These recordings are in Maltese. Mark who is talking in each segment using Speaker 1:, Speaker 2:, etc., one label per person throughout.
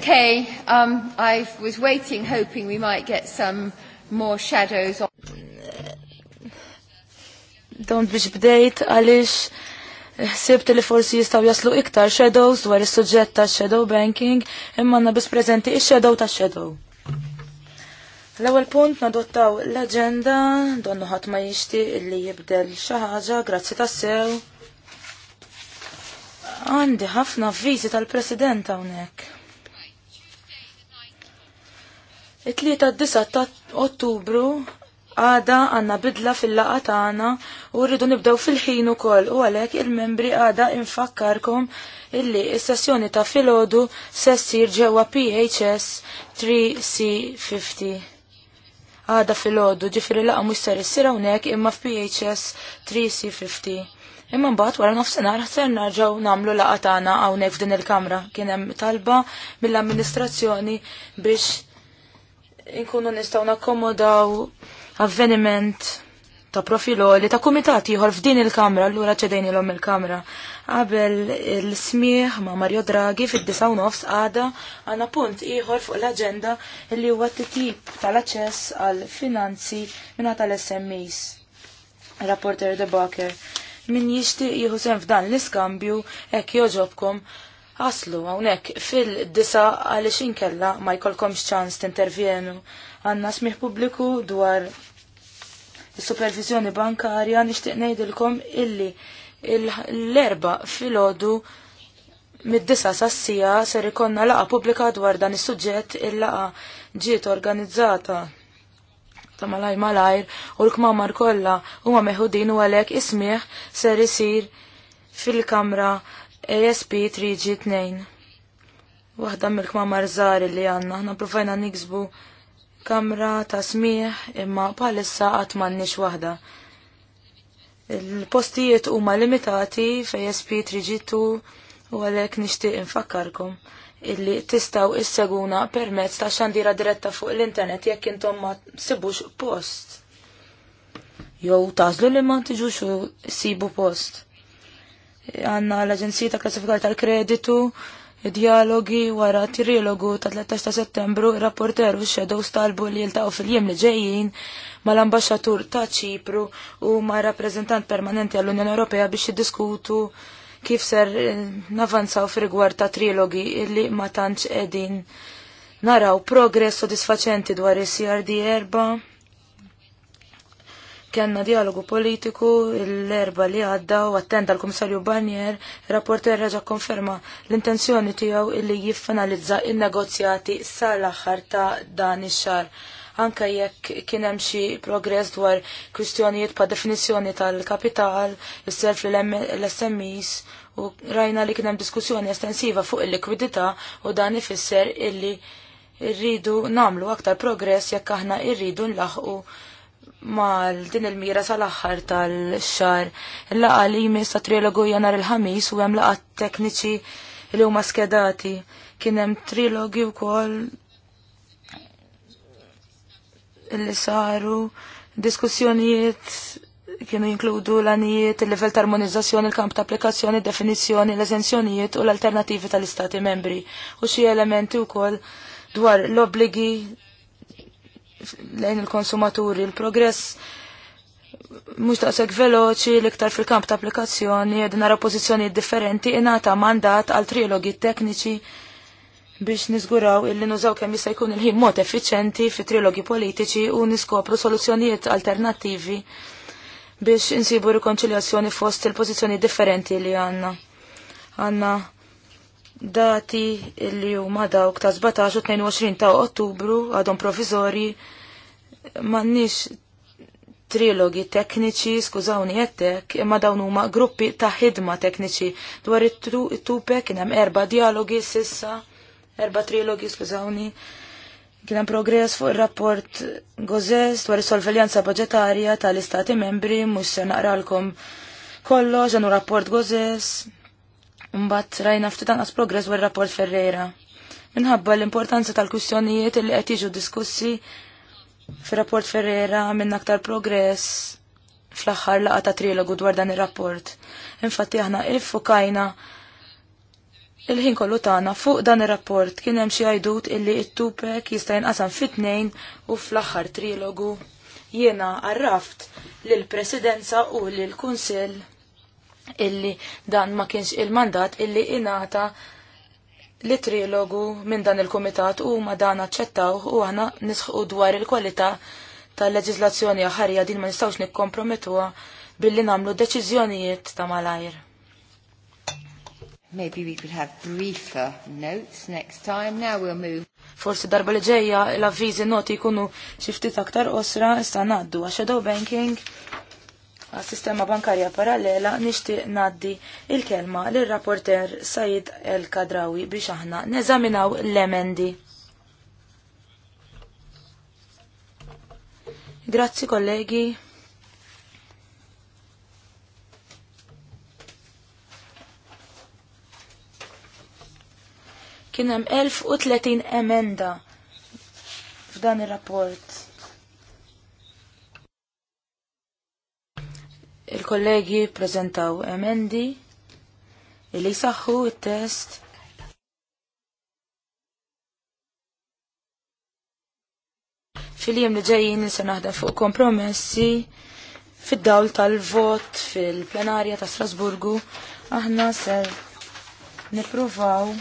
Speaker 1: Okay, um, I was waiting, hoping we might get some more shadows on.
Speaker 2: Don't be bdejt, għalix, sebt li forsi jistaw jaslu iktar shadows dwar is suġġett ta' shadow banking, imma na bis prezenti il-shadow ta' shadow. L-ewel punt nadottaw l-agenda, donnu ħat ma jishti illi jibdel xaħġa, grazzi ta' sew. Għandi ħafna vizi tal-president hawnhekk. It-tlieta d-disa ta' Ottubru għada għanna bidla fil-laqa tagħna u rridu nibdew fil-ħin ukoll u għalhekk il-membri għada infakkarkom illi is-sessjoni ta' filgħodu se ssir ġewwa PHS 3C50. Għada filgħodu ġifieri laqa mhux ser issir hawnhekk imma f'PHS 3C50. Imma mbagħad wara nofsinhar ħser narġgħu nagħmlu laqgħa tagħna hawnhekk f'din il-kamra kien hemm talba mill-amministrazzjoni biex inkunu nistaw nakkomodaw avveniment ta' profilo li ta' kumitat jħor f'din il-kamra, l-lura ċedajni l-om il-kamra. Qabel il-smieħ ma' Mario Draghi fid 19 nofs għada għana punt iħor fuq l-agenda li huwa t-tip tal-aċess għal-finanzi minna tal-SMEs. Rapporter de Baker. Min jishti jħu sem f'dan l-iskambju ek joġobkom Aslu, għonek, fil-disa għalix inkella ma jkolkomx ċans t-intervjenu għanna smiħ publiku dwar supervizjoni bankarja nishtiq nejdilkom illi l-erba fil-ħodu mid-disa sassija ser ikonna laqa publika dwar dan is suġġett il-laqa ġiet organizzata ta' malaj malajr u l-kmamar kolla u għameħudin meħudin u għalek ismiħ ser isir fil-kamra ASP 3G2. Waħda mill-kma marżari li għanna, ħna profajna niksbu kamra ta' smieħ imma palissa għat mannix waħda. Il-postijiet huma limitati fej ASP 3G2 u għalek nishtiq infakkarkom illi tistaw isseguna permezz ta' xandira diretta fuq l-internet jekk intom ma sibux post. Jow tażlu li ma tiġux sibu post għanna l-Aġenzija ta' Klassifikar tal-Kreditu, dialogi wara trilogu ta' 13 ta' settembru, il-rapporter u stalbu li jiltaqgħu fil-jiem li ġejjin mal ambasġatur ta' Ċipru u ma' rappreżentant permanenti għall-Unjoni Ewropea biex jiddiskutu kif ser eh, navanzaw fir-rigward ta' trilogi li ma tantx qegħdin naraw progress sodisfaċenti dwar is-CRD erba' Kenna dialogu politiku l-erba li għadda u attenda l-Komissarju Barnier, rapporter reġa konferma l-intenzjoni tijaw illi jiffinalizza il-negozjati sal-axar ta' dan ix-xar. Anka jekk kien hemm xi progress dwar kwistjonijiet pa' definizzjoni tal-kapital, is-self l-SMEs u rajna li kien hemm diskussjoni estensiva fuq il-likwidità u dan ifisser illi rridu namlu aktar progress jekk aħna rridu nlaħqu mal din il-mira sal-axħar tal-xar. Laqa li jmiss ta' trilogu janar il-ħamis u hemm laqa tekniċi li huma skedati. Kien hemm trilogi wkoll li saru diskussjonijiet kienu jinkludu l-anijiet, il-level ta' armonizzazzjoni, il-kamp ta' applikazzjoni, definizjoni, l-eżenzjonijiet u l-alternativi tal-istati membri. U xi elementi wkoll dwar l-obligi lejn il-konsumaturi, il-progress mux taqseg veloċi l-iktar fil-kamp ta' applikazzjoni, ed nara pozizjoni differenti, inata mandat għal trilogi tekniċi biex nizguraw illi nużaw kemm jista' jkun il-ħin mod effiċenti fi trilogi politiċi u niskopru soluzzjonijiet alternattivi biex insibu rikonċiljazzjoni fost il-pożizzjoni differenti li għandna. Għanna dati illi huma dawk ta' 17 u 22 ta' Ottubru għadhom provizori m'għandniex trilogi tekniċi, skużawni jettek, imma dawn huma gruppi ta' ħidma tekniċi dwar it-tupek kien hemm erba' dialogi sissa, erba' trilogi, skużawni. Kien hemm progress fuq ir-rapport Gozes dwar is-solveljanza budġetarja tal-Istati Membri mhux se naqralkom kollox ġenu rapport Gozes. Mbagħad rajna ftit anqas progress dwar il rapport Ferreira minħabba l-importanza tal-kwistjonijiet li qed jiġu diskussi Fir-rapport Ferrera minn aktar progress fl-aħħar laqa ta' trilogu dwar dan ir-rapport. Infatti aħna fukajna il-ħin kollu tagħna fuq dan ir-rapport kien hemm xi għajdut illi t-tupek jista' jinqasam fit-tnejn u fl-aħħar trilogu jiena għarraft lil presidenza u lil kunsill illi dan ma kienx il-mandat illi ingħata li trilogu minn dan il-komitat u ma dan aċċettaw u għana nisħu dwar il-kwalità tal-leġizlazzjoni aħarja din ma nistawx nikkompromettuha billi namlu deċiżjonijiet ta' malajr.
Speaker 1: Maybe we could have briefer notes
Speaker 2: next time. Now we'll move. Forsi darba li ġejja l-avviżi noti kunu xi ftit aktar osra issa ngħaddu għax shadow banking sistema bankarja parallela nixtieq naddi il-kelma lir rapporter Said El Kadrawi biex aħna neżaminaw l-emendi. Grazzi kollegi. Kien hemm 1030 emenda f'dan ir-rapport il-kollegi prezentaw emendi li saħħu il-test fil-jem li ġejjin nisa naħdem fuq kompromessi fid-dawl tal-vot fil-plenarja ta' Strasburgu aħna ser nipruvaw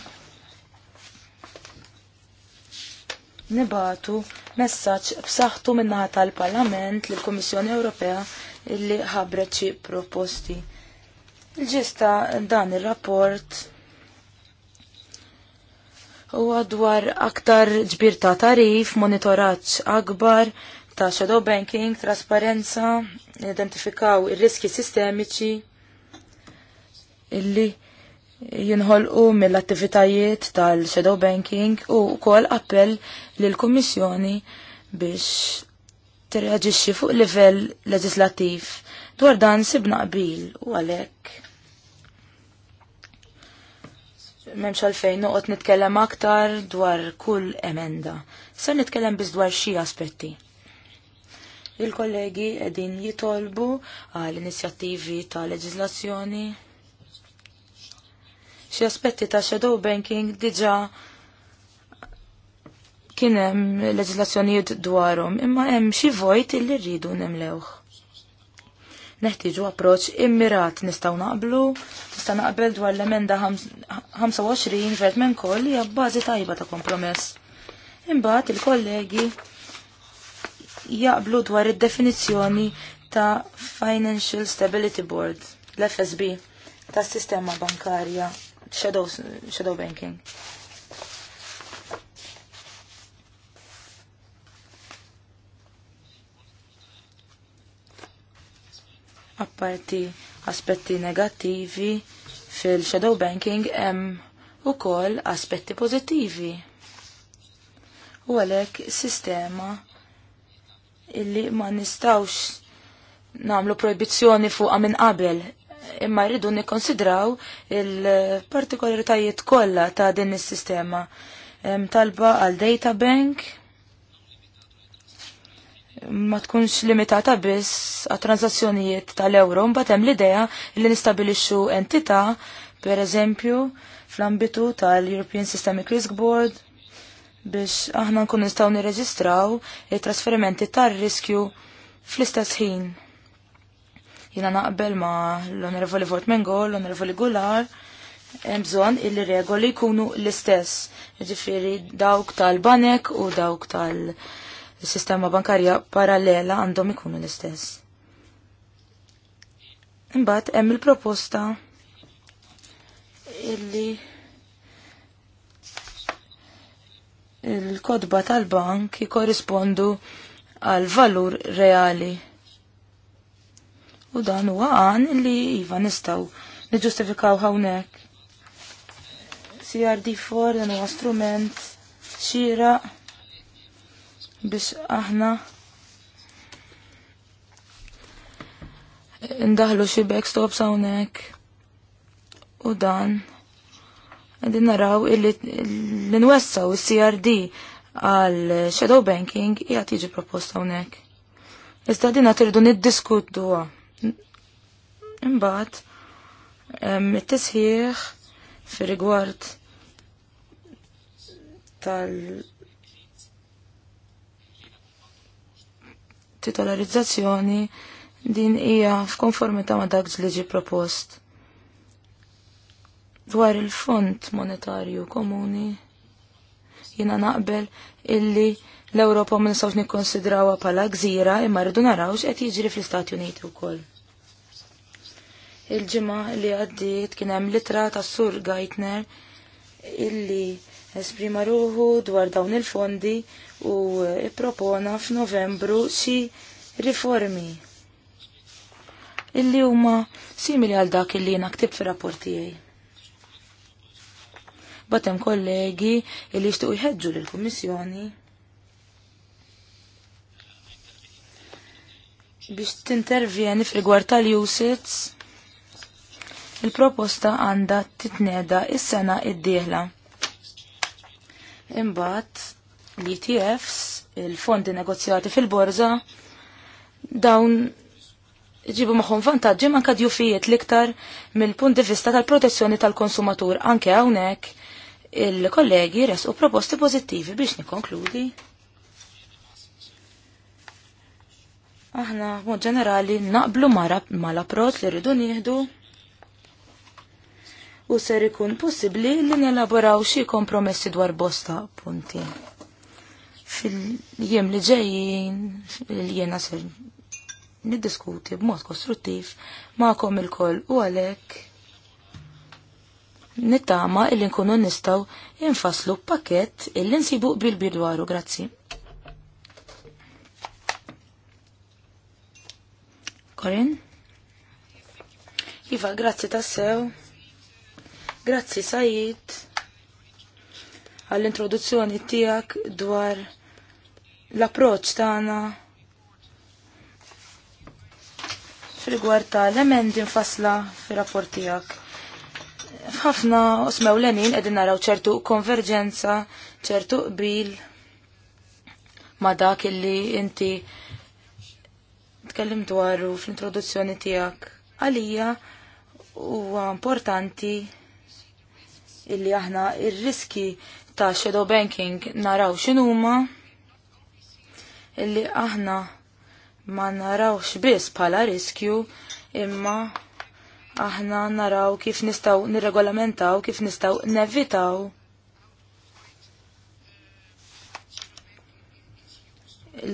Speaker 2: nibatu messaċ b'saħħtu minnaħa tal-Parlament lill-Kummissjoni Ewropea illi ħabret xi proposti. Il-ġista dan ir-rapport u huwa dwar aktar ġbir ta' tarif, monitoraġġ akbar ta' shadow banking, trasparenza, identifikaw ir-riski sistemiċi illi jinħolqu mill-attivitajiet tal-shadow banking u kol appell l-Kummissjoni biex tirreġixxi fuq livell leġislattiv dwar dan sibna qbil u għalhekk. Memx għalfejn noqgħod nitkellem aktar dwar kull emenda. Sa' nitkellem biss dwar xi aspetti. Il-kollegi qegħdin jitolbu għal inizjattivi ta' leġislazzjoni. Xi aspetti ta' shadow banking diġà kien hemm leġislazzjonijiet dwarhom, imma hemm xi vojt illi rridu nemlewħ. Neħtieġu approċċ immirat nistgħu naqblu, tista' naqbel dwar l-emenda 25 vert minn koll hija bbażi tajba ta' kompromess. Imbagħad il-kollegi jaqblu dwar id-definizzjoni ta' Financial Stability Board, l-FSB, tas sistema bankarja, shadow, shadow banking Apparti aspetti negattivi fil-shadow banking hemm ukoll aspetti pożittivi. U għalhekk sistema illi ma nistawx namlu proibizzjoni fuqha minn qabel imma rridu nikkonsidraw il-partikolaritajiet kollha ta' din is-sistema. Talba għal data bank ma tkunx limitata biss għat transazzjonijiet tal-euro, mbagħad hemm l-idea li nistabilixxu entità, per eżempju, fl-ambitu tal-European Systemic Risk Board biex aħna nkun nistgħu nirreġistraw it-trasferimenti tar-riskju fl-istess ħin. Jiena naqbel ma l-Onorevoli Vort Mengol, l-Onorevoli Gular, hemm bżonn illi regoli jkunu l-istess. ġifiri dawk tal-banek u dawk tal-, -banek, u dawk tal il-sistema bankarja parallela għandhom ikunu l-istess. Imbagħad hemm il-proposta illi il-kodba tal-bank jikorrispondu għal valur reali. U dan huwa għan li iva nistaw niġustifikaw hawnhekk. CRD4 dan huwa strument xira biex aħna ndaħlu xi backstops hawnhekk u dan qegħdin naraw li nwessaw is-CRD għal shadow banking hija tiġi proposta hawnhekk. Iżda din tirdu niddiskutuha. Imbagħad mit tisħiħ fir rigward tal- titolarizzazzjoni din hija f'konformità ma' dak li propost. Dwar il-Fond Monetarju Komuni jiena naqbel illi l-Ewropa ma nistgħux nikkonsidrawha bħala gżira imma rridu naraw x'qed jiġri fl-Istati Uniti wkoll. Il-ġimgħa li għaddiet kien hemm litra ta' Sur Geithner illi esprima ruħu dwar dawn il-fondi u propona f'Novembru xi riformi illi huma simili għal dak illi jiena ktib fir-rapport tiegħi. Batem kollegi illi jixtiequ jħeġġu lill-Kummissjoni biex tintervjeni fil-gwar tal-usits il-proposta għanda titneda is-sena id-dieħla. Imbagħad l-ETFs, il-fondi negozjati fil-borza, dawn ġibu maħon vantaġġi man kadjufijiet liktar mill-punt di vista tal-protezzjoni tal-konsumatur anke hawnhekk il-kollegi resqu proposti pożittivi biex nikonkludi. Aħna mod ġenerali naqblu mal-approċ li rridu nieħdu u ser ikun possibbli li nelaboraw xi kompromessi dwar bosta punti fil-jiem li ġejjin li jiena ser niddiskuti b'mod kostruttiv ma'kom il-koll u għalhekk nittama illi nkunu nistgħu infaslu pakett illi nsibu bil bidwaru grazzi. Korin? Iva, grazzi tassew. Grazzi Sajid għall-introduzzjoni tijak dwar l-approċ tagħna fil-gwar tal-emendi nfasla fil-rapport tiegħek. F'ħafna osmew l-enin qegħdin naraw ċertu konverġenza, ċertu bil ma' dak illi inti tkellim dwaru fl-introduzzjoni tiegħek. Għalija huwa importanti illi aħna ir-riski ta' shadow banking naraw x'inhuma illi aħna ma narawx biss bħala riskju imma aħna naraw kif nistaw nirregolamentaw, kif nistaw nevitaw.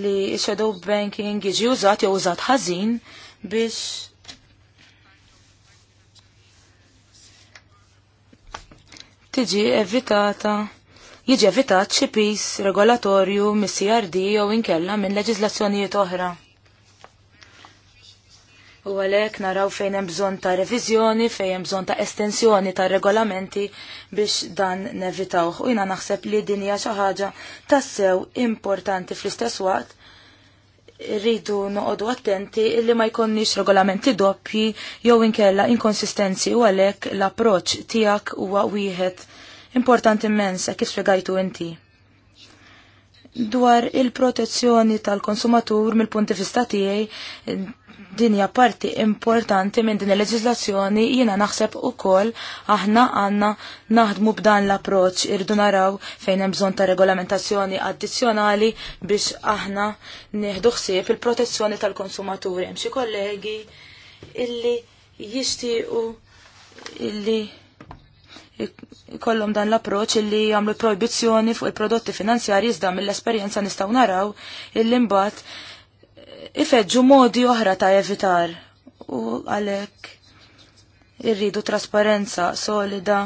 Speaker 2: li shadow banking jiġi użat jew użat ħażin biex tiġi evitata jiġi evitat xi pis regolatorju mis-CRD jew inkella minn leġiżlazzjonijiet oħra. U għalhekk naraw fejn hemm bżonn ta' reviżjoni, fejn hemm bżonn ta' estensjoni ta' regolamenti biex dan nevitawh. U jiena naħseb li din hija xi ħaġa tassew importanti fl-istess waqt rridu noqogħdu attenti illi ma jkonniex regolamenti doppji jew inkella inkonsistenzi u għalhekk l-approċċ tiegħek huwa wieħed importanti immens eh, kif spiegajtu inti dwar il-protezzjoni tal-konsumatur mill-punti vista tiegħi din hija parti importanti minn din il-leġiżlazzjoni jiena naħseb ukoll aħna għandna naħdmu b'dan l-approċċ irdu naraw fejn hemm bżonn ta' regolamentazzjoni addizzjonali biex aħna nieħdu ħsieb il-protezzjoni tal-konsumaturi. Hemm xi kollegi illi jixtiequ illi ikollhom dan l-approċ illi jagħmlu proibizzjoni fuq il-prodotti finanzjari iżda mill-esperjenza nistgħu naraw illi mbagħad eh, ifeġġu modi oħra ta' evitar u għalhekk irridu trasparenza solida,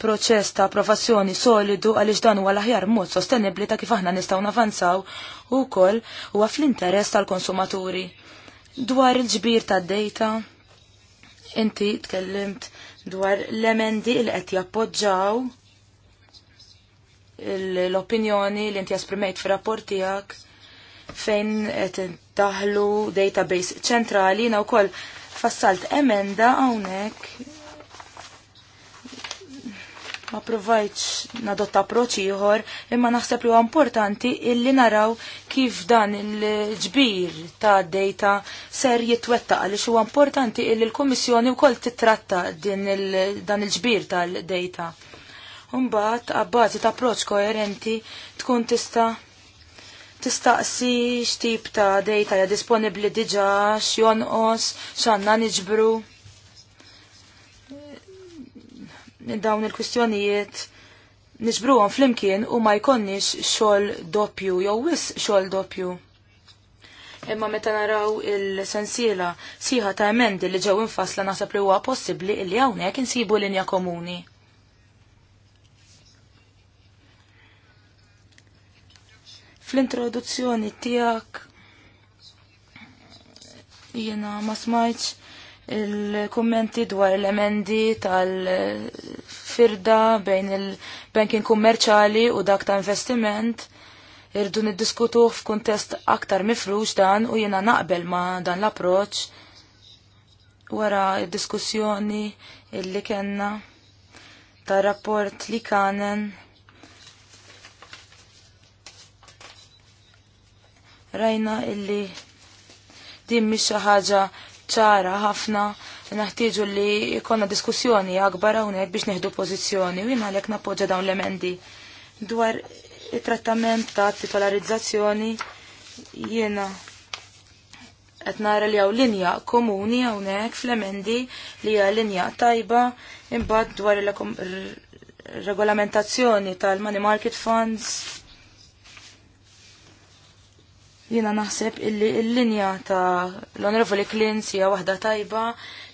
Speaker 2: proċess ta' approvazzjoni solidu għaliex dan huwa l-aħjar mod sostenibbli ta' kif aħna nistgħu navanzaw u wkoll huwa fl-interess tal-konsumaturi. Dwar il-ġbir tad-dejta, inti tkellimt dwar l-emendi li qed jappoġġaw l-opinjoni li inti esprimejt fir-rapport tiegħek fejn qed daħlu database ċentrali na wkoll fassalt emenda hawnhekk ma provajċ nadotta approċi ieħor, imma naħseb li huwa importanti illi naraw kif dan il-ġbir ta' data ser jitwettaq għaliex huwa importanti illi l-Kummissjoni wkoll titratta din il dan il-ġbir tal-data. Mbagħad għabbażi ta' approċ koerenti tkun tista' tistaqsi x'tip ta' data ja disponibbli diġà, x'jonqos, x'għandna niġbru dawn il-kwistjonijiet nisbruhom flimkien u ma jkonnix xogħol doppju jew wis xogħol doppju. Imma meta naraw il-sensiela siħa ta' emendi li ġew infasla naħseb li huwa possibbli li hawnhekk insibu linja komuni. Fl-introduzzjoni tiegħek jiena ma smajtx il-kommenti dwar l-emendi tal-firda bejn il-banking kummerċali u dak ta' investiment irdu niddiskutu f'kuntest aktar mifrux dan u jena naqbel ma' dan l-approċ wara diskussjoni illi kenna ta' rapport li kanen rajna illi din mhix xi ħaġa ċara ħafna naħtieġu li jkollna diskussjoni akbar hawnhekk biex neħdu pożizzjoni u jien għalhekk nappoġġa dawn l-emendi. Dwar it-trattament ta' titolarizzazzjoni jiena qed nara li hawn linja komuni hawnhekk fl-emendi li hija linja tajba imbagħad dwar il-regolamentazzjoni tal-money market funds Jina naħseb illi l-linja ta' l-Onorevoli Klins hija waħda tajba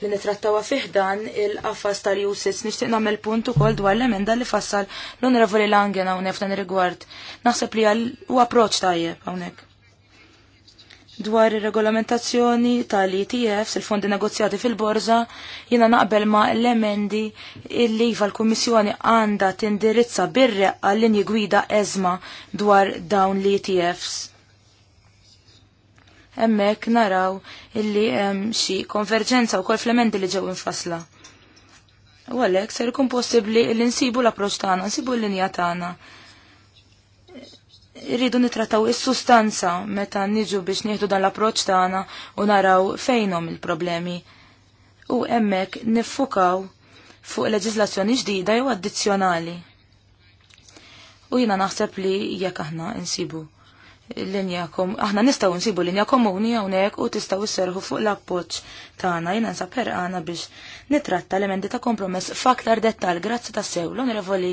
Speaker 2: li nitrattawa fiħdan il-qafas tal-Jusis. Nixtieq nagħmel punt ukoll dwar l-emenda li fassal l-Onorevoli Langen hawnhekk f'dan rigward. Naħseb li huwa approċċ tajjeb hawnhekk. Dwar ir-regolamentazzjoni tal-ETFs, il-fondi negozjati fil-borża, jina naqbel ma l-emendi li iva l-Kummissjoni għandha tindirizza birreqqa linji gwida ezma dwar dawn l-ETFs hemmhekk naraw illi hemm xi konverġenza wkoll kol emendi li ġew infasla. U għalhekk ser ikun possibbli li nsibu l-approċċ tagħna, nsibu l-linja tagħna. Irridu nitrataw is-sustanza meta niġu biex nieħdu dan l-approċċ tagħna u naraw fejnhom il-problemi. U hemmhekk niffukaw fuq leġislazzjoni ġdida jew addizzjonali. U jina naħseb li jekk aħna insibu L-inja kom aħna nistaw nsibu l linja komuni hawnhekk u tistaw isserħu fuq l-appoġġ tagħna jiena per għana biex nitratta l-emendi ta' kompromess f'aktar dettal grazzi ta' sew l-onorevoli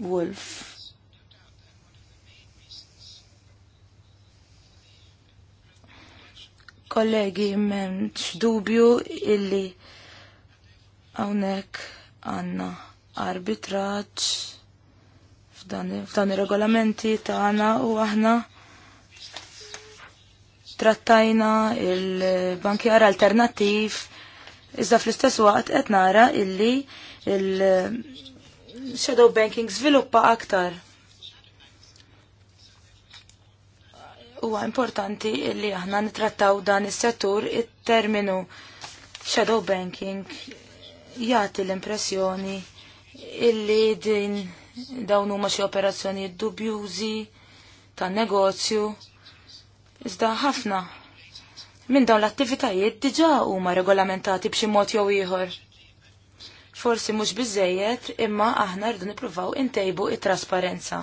Speaker 2: Wolf. Kollegi, m'hemmx dubju illi hawnhekk għandna arbitraġġ f'dan ir-regolamenti tagħna u aħna trattajna il-bankjar alternattiv iżda fl-istess waqt qed nara illi il-shadow banking żviluppa aktar. Huwa importanti illi aħna nitrattaw dan is-settur it-terminu shadow banking jagħti l-impressjoni illi din dawn huma xi operazzjonijiet dubjużi ta' negozju. Iżda ħafna minn dawn l-attivitajiet diġà huma regolamentati b'xi mod jew ieħor. Forsi mhux biżejjed, imma aħna rridu nippruvaw intejbu it-trasparenza.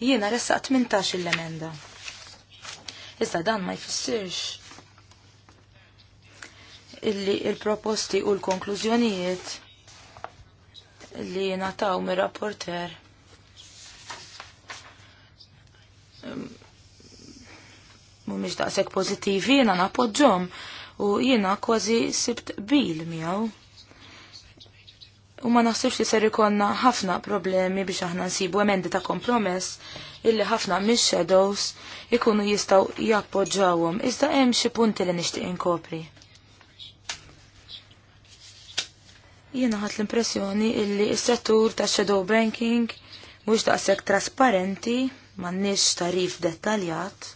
Speaker 2: Jiena ressaq 18 l-emenda. Iżda dan ma jfissirx illi il-proposti u l-konklużjonijiet li nataw mir rapporter mhumiex daqsek pożittivi jiena napoġġhom u jiena kważi sibt bil miegħu. U ma naħsibx li ser ikonna ħafna problemi biex aħna nsibu emendi ta' kompromess illi ħafna mis-shadows ikunu jistaw jappoġġawhom iżda hemm xi punti li nixtieq inkopri. Jiena ħadd l-impressjoni illi s-settur ta' shadow banking mhux daqshekk trasparenti m'għandniex tarif dettaljat.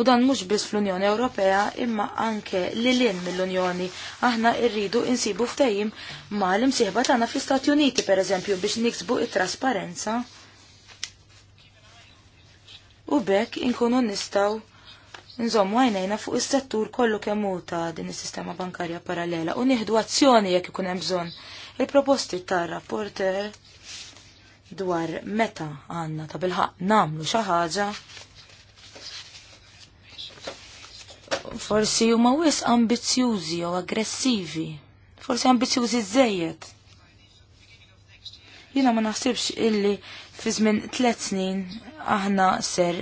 Speaker 2: U dan mhux biss fl-Unjoni Ewropea imma anke lilin mill-Unjoni aħna rridu insibu ftehim mal imsieħba tagħna fl-Istati Uniti pereżempju biex niksbu it-trasparenza. U bekk inkunu nistgħu Nżommu għajnejna fuq is-settur kollu kemmu ta' din is-sistema bankarja parallela u nieħdu azzjoni jekk ikun hemm bżonn. Il-proposti tar-rapporter dwar meta għanna ta' bilħaq namlu xaħġa forsi huma wis ambizjużi jew aggressivi, forsi ambizjużi żejjed. Jiena ma naħsibx illi fi żmien tliet snin aħna ser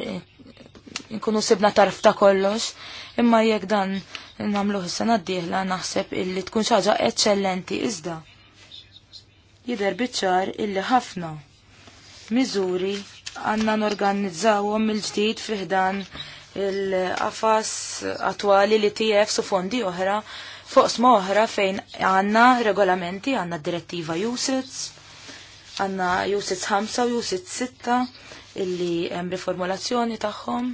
Speaker 2: nkunu sibna tarf ta' kollox, imma jekk dan nagħmluh is-sena d-dieħla naħseb illi tkun xi ħaġa eċċellenti iżda. Jidher biċ-ċar illi ħafna miżuri għanna norganizzawhom mill-ġdid fiħdan il-qafas attwali li TF su fondi oħra fuq sma oħra fejn għanna regolamenti, għanna direttiva usits, għanna usits 5 u usits 6 illi hemm riformulazzjoni tagħhom.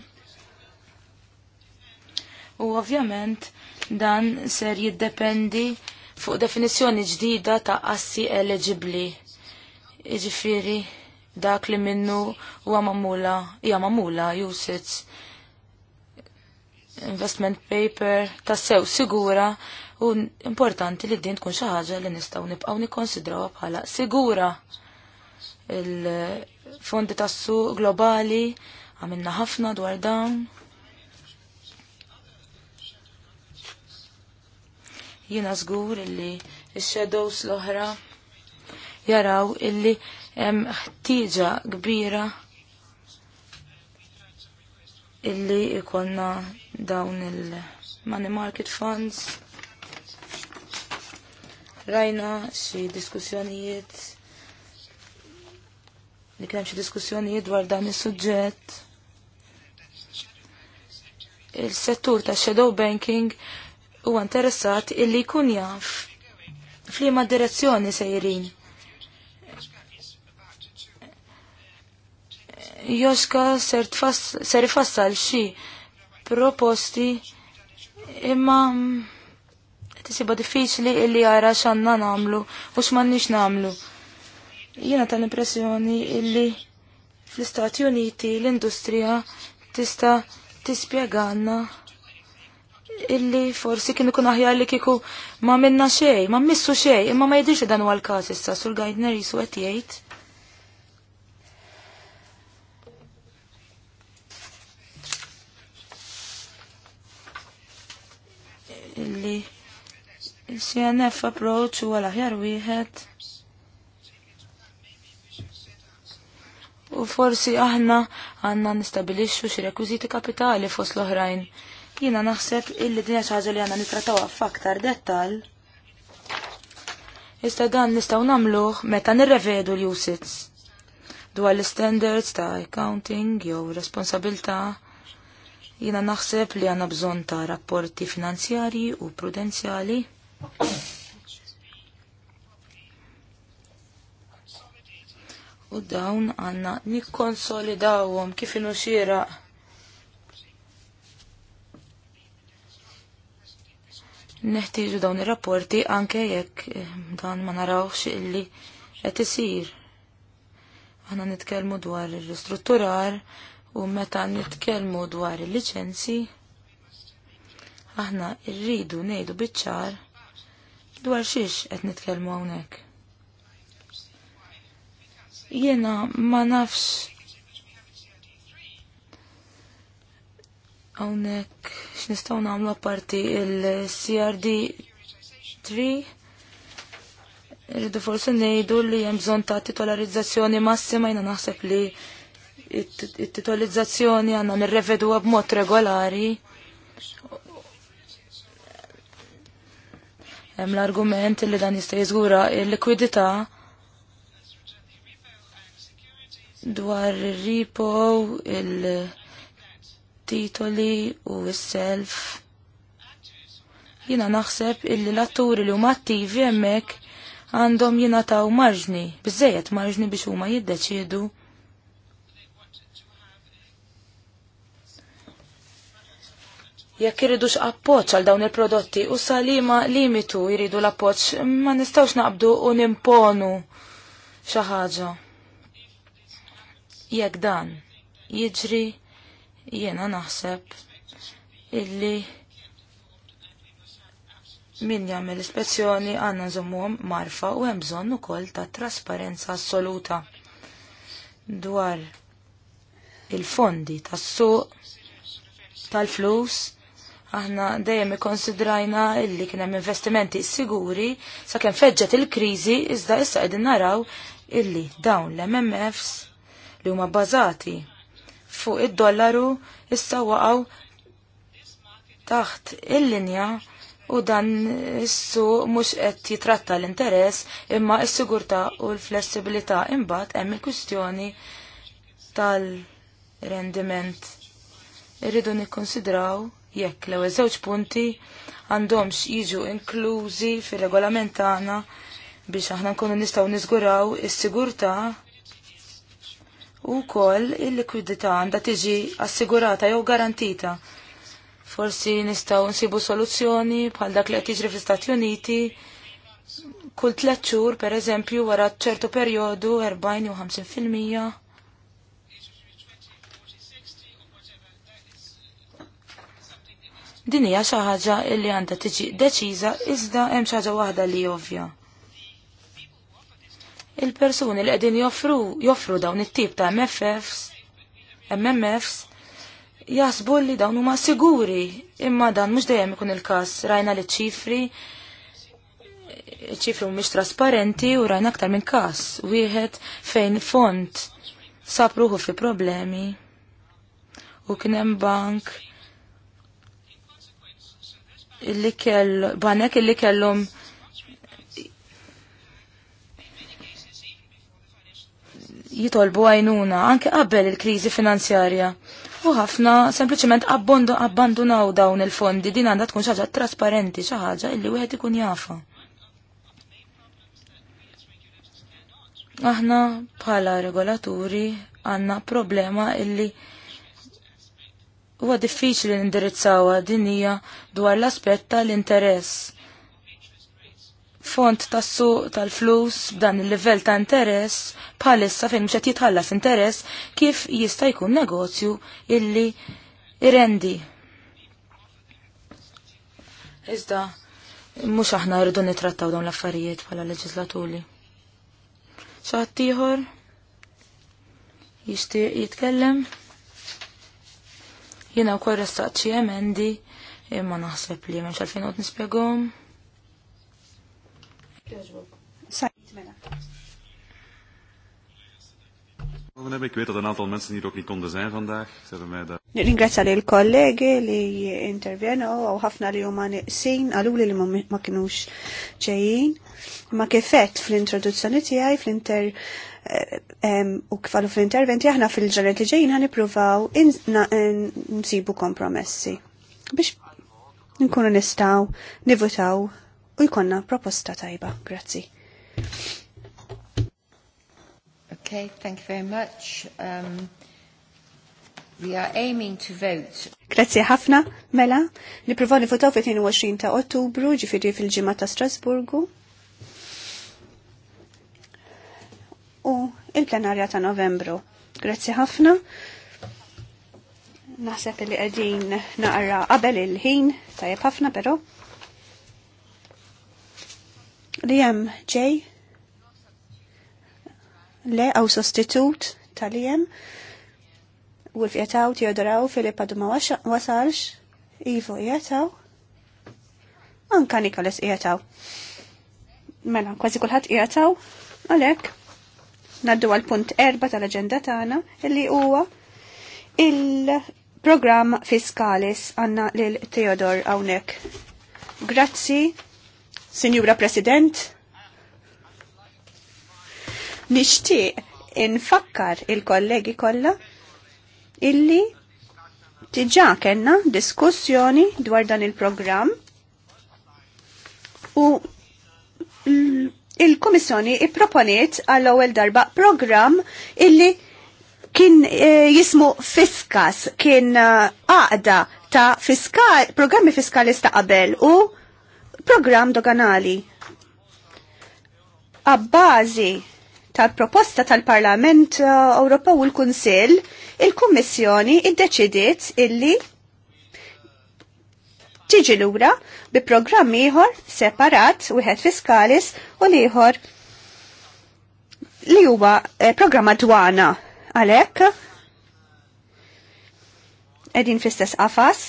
Speaker 2: U ovvjament dan ser jiddependi fuq definizzjoni ġdida ta' assi eligibli. Iġifiri, dak li minnu huwa mamula, hija mamula usage investment paper tassew sigura u importanti li din tkun xi ħaġa li nistgħu nibqgħu nikkonsidrawha bħala sigura il-fondi tas-suq globali għamilna ħafna dwar dawn. Jiena żgur illi x-shadows l-oħra jaraw illi hemm ħtieġa kbira illi ikonna dawn il-money market funds. Rajna xi diskussjonijiet li kien hemm xi diskussjonijiet dwar dan is-suġġett. Il-settur ta' shadow banking huwa interessat illi jkun jaf f'liema direzzjoni sejrin. Joska ser ifassal xi proposti imma tisiba diffiċli illi jara x'għandna nagħmlu u x'm'għandniex nagħmlu. Jiena tal-impressjoni illi fl-Istati Uniti l-industrija tista' tispjeganna illi forsi kien ikun aħjar li kieku ma minna xej, ma missu xej, imma ma jidirx dan huwa l-każ issa sul Gajdner su qed jgħid. Illi il CNF approach u għal-ħjar wieħed. U forsi aħna għanna nistabilixxu xi rekwiżiti kapitali fost l-oħrajn. Jiena naħseb illi dinja ħaġa li għandna nitratawha f'aktar dettall. Iżda dan nistgħu nagħmluh meta nirrevedu l-usits dwar l-standards ta' accounting jew responsabilità' Jina naħseb li għanna bżon ta' rapporti finanzjari u prudenzjali. U dawn għanna nikkonsolidawhom kif inu xira Neħtieġu dawn ir-rapporti anke jekk eh, dan ma narawx illi qed isir. Aħna nitkellmu dwar ir-ristrutturar, U meta nitkellmu dwar il-liċenzi, aħna rridu ngħidu biċ-ċar dwar xiex qed nitkellmu hawnhekk. Jiena ma nafx hawnhekk x'nistgħu nagħmlu apparti il-CRD 3 Rridu forsi ngħidu li hemm bżonn ta' titolarizzazzjoni massima jiena naħseb li it-titolizzazzjoni għanna nirrevedwa b'mod regolari. Hemm l-argument li dan jista' jiżgura l-likwidità dwar ir-repo, il-titoli u s-self. Jina naħseb illi l-atturi li huma attivi hemmhekk għandhom jingħataw marġni, biżejjed marġni biex huma jiddeċiedu jekk iridux appoċ għal dawn il-prodotti u salima limitu jridu l-appoċ ma nistawx naqbdu u nimponu xi ħaġa. Jekk dan jiġri jiena naħseb illi min jagħmel ispezzjoni għandna nżommuhom marfa u hemm bżonn ukoll ta' trasparenza assoluta dwar il-fondi tas-suq tal-flus Aħna dejjem ikkonsidrajna illi kien hemm investimenti siguri sakemm feġġet il-kriżi iżda issa qegħdin naraw illi dawn l-MMFs li huma bbażati fuq id-dollaru issa waqgħu taħt il-linja u dan issu mhux qed jitratta l-interess imma s-sigurtà u l-flessibilità imbagħad hemm il-kwistjoni tal-rendiment. Irridu nikkonsidraw jekk l-ewwel żewġ punti għandhomx jiġu inklużi fir-regolament tagħna biex aħna nkunu nistgħu niżguraw is-sigurtà u wkoll il-likwidità għandha tiġi assigurata jew garantita. Forsi nistgħu nsibu soluzzjoni bħal dak li qed jiġri fl-Istati Uniti kull tliet xhur pereżempju wara ċertu perjodu 40 u 50 fil-mija Din hija xi ħaġa li għandha tiġi deċiża iżda hemm xi ħaġa waħda li ovvja. Il-persuni li qegħdin joffru joffru dawn it-tip ta' MFFs, MMFs, jasbu li dawn huma siguri, imma dan mhux dejjem ikun il-każ rajna li ċifri ċifri mhumiex trasparenti u rajna aktar minn każ wieħed fejn font sapruħu fi problemi u kien hemm bank illi kell banek illi kellhom jitolbu għajnuna anke qabel il-kriżi finanzjarja. U ħafna sempliċement abbandunaw dawn il-fondi din għandha tkun xi ħaġa trasparenti, xi ħaġa illi wieħed ikun jafa. Aħna bħala regolaturi għandna problema illi Huwa diffiċli indirizzawa din hija dwar l-aspett tal-interess. Font tas-suq tal-flus b'dan il-livell ta' interess bħalissa fejn mhux qed jitħallas interess kif jista' jkun negozju illi irendi. Iżda, mhux aħna rridu nitrattaw dawn l-affarijiet bħala leġislaturi. Xaħat tiħor? jitkellem? Jena u kol korra staċi emendi, imma naħseb li menx għalfejn għot nispiegom.
Speaker 1: Sajt mela.
Speaker 3: Dan heb ik weet dat een aantal mensen hier ook niet konden zijn vandaag. Ze hebben mij daar... Nirringrazzja
Speaker 1: li l-kollegi li intervjenu u ħafna li huma niqsin għaluli li ma kinux ċejjin. Ma kifet fl-introduzzjoni tiegħi fl-inter eh, u kifalu fl-interventi aħna fil-ġarret li ġejjin ħanipruvaw nsibu kompromessi biex nkunu nistaw nivutaw u jkonna proposta tajba. Grazzi. Okay, thank you very much. Um... We are aiming to vote. Grazie ħafna, mela. Niprofaw nifotaw fit-22 ta' Ottubru, ġifiri fil-ġimgħa ta' Strasburgu. U il-plenarja ta' Novembru. Grazzi ħafna. Naħseb li qegħdin naqra qabel il-ħin tajjeb ħafna però. Li hemm ġej le għaw sostitut tal-jem. Wolf jataw, Teodoraw, Filippa Duma wasalx, Ivo jataw, anka Nikolas jataw. Mela, kważi kulħadd jataw, għalhekk naddu għal punt erba tal-aġenda tagħna illi huwa il-programm fiskalis għanna lil Teodor hawnhekk. Grazzi, Sinjura President. Nixtieq infakkar il-kollegi kollha illi tiġa kellna diskussjoni dwar dan il-programm u il-Komissjoni i-proponiet għall ewwel darba programm illi kien eh, jismu Fiskas, kien eh, għaqda ta' fiskal, programmi fiskali sta' qabel u programm doganali. Abbażi tal-proposta tal-Parlament eh, Ewropew u l-Kunsill, il-Kummissjoni iddeċidiet illi tiġi lura bi programm ieħor separat wieħed fiskalis u ieħor li huwa eh, programma dwana għalhekk qegħdin fl-istess qafas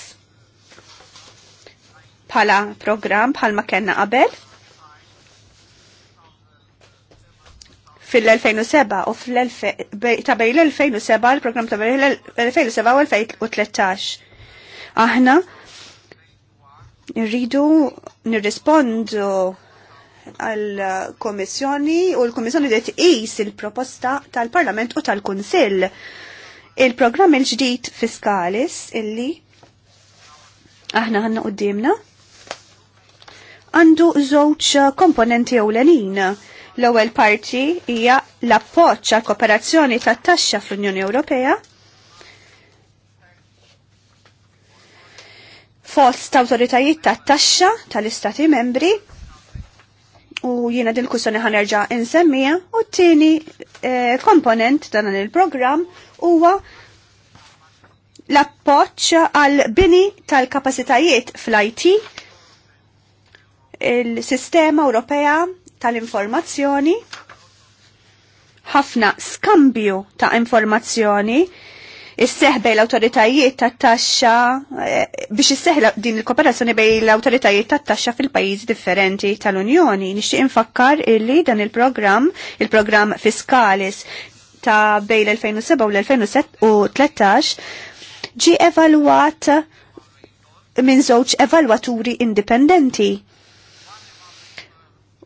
Speaker 1: bħala program bħalma kellna qabel fil-2007 u ta' bej l-2007 il-programm ta' bej l-2007 u 2013. Aħna rridu nirrispondu għal-Komissjoni u l-Komissjoni d il-proposta tal-Parlament u tal-Kunsill. Il-programm il-ġdid fiskalis illi aħna għanna qoddimna għandu żewġ komponenti ewlenin L-ewwel parti hija l-appoġġ għal kooperazzjoni tat-taxxa fl-Unjoni Ewropea fost awtoritajiet tat-taxxa tal-Istati membri u jiena din kussjoni ħanerġa' insemmija u t-tieni eh, komponent komponent dan il-programm huwa l appoġġ għal bini tal-kapacitajiet fl-IT, il-sistema Ewropea tal-informazzjoni, ħafna skambju ta' informazzjoni, isseħ bej l-autoritajiet ta' taxxa eh, biex isseħ din il-kooperazzjoni bej l-autoritajiet ta' taxxa fil-pajjiżi differenti tal-Unjoni. Nixtieq infakkar illi dan il-programm, il-programm Fiskalis ta' bej l-2007 u l-2013 ġi evalwat minn żewġ evalwaturi indipendenti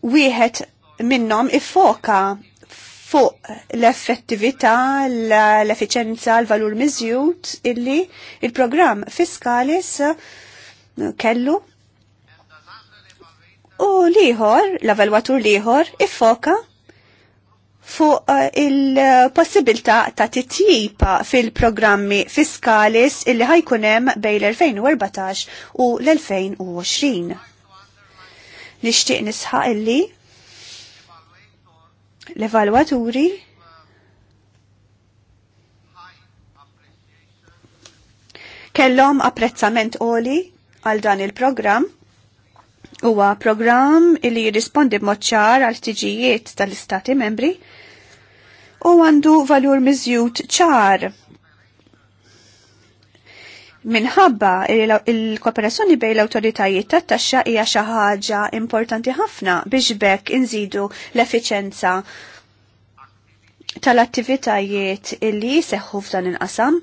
Speaker 1: wieħed minnhom ifoka fuq l-effettività, l-efficienza, l-valur miżjud illi il-programm fiskalis uh, kellu u liħor, l avalwatur liħor, iffoka fuq uh, il-possibilità ta' titjipa fil-programmi fiskalis illi ħajkunem bejn l-2014 u l-2020. Nixtieq nisħaq illi l-evalwaturi kellhom apprezzament oli għal dan il-programm huwa programm li jirrispondi b'mod ċar għal tiġijiet tal-istati membri u għandu valur miżjud ċar minħabba il-kooperazzjoni bej l-autoritajiet tat-taxxa hija xi ħaġa importanti ħafna biex bekk inżidu l-effiċenza tal-attivitajiet illi jiseħħu f'dan il-qasam.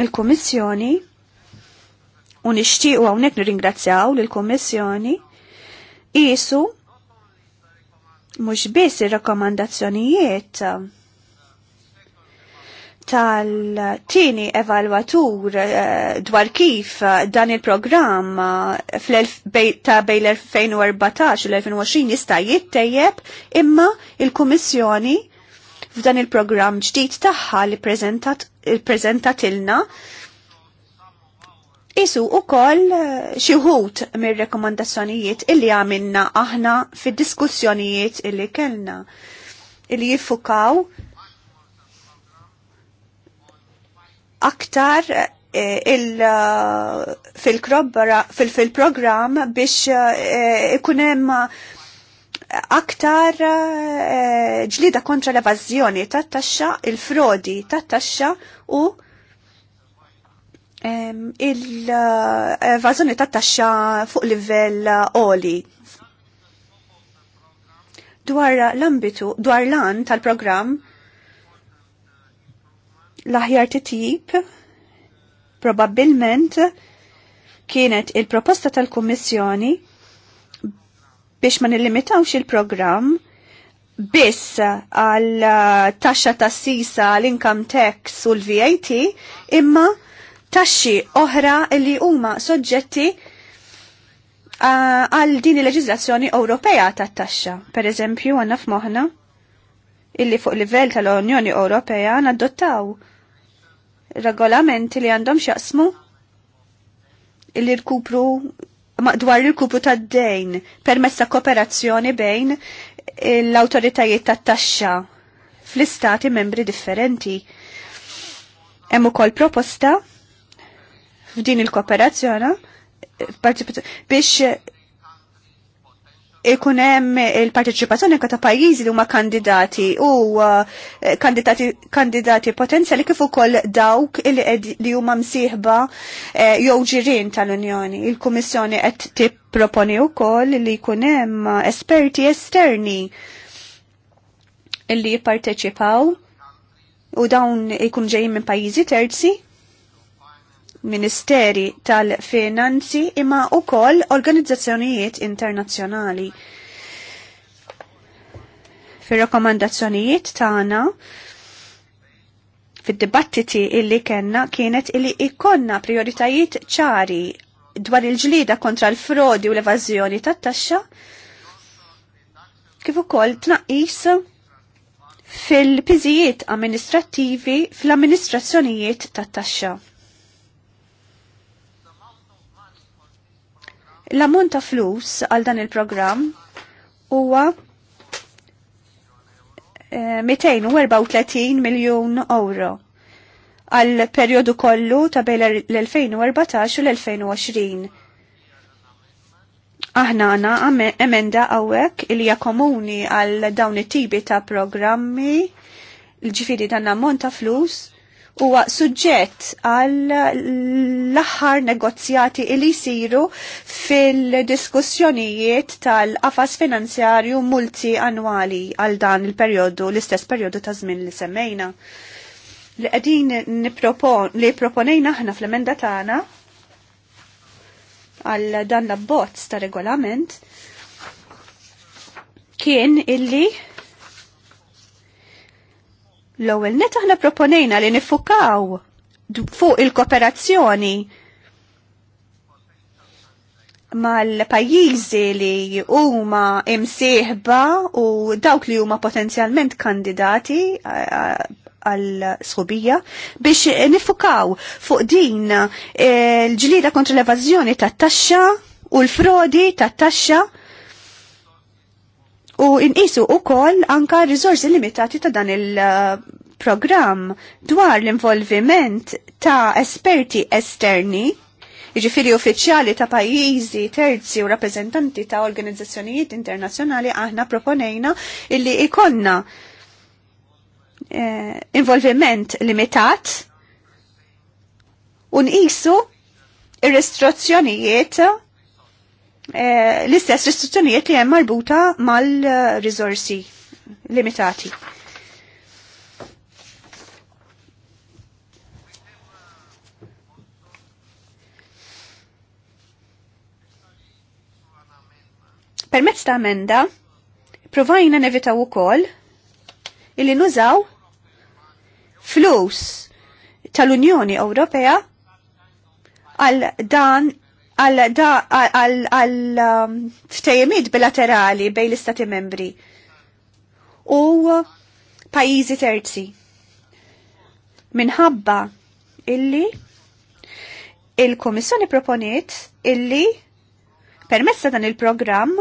Speaker 1: Il-Kummissjoni u nixtiequ hawnhekk nirringrazzjaw lill-Kummissjoni qisu mhux biss ir-rakkomandazzjonijiet tal-tini evalwatur eh, dwar kif eh, dan il-programm eh, ta' bej l-2014 l-2020 jista' jittejjeb imma il-Kummissjoni f'dan il-programm ġdid tagħha li ppreżentat ilna isu u koll xiħut mir rekomandazzjonijiet illi għamilna aħna fid diskussjonijiet illi kellna illi jiffukaw aktar eh, eh, fil-program biex eh, ikunem aktar ġlida kontra l evazzjoni ta' taxxa, il-frodi ta' taxxa u il evazzjoni ta' taxxa fuq livell oli dwar l-ambitu, dwar l-an tal-program, l-aħjar titjib probabbilment kienet il-proposta tal-Kummissjoni biex ma nillimitawx il-programm biss għal taxxa tas sisa l-income tax u l-VAT imma taxxi oħra li huma soġġetti għal din il-leġizlazzjoni Ewropea tat-taxxa. Per eżempju, għanna f'moħna illi fuq livell tal-Unjoni Ewropea nadottaw regolamenti li għandhom xaqsmu il-rkupru dwar il-kupru ta' d-dejn permessa kooperazzjoni bejn l-autoritajiet ta' taxxa fl-istati membri differenti. Hemm ukoll proposta f'din il-kooperazzjoni eh, biex ikun hemm il-parteċipazzjoni ta' pajjiżi li huma kandidati u uh, kandidati, kandidati potenzjali kif ukoll dawk li huma msieħba eh, jew ġirien tal-Unjoni. Il-Kummissjoni qed tipproponi wkoll li jkun hemm esperti esterni li jipparteċipaw u dawn ikun ġejjin minn pajjiżi terzi ministeri tal-finanzi imma koll organizzazzjonijiet internazzjonali. Fir-rakkomandazzjonijiet tagħna fid-dibattiti illi kenna kienet illi ikonna prioritajiet ċari dwar il-ġlida kontra l-frodi u l-evażjoni tat-taxxa kif ukoll tnaqqis fil-piżijiet amministrattivi fl-amministrazzjonijiet tat-taxxa. L-ammont ta' flus għal dan il-programm huwa 234 eh, miljon euro għal periodu kollu ta' bejn l-2014 u l-2020. Aħna għana emenda għawek il-ja komuni għal dawn it-tibi ta' programmi, l-ġifiri dan ammont ta' flus huwa suġġett għal l-aħħar negozjati li jsiru fil-diskussjonijiet tal-qafas finanzjarju multi annwali għal dan il-perjodu l-istess perjodu ta' żmien li semmejna. Li qegħdin li proponejna aħna fl-emenda tagħna għal dan l-abbozz ta' regolament kien illi L-ewwel net aħna proponejna li nifukaw fuq il-kooperazzjoni mal-pajjiżi li huma imsieħba u dawk li huma potenzjalment kandidati għal sħubija biex nifukaw fuq din eh, l-ġlida kontra l-evażjoni tat-taxxa u l-frodi tat-taxxa u inqisu ukoll anka riżorsi limitati ta' dan il-programm uh, dwar l-involviment ta' esperti esterni Iġifiri uffiċjali ta' pajjiżi, terzi u rappresentanti ta' organizzazzjonijiet internazzjonali aħna proponejna illi ikonna eh, involviment limitat un isu ir-restrizzjonijiet Eh, l-istess restrizzjonijiet li hemm marbuta mal-riżorsi limitati. Permezz ta' amenda, provajna nevitaw ukoll illi nużaw flus tal-Unjoni Ewropea għal dan għal um, ftejemiet bilaterali bej l-istati membri u pajizi terzi. Minħabba illi il-Komissjoni proponiet illi permessa dan il-programm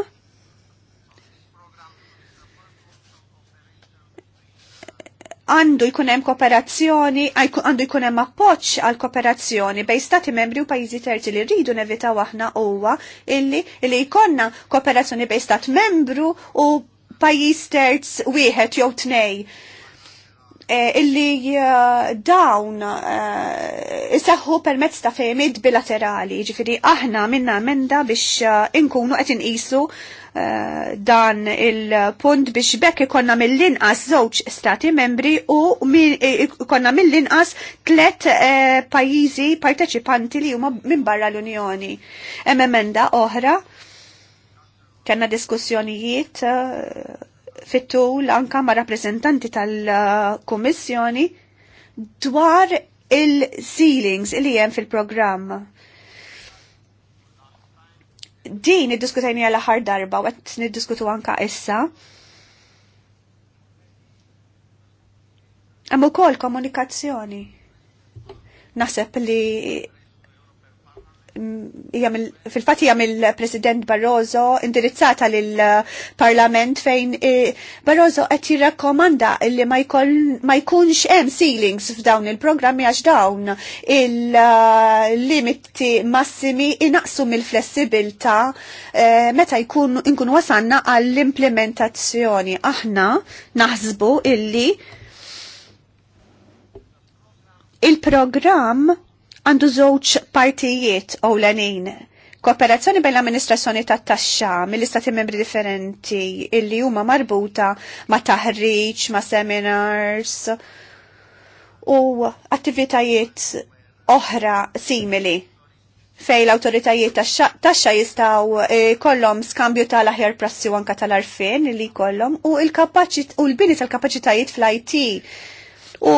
Speaker 1: għandu jkun hemm kooperazzjoni, għandu jkun hemm appoġġ għal kooperazzjoni bej stati membri u pajjiżi terzi li rridu nevitaw aħna huwa illi li jkollna kooperazzjoni bej stat membru u pajjiż terz wieħed jew tnej. E, illi e, dawn uh, e, iseħħu permezz ta' fejmid bilaterali, ġifiri aħna minna emenda biex inkunu qed inqisu Eh, dan il-punt biex bekk ikonna mill-inqas żewġ stati membri u eh, ikonna mill-inqas tlet eh, pajjiżi parteċipanti li huma minn barra l-Unjoni. Hemm emenda oħra kellna diskussjonijiet fit-tul anka ma' rappreżentanti tal-Kummissjoni dwar il-ceilings li hemm fil-programm din id-diskutajni għal darba, u għet niddiskutu anka issa. Għamu kol komunikazzjoni. Naseb li fil-fat hija mill-President Barroso indirizzata lill-Parlament eh, fejn eh, Barroso qed jirrakkomanda li ma jkunx hemm ceilings f'dawn il-programmi għax dawn il-limiti eh, massimi inaqsu mill-flessibilta meta jkun inkun wasanna għall-implementazzjoni. Aħna naħsbu illi il-programm għandu żewġ partijiet ewlenin kooperazzjoni bejn l-amministrazzjoni tat taxxa mill-istati membri differenti illi huma marbuta ma' taħriġ, ma' seminars u attivitajiet oħra simili fej l-autoritajiet taxxa jistaw eh, kollom skambju tal-aħjar prassi u anka tal-arfin li kollom u l-bini tal kapaċitajiet fl-IT u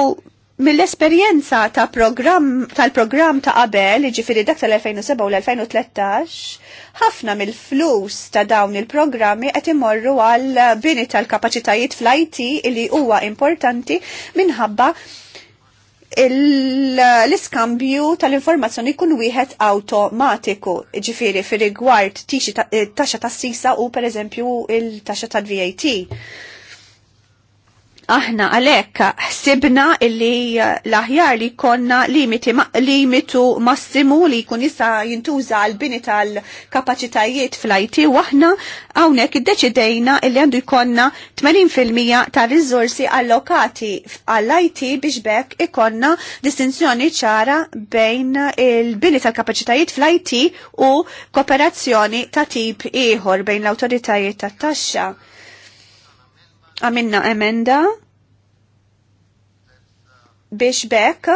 Speaker 1: Mill-esperjenza ta' program, tal-programm ta' qabel, ġifiri dak tal-2007 u l-2013, ħafna mill-flus ta' dawn il-programmi qed imorru għal bini tal-kapaċitajiet fl-IT li huwa importanti minħabba l-iskambju tal-informazzjoni kun wieħed automatiku, ġifiri fir rigward eh, taxxa ta' sisa u per eżempju il-taxxa tal-VAT Aħna għalek ħsibna illi eh, l-aħjar li konna limiti, ma, limitu massimu li kun jista jintuża għal-bini tal-kapacitajiet fl-IT u aħna għawnek id-deċidejna illi għandu jkonna 80% ta' rizorsi allokati għall-IT biex bekk ikonna distinzjoni ċara bejn il-bini tal-kapacitajiet fl-IT u kooperazzjoni ta' tip ieħor bejn l-autoritajiet tat-taxxa għamilna emenda biex bekk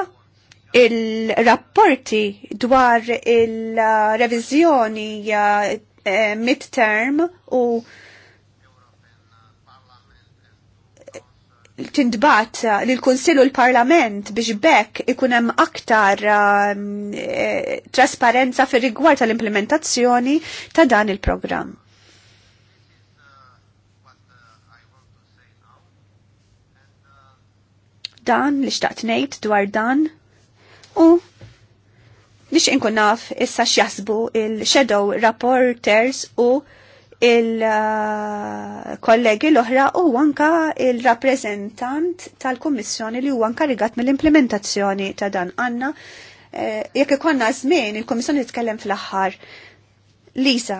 Speaker 1: il-rapporti dwar il-revizjoni uh, eh, midterm u tindbat l-Konsil u l-Parlament biex bekk ikunem aktar um, eh, trasparenza fir rigward tal-implementazzjoni ta' dan il-programm. dan li xtaqt ngħid dwar dan u nix inkun naf issa xjasbu il-shadow rapporters u il-kollegi l-oħra u anka il-rappresentant tal-Kommissjoni li huwa nkarigat mill-implementazzjoni ta' dan għanna. Eh, jekk ikonna żmien il-Kommissjoni titkellem fl-aħħar. Lisa,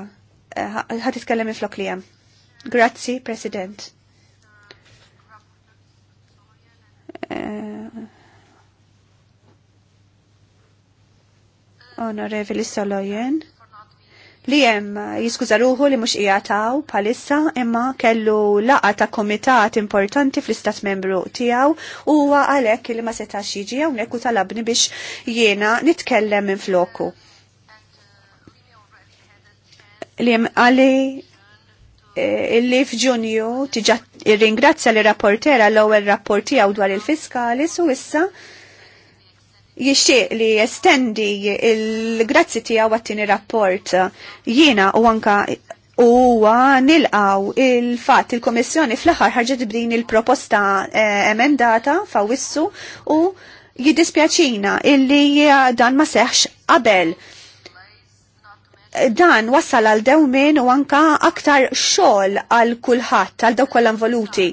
Speaker 1: eh, ħad titkellem flok li Grazzi, President. Eh, onorevoli Solojen li jem jiskużaruhu li mux ijataw palissa imma kellu laqa ta' komitat importanti fl-istat membru tijaw u għalek li ma setax jiġi għaw neku talabni biex jiena nitkellem minn floku. Li jem għali eh, illi f'ġunju tiġat Irringrazzja li rapportera l-ewwel rapport tiegħu dwar il-fiskali su issa jixtieq li estendi il-grazzi tiegħu għat-tieni rapport jiena u anka huwa nilqaw il-fat il-Komissjoni fl-aħħar ħarġet b'din il-proposta eh, emendata fawissu u jiddispjaċina illi eh, dan ma seħx qabel dan wassal għal dewmin u anka aktar xogħol għal kulħadd għal dawk kollha involuti.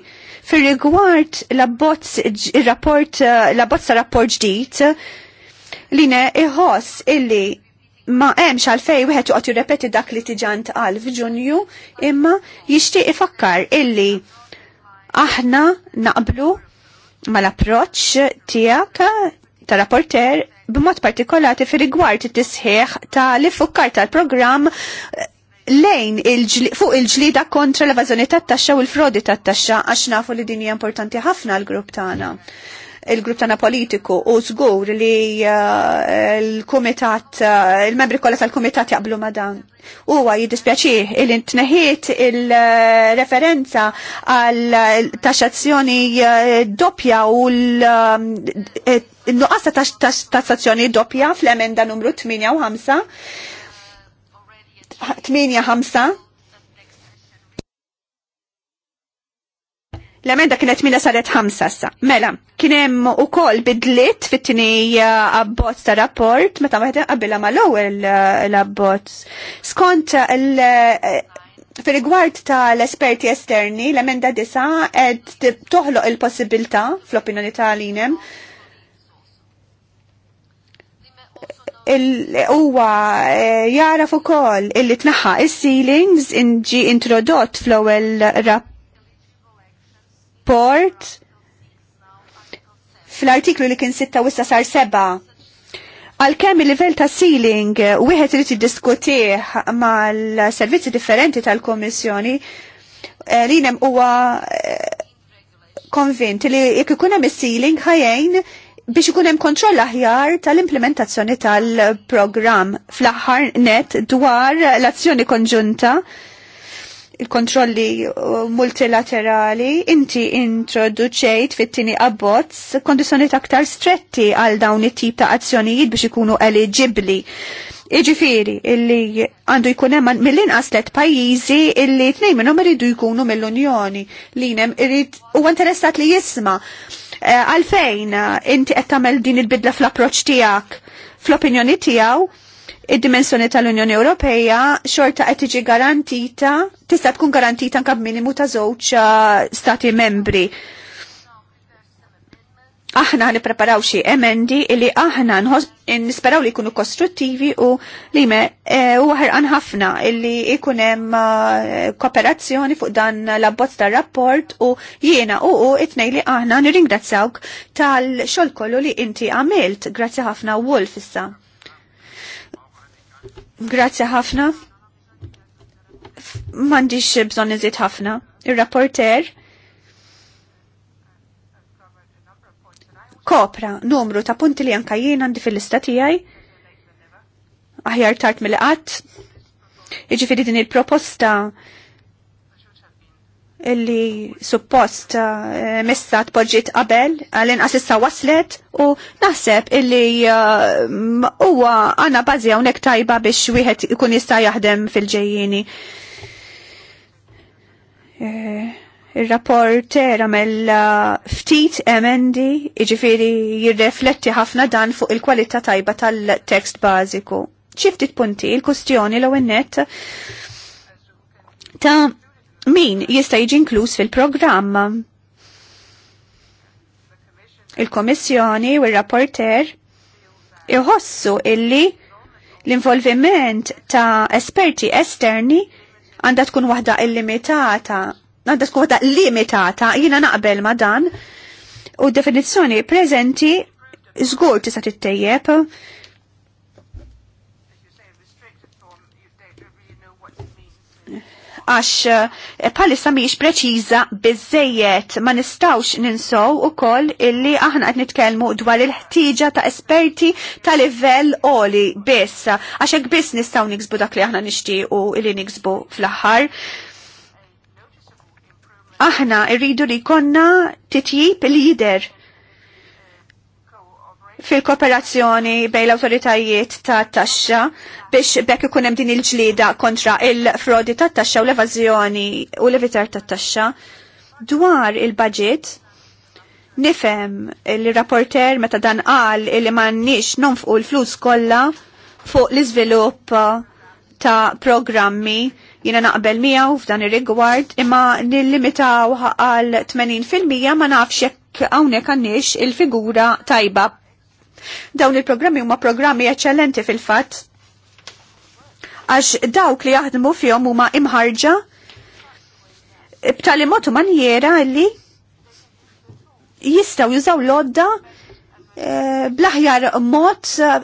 Speaker 1: Fir-rigward l-abbozz rapport eh, l-abbozz rapport ġdid li ne iħoss illi ma hemmx fej wieħed joqgħod jirrepeti dak li tiġant għal f'Ġunju imma jixtieq ifakkar illi aħna naqblu mal-approċċ tiegħek ta' rapporter b'mod partikolati fi rigward it-tisħiħ ta' li fukkar tal-programm eh, lejn fuq il-ġlida kontra l-evażjoni tat-taxxa u l-frodi tat-taxxa għax nafu li din hija importanti ħafna l-grupp tagħna il-grupp tana politiku u zgur li eh, l-komitat, eh, il-membri kollha tal-komitat jaqblu ma dan. Huwa jiddispjaċih il intneħiet il-referenza għal taxazzjoni eh, doppja u l-nuqqas ta' tassazzjoni doppja fl-emenda numru 8 u 5 8-5 L-emenda kienet minna saret ħamsa sa. Mela, kienem u kol bidlit fit-tini uh, abbozz ta' rapport, meta maħda qabila ma l-ewel uh, l-abbozz. Skont uh, l- Fil-rigward tal-esperti esterni, l-emenda disa ed toħloq il-possibilta, fl-opinjoni l inem huwa eh, jaraf ukoll illi tnaħħa il ceilings inġi introdott fl-ewwel rapport rapport fl-artiklu li kien sitta wissa sar seba. għal kem il-livell ta' ceiling eh, wieħed irid iddiskutih mal-servizzi differenti tal-Komissjoni, eh, li nem huwa eh, konvint li jek ikun hemm is-ceiling ħajjin biex ikun hemm kontroll aħjar tal-implementazzjoni tal-programm fl-aħħar net dwar l-azzjoni konġunta il-kontrolli uh, multilaterali, inti introduċejt fit-tini abbozz kondizjoni aktar stretti għal dawn it-tip ta' azzjonijiet biex ikunu eligibli. Iġifiri, illi għandu jkun hemm mill-inqas tliet pajjiżi illi tnejn minnhom iridu jkunu mill-Unjoni li jnem irid huwa interessat li jisma. Eh, għalfejn eh, inti qed tagħmel din il-bidla fl-approċċ tiegħek fl-opinjoni tiegħu id-dimensjoni tal-Unjoni Ewropeja xorta qed tiġi garantita, tista' tkun garantita anke minimu ta' żewġ eh, stati membri. Aħna nippreparaw xi emendi li aħna nisperaw li jkunu kostruttivi u li me eh, u ħerqan ħafna illi jkun hemm eh, kooperazzjoni fuq dan l-abbozz tar-rapport u jiena u u itnej li aħna nirringrazzawk tal-xogħol kollu li inti għamilt. Grazzi ħafna Wolf issa. Grazie ħafna. M'għandix bżonn iżid ħafna. Ir-rapporter kopra numru ta' punti li anka jien għandi fil istatijaj tiegħi. Aħjar tard mill-qatt. Jiġifieri din il-proposta illi suppost uh, missa tpoġġiet qabel għal-inqas issa waslet u naħseb illi eh, huwa uh, għandna bażi hawnhekk tajba biex wieħed ikun jista' jaħdem fil ġejjini Uh, eh, Ir-rapporter għamel ftit emendi, jiġifieri jirrefletti ħafna dan fuq il-kwalità tajba tal-tekst bażiku. Xi ftit punti, il-kustjoni l-ewwel nett ta' min jista' jiġi inkluż fil-programm. il kommissjoni u r-rapporter iħossu illi l-involviment ta' esperti esterni għandha tkun waħda illimitata, għandha tkun waħda limitata, jiena naqbel ma' dan, u definizzjoni preżenti żgur tista' tittejjeb għax eh, palissa miex preċiża bizzejiet ma nistawx ninsow ukoll illi aħna qed nitkellmu dwar il ħtijġa ta' esperti ta' livell oli biss għax hekk biss nistgħu niksbu dak li aħna nixtiequ illi niksbu fl-aħħar aħna irridu li konna titjib lider fil-kooperazzjoni bej l-autoritajiet ta' taxxa biex bekk ikun hemm din il-ġlida kontra il-frodi ta' taxxa u l-evażjoni u l-evitar ta' taxxa dwar il-budget nifhem il-rapporter meta dan qal li m'għandniex nonfqu l-flus kollha fuq l-iżvilupp ta' programmi jina naqbel miegħu f'dan ir-rigward imma nillimitaw għal 80% ma nafx jekk hawnhekk għandniex il-figura tajba Dawn il-programmi huma programmi eċċellenti fil-fatt għax dawk li jaħdmu fihom huma imħarġa b'tali mod manjera li jistgħu jużaw lodda bl eh, blaħjar mod eh,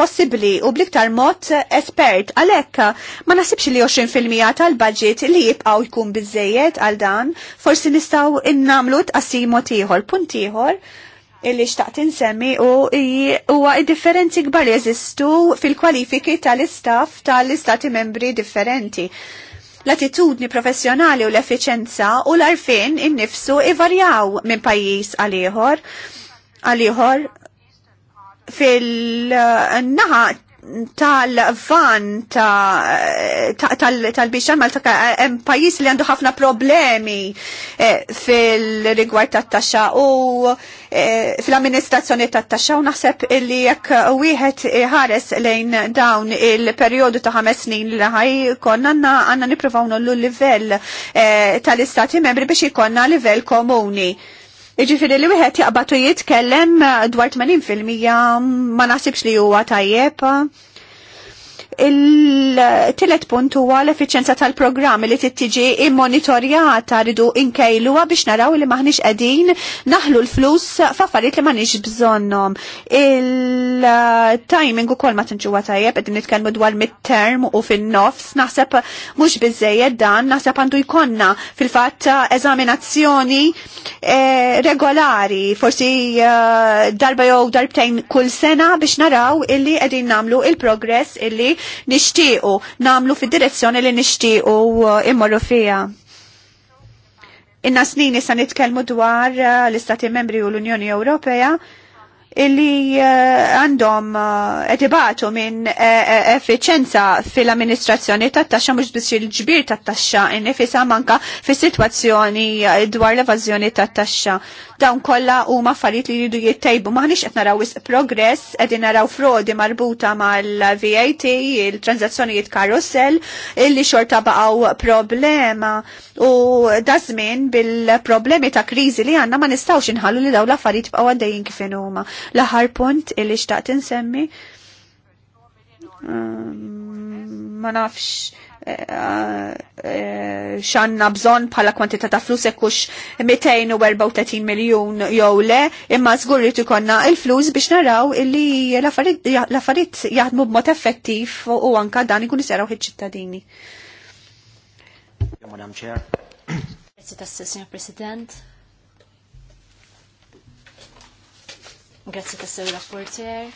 Speaker 1: possibbli u bliktar mod espert. Għalhekk ma nasibx li 20% tal-budget li jibqgħu jkun biżejjed għal dan, forsi nistgħu innamlu tqassim punt ieħor illi xtaqt insemmi u huwa differenzi kbar jeżistu fil-kwalifiki tal-istaff tal-istati membri differenti. L-attitudni professjonali u l efficienza u l-arfin innifsu ivarjaw minn pajjiż għal ieħor fil-naħa tal-van tal-bixan Malta hemm pajis li għandu ħafna problemi eh, fil-rigward tat-taxxa u eh, fil-amministrazzjoni tat-taxxa u naħseb li jekk wieħed ħares lejn dawn il-perjodu ta' ħames snin li ħaj konna għandna nippruvaw nollu l-livell eh, tal-istati membri biex jkollna livell komuni. Iġifiri li wieħed jaqbatu jitkellem eh, dwar 80% ma nasibx li huwa tajjeb Il-tillet punt huwa l-effiċenza tal-programm li tittiġi immonitorjata ridu inkejluha biex naraw li maħniex qegħdin naħlu l-flus f'affarijiet li maħniex bżonnhom. Il-timing ukoll ma tinġuwa tajjeb qegħdin nitkellmu dwar mid-term u fin-nofs naħseb mhux biżejjed dan naħseb għandu jkollna fil-fatt eżaminazzjoni eh, regolari forsi eh, darba jew darbtejn kull sena biex naraw illi qegħdin nagħmlu il-progress illi nixtiequ namlu fid-direzzjoni li nixtiequ uh, immorru fija. Inna snini issa nitkellmu dwar uh, l-Istati Membri u l-Unjoni Ewropea illi eh, għandhom etibatu eh, minn eh, effiċenza fil-amministrazzjoni tat taxxa mhux biss il-ġbir tat taxxa innifisa manka fis-sitwazzjoni dwar l-evażjoni tat taxxa. Dawn kollha huma affarijiet li jridu jittejbu maħniex qed naraw progress qegħdin naraw frodi marbuta mal-VAT, il-tranzazzjonijiet karusell illi xorta baqgħu problema u dażmin bil-problemi ta' kriżi li għandna ma nistgħux inħallu li dawn l-affarijiet bqgħu għaddejjin kif huma l ħar punt illi xtaqt insemmi um, ma nafx eh, eh, xanna bżon bħala kwantita ta' flus ekkux 234 miljon jew le, imma żgur li tikonna il-flus biex naraw illi l-affarijiet jaħdmu b'mod effettiv u anka dan ikun iseraw iċ-ċittadini. Madam Chair. Grazie tassi, Signor President.
Speaker 3: Grazzi ta' sew rapporter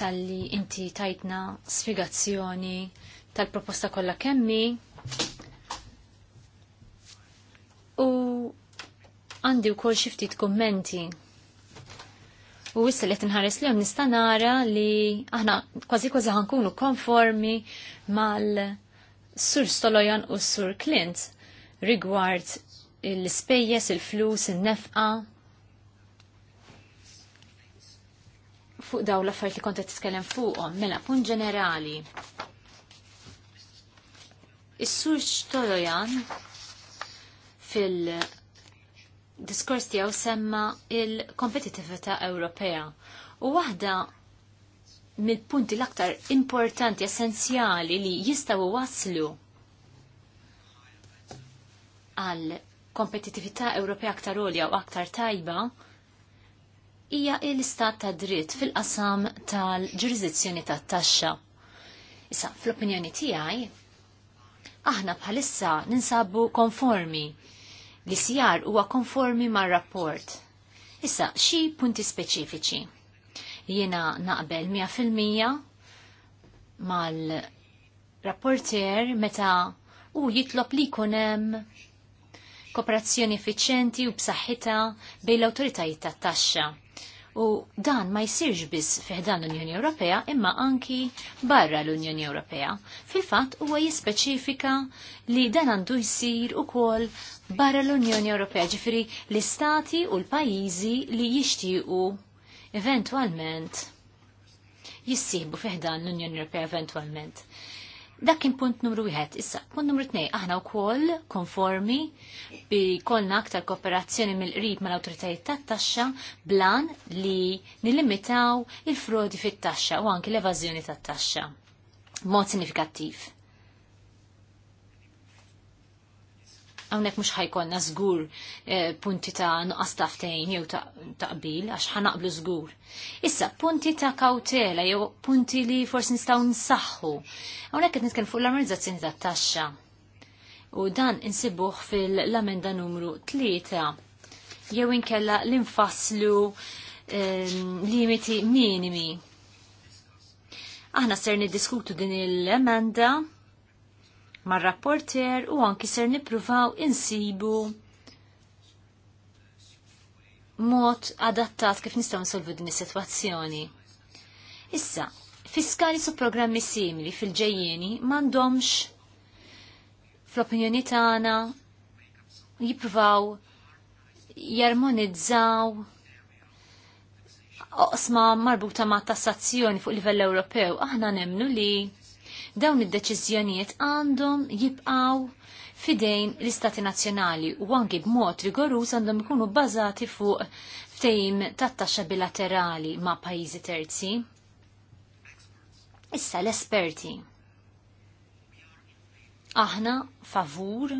Speaker 3: tal-li inti tajtna spiegazzjoni tal-proposta kollha kemmi. U għandi wkoll xi ftit kummenti. U issa li tinħares li nista' nara li aħna kważi kważi ħankunu konformi mal-Sur Stolojan u Sur Clint rigward l spejjes il-flus, in-nefqa' fuq daw l affar li kont qed titkellem fuqhom, mela punt ġenerali. Is-sur Tolojan fil diskors tiegħu semma il-kompetitività Ewropea. U waħda mill-punti l-aktar importanti, essenzjali li jistaw waslu għal kompetitività Ewropea aktar olja u aktar tajba hija l-istat ta' dritt fil-qasam tal-ġurisdizzjoni tat-taxxa. Issa, fl-opinjoni tiegħi, aħna bħalissa ninsabu konformi li sijar huwa konformi mar rapport. Issa, xi punti speċifiċi? Jiena naqbel 100% mal-rapporter meta u jitlob li kunem kooperazzjoni effiċenti u b'saħħitha bejn l-awtoritajiet tat-taxxa U dan ma jsirx biss fiħdan l-Unjoni Ewropea imma anki barra l-Unjoni Ewropea. Fil-fatt huwa jispeċifika li dan għandu jsir ukoll barra l-Unjoni Ewropea ġifiri l-istati u l-pajjiżi li jixtiequ eventwalment jissibu fiħdan l-Unjoni Ewropea eventwalment. Dak kien punt numru wieħed. Issa, punt numru tnej, aħna wkoll konformi bi kolna aktar kooperazzjoni mill-qrib mal-awtoritajiet tat-taxxa blan li nilimitaw il-frodi fit-taxxa u anki l-evażjoni tat-taxxa. Mod sinifikattiv. Hawnhekk mhux ħajkonna żgur eh, punti ta' nuqqas taftejn jew ta' qbil għax ħanaqblu żgur. Issa punti ta' kawtela jew punti li forsi nistgħu nsaħħu. Hawnhekk qed nitken fuq l-armonizzazzjoni tat-taxxa. U dan insibuh fil-lamenda numru 3 jew inkella l-infaslu ehm, limiti minimi. Aħna ser niddiskutu din il-emenda mar-rapporter u anki ser nippruvaw insibu mod adattat kif nistgħu nsolvu din is-sitwazzjoni. Issa, fiskali su programmi simili fil-ġejjieni m'għandhomx fl-opinjoni tagħna jippruvaw jarmonizzaw oqsma marbuta ma' tassazzjoni fuq livell Ewropew. Aħna nemnu li dawn id-deċiżjonijiet għandhom jibqaw fidejn l-istati nazzjonali u anki b'mod rigorus għandhom ikunu bbażati fuq ftejim tat-taxxa bilaterali ma' pajjiżi terzi. Issa l-esperti. Aħna favur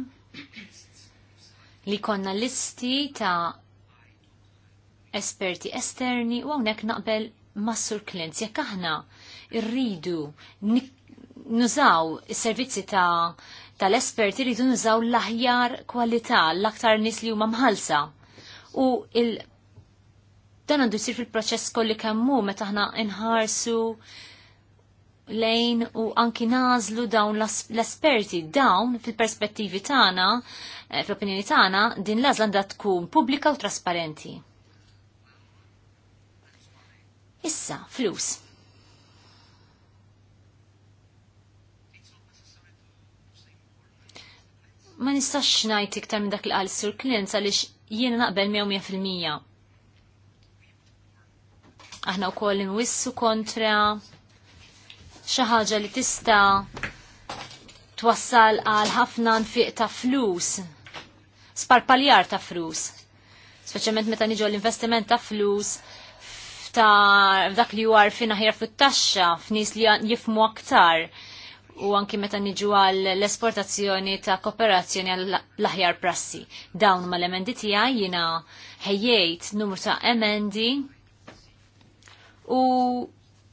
Speaker 3: li konna listi ta' esperti esterni u għonek naqbel Massur Klint. jekk aħna irridu nik nużaw is-servizzi ta' tal-esperti rridu nużaw l-aħjar kwalità, l-aktar nis li huma mħalsa. U il dan għandu jsir fil-proċess kolli kemmu meta aħna nħarsu lejn u anki nażlu dawn l-esperti dawn fil-perspettivi tagħna, eh, fl-opinjoni tagħna, din l-għażla għandha tkun pubblika u trasparenti. Issa, flus. ma nistax ngħid iktar minn dak li qal Sir Clint għaliex jiena naqbel miegħu fil-mija. Aħna wkoll inwissu kontra xi ħaġa li tista' twassal għal ħafna nfiq ta' flus, sparpaljar ta' flus. Speċjalment meta niġu l-investiment ta' flus ta' dak li juar fina ħjar fit-taxxa, f'nies li jifmu aktar u anki meta niġu għal l-esportazzjoni ta' kooperazzjoni għal l-aħjar prassi. Dawn ma l-emendi tiegħi jina ħejjejt numru ta' emendi u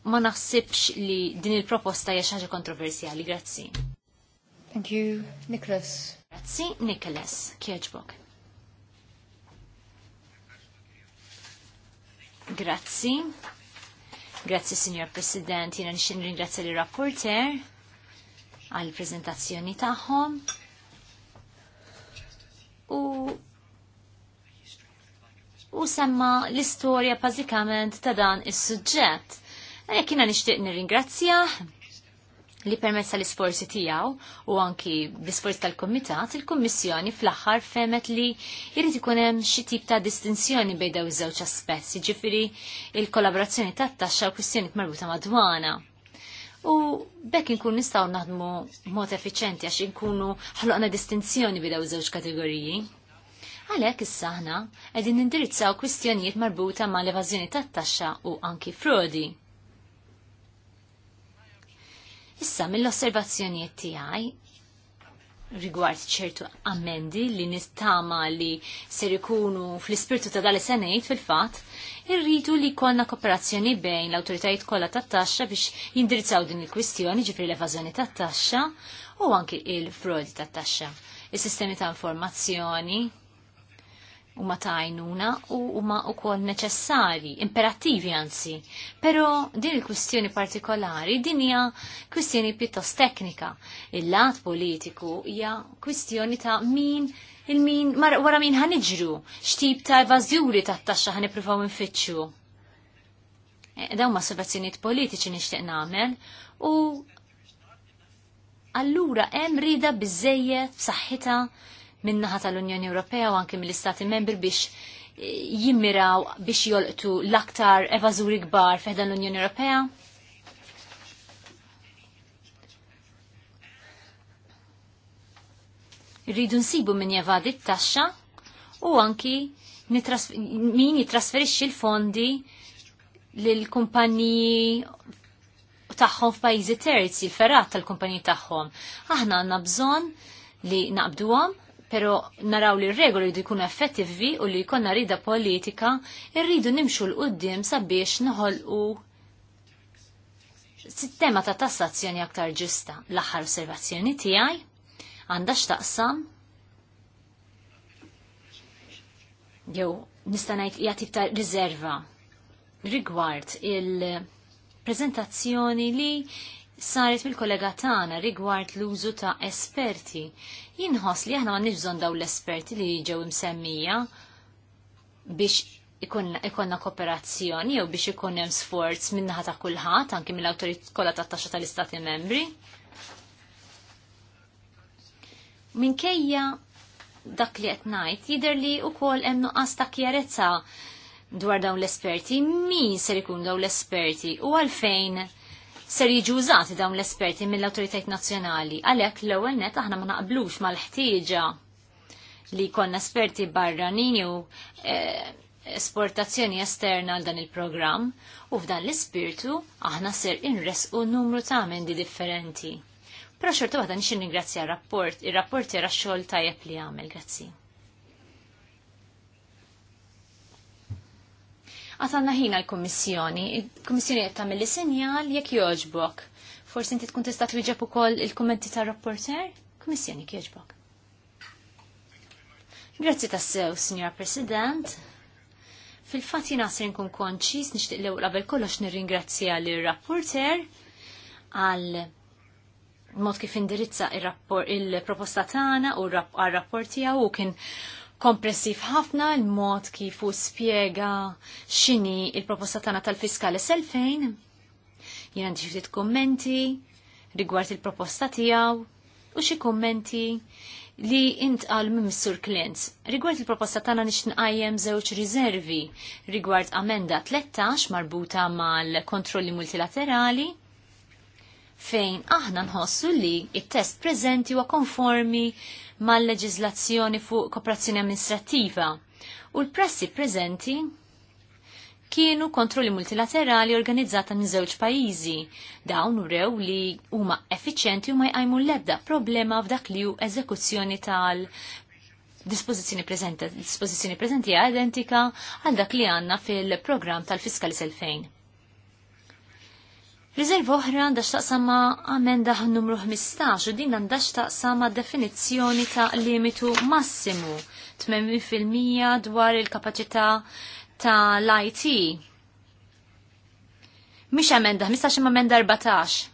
Speaker 3: ma naħsibx li din il-proposta hija xi ħaġa kontroversjali. Grazzi. Thank you,
Speaker 2: Nicholas.
Speaker 3: Grazzi, Nicholas. Kieġbok. Grazzi. Grazzi, Signor President. Jiena nixin ringrazzja li rapporter għal prezentazzjoni tagħhom. U u semma l-istorja bażikament ta' dan is-suġġett. Jekk jiena nixtieq nirringrazzjah li permezz l isforzi tijaw u anki l-isforzi tal-komitat, il-kommissjoni fl-axar femet li ikun hemm xi tip ta' distinzjoni bejda iż żewġ aspetti, ġifiri il-kollaborazzjoni ta' taxxa u kwistjoni marbuta madwana u bekk inkun nistgħu naħdmu mod effiċenti għax inkunu ħloqna distinzjoni bidew żewġ kategoriji. Għalhekk issa aħna qegħdin nindirizzaw kwistjonijiet marbuta mal evażjoni tat-taxxa u anki frodi. Issa mill-osservazzjonijiet tiegħi rigward ċertu ammendi li nistama li ser ikunu fl-ispirtu ta' dal senajt fil-fat, irridu li konna kooperazzjoni bejn l-autoritajiet kollha tat-taxxa biex jindirizzaw din il-kwistjoni ġifri l evazjoni tat-taxxa u anki il-frodi tat-taxxa. il sistemi ta' informazzjoni huma ta' għajnuna u huma wkoll neċessari, imperattivi anzi. Però din il-kwistjoni partikolari din hija kwistjoni pjuttost teknika. Il-lat politiku hija kwistjoni ta' min il-min wara min ħaniġru, xtib ta' evażjuri ta' taxxa ħanippruvaw infittxu. Eh, dawn ma' osservazzjonijiet politiċi nixtieq nagħmel u allura hemm rida biżejjed b'saħħitha minnaħa tal-Unjoni Ewropea u anke mill-Istati membri biex jimmiraw biex jolqtu l-aktar evażuri kbar feħda l-Unjoni Ewropea? Rridu nsibu min jevadi t-taxxa u anki min jitrasferixxi l-fondi lill-kumpaniji tagħhom f'pajjiżi terzi, l-ferrat tal-kumpaniji tagħhom. Aħna għandna bżonn li naqbduhom pero naraw li r-regoli jridu jkunu effettivi u li jkollna rida politika, irridu nimxu l-qoddim sabiex u sistema ta' tassazzjoni aktar ġusta. L-aħħar osservazzjoni tiegħi għandha x'taqsam jew nista' ngħid jagħti ta' riserva rigward il-preżentazzjoni li saret mill-kollega tagħna rigward l-użu ta' esperti. Jinħoss li aħna ma nifżon daw l-esperti li ġew imsemmija biex ikonna kooperazzjoni jew biex ikun hemm sforz minnaħa ta' kulħadd anke mill-awtorit kollha tat-taxxa tal-Istati Membri. Minkejja dak li qed ngħid jidher li wkoll hemm nuqqas ta' kjarezza dwar dawn l-esperti, min ser ikun dawn l-esperti u għalfejn ser jiġu użati dawn l-esperti mill-autoritajt nazzjonali. Għalhekk l-ewwel net aħna ma naqblux mal-ħtieġa li konna esperti barranin u e, esportazzjoni esterna għal dan il-programm u f'dan l-ispirtu aħna ser inres u numru ta' amendi differenti. Però xorta waħda nixin ringrazzja rapport, il-rapport jara xogħol tajjeb li għamel, grazzi. Għatanna ħina l-Kommissjoni. Il-Kommissjoni qed tagħmel sinjal jekk jogħġbok. Forsi inti tkun tista' twieġeb ukoll il-kummenti tar-rapporter? Kommissjoni kieġbok. Grazzi tassew, Signora President. Fil-fatt jina ser nkun konċis nixtieq l qabel kollox nirringrazzja lir rapporter għal mod kif indirizza il-proposta tagħna u għal-rapport tiegħu kien kompressiv ħafna il-mod kifu spiega xini il-proposta tagħna tal-fiskali selfejn. Jien għandi ftit kummenti rigward il-proposta tiegħu u xi kummenti li intqal minn Mr. Klint. Rigward il-proposta tagħna nix nqajjem żewġ riservi rigward amenda 13 marbuta mal-kontrolli multilaterali fejn aħna nħossu li it-test preżenti huwa konformi mal-leġiżlazzjoni fuq kooperazzjoni amministrattiva u l-pressi preżenti kienu kontrolli multilaterali organizzata minn żewġ pajjiżi. Dawn urew li huma effiċjenti u ma jqajmu l-ebda problema f'dak li hu eżekuzzjoni tal dispożizzjoni prezenti, dispożizzjoni preżenti identika għal dak li għandna fil-programm tal-Fiskalis 2000. Rizerv oħra għandha x'taqsam ma' amenda numru 15 u din għandha x'taqsam ma' definizzjoni ta' limitu massimu 80% dwar il-kapaċità ta' l-IT. Mhix amenda 15 imma amenda 14.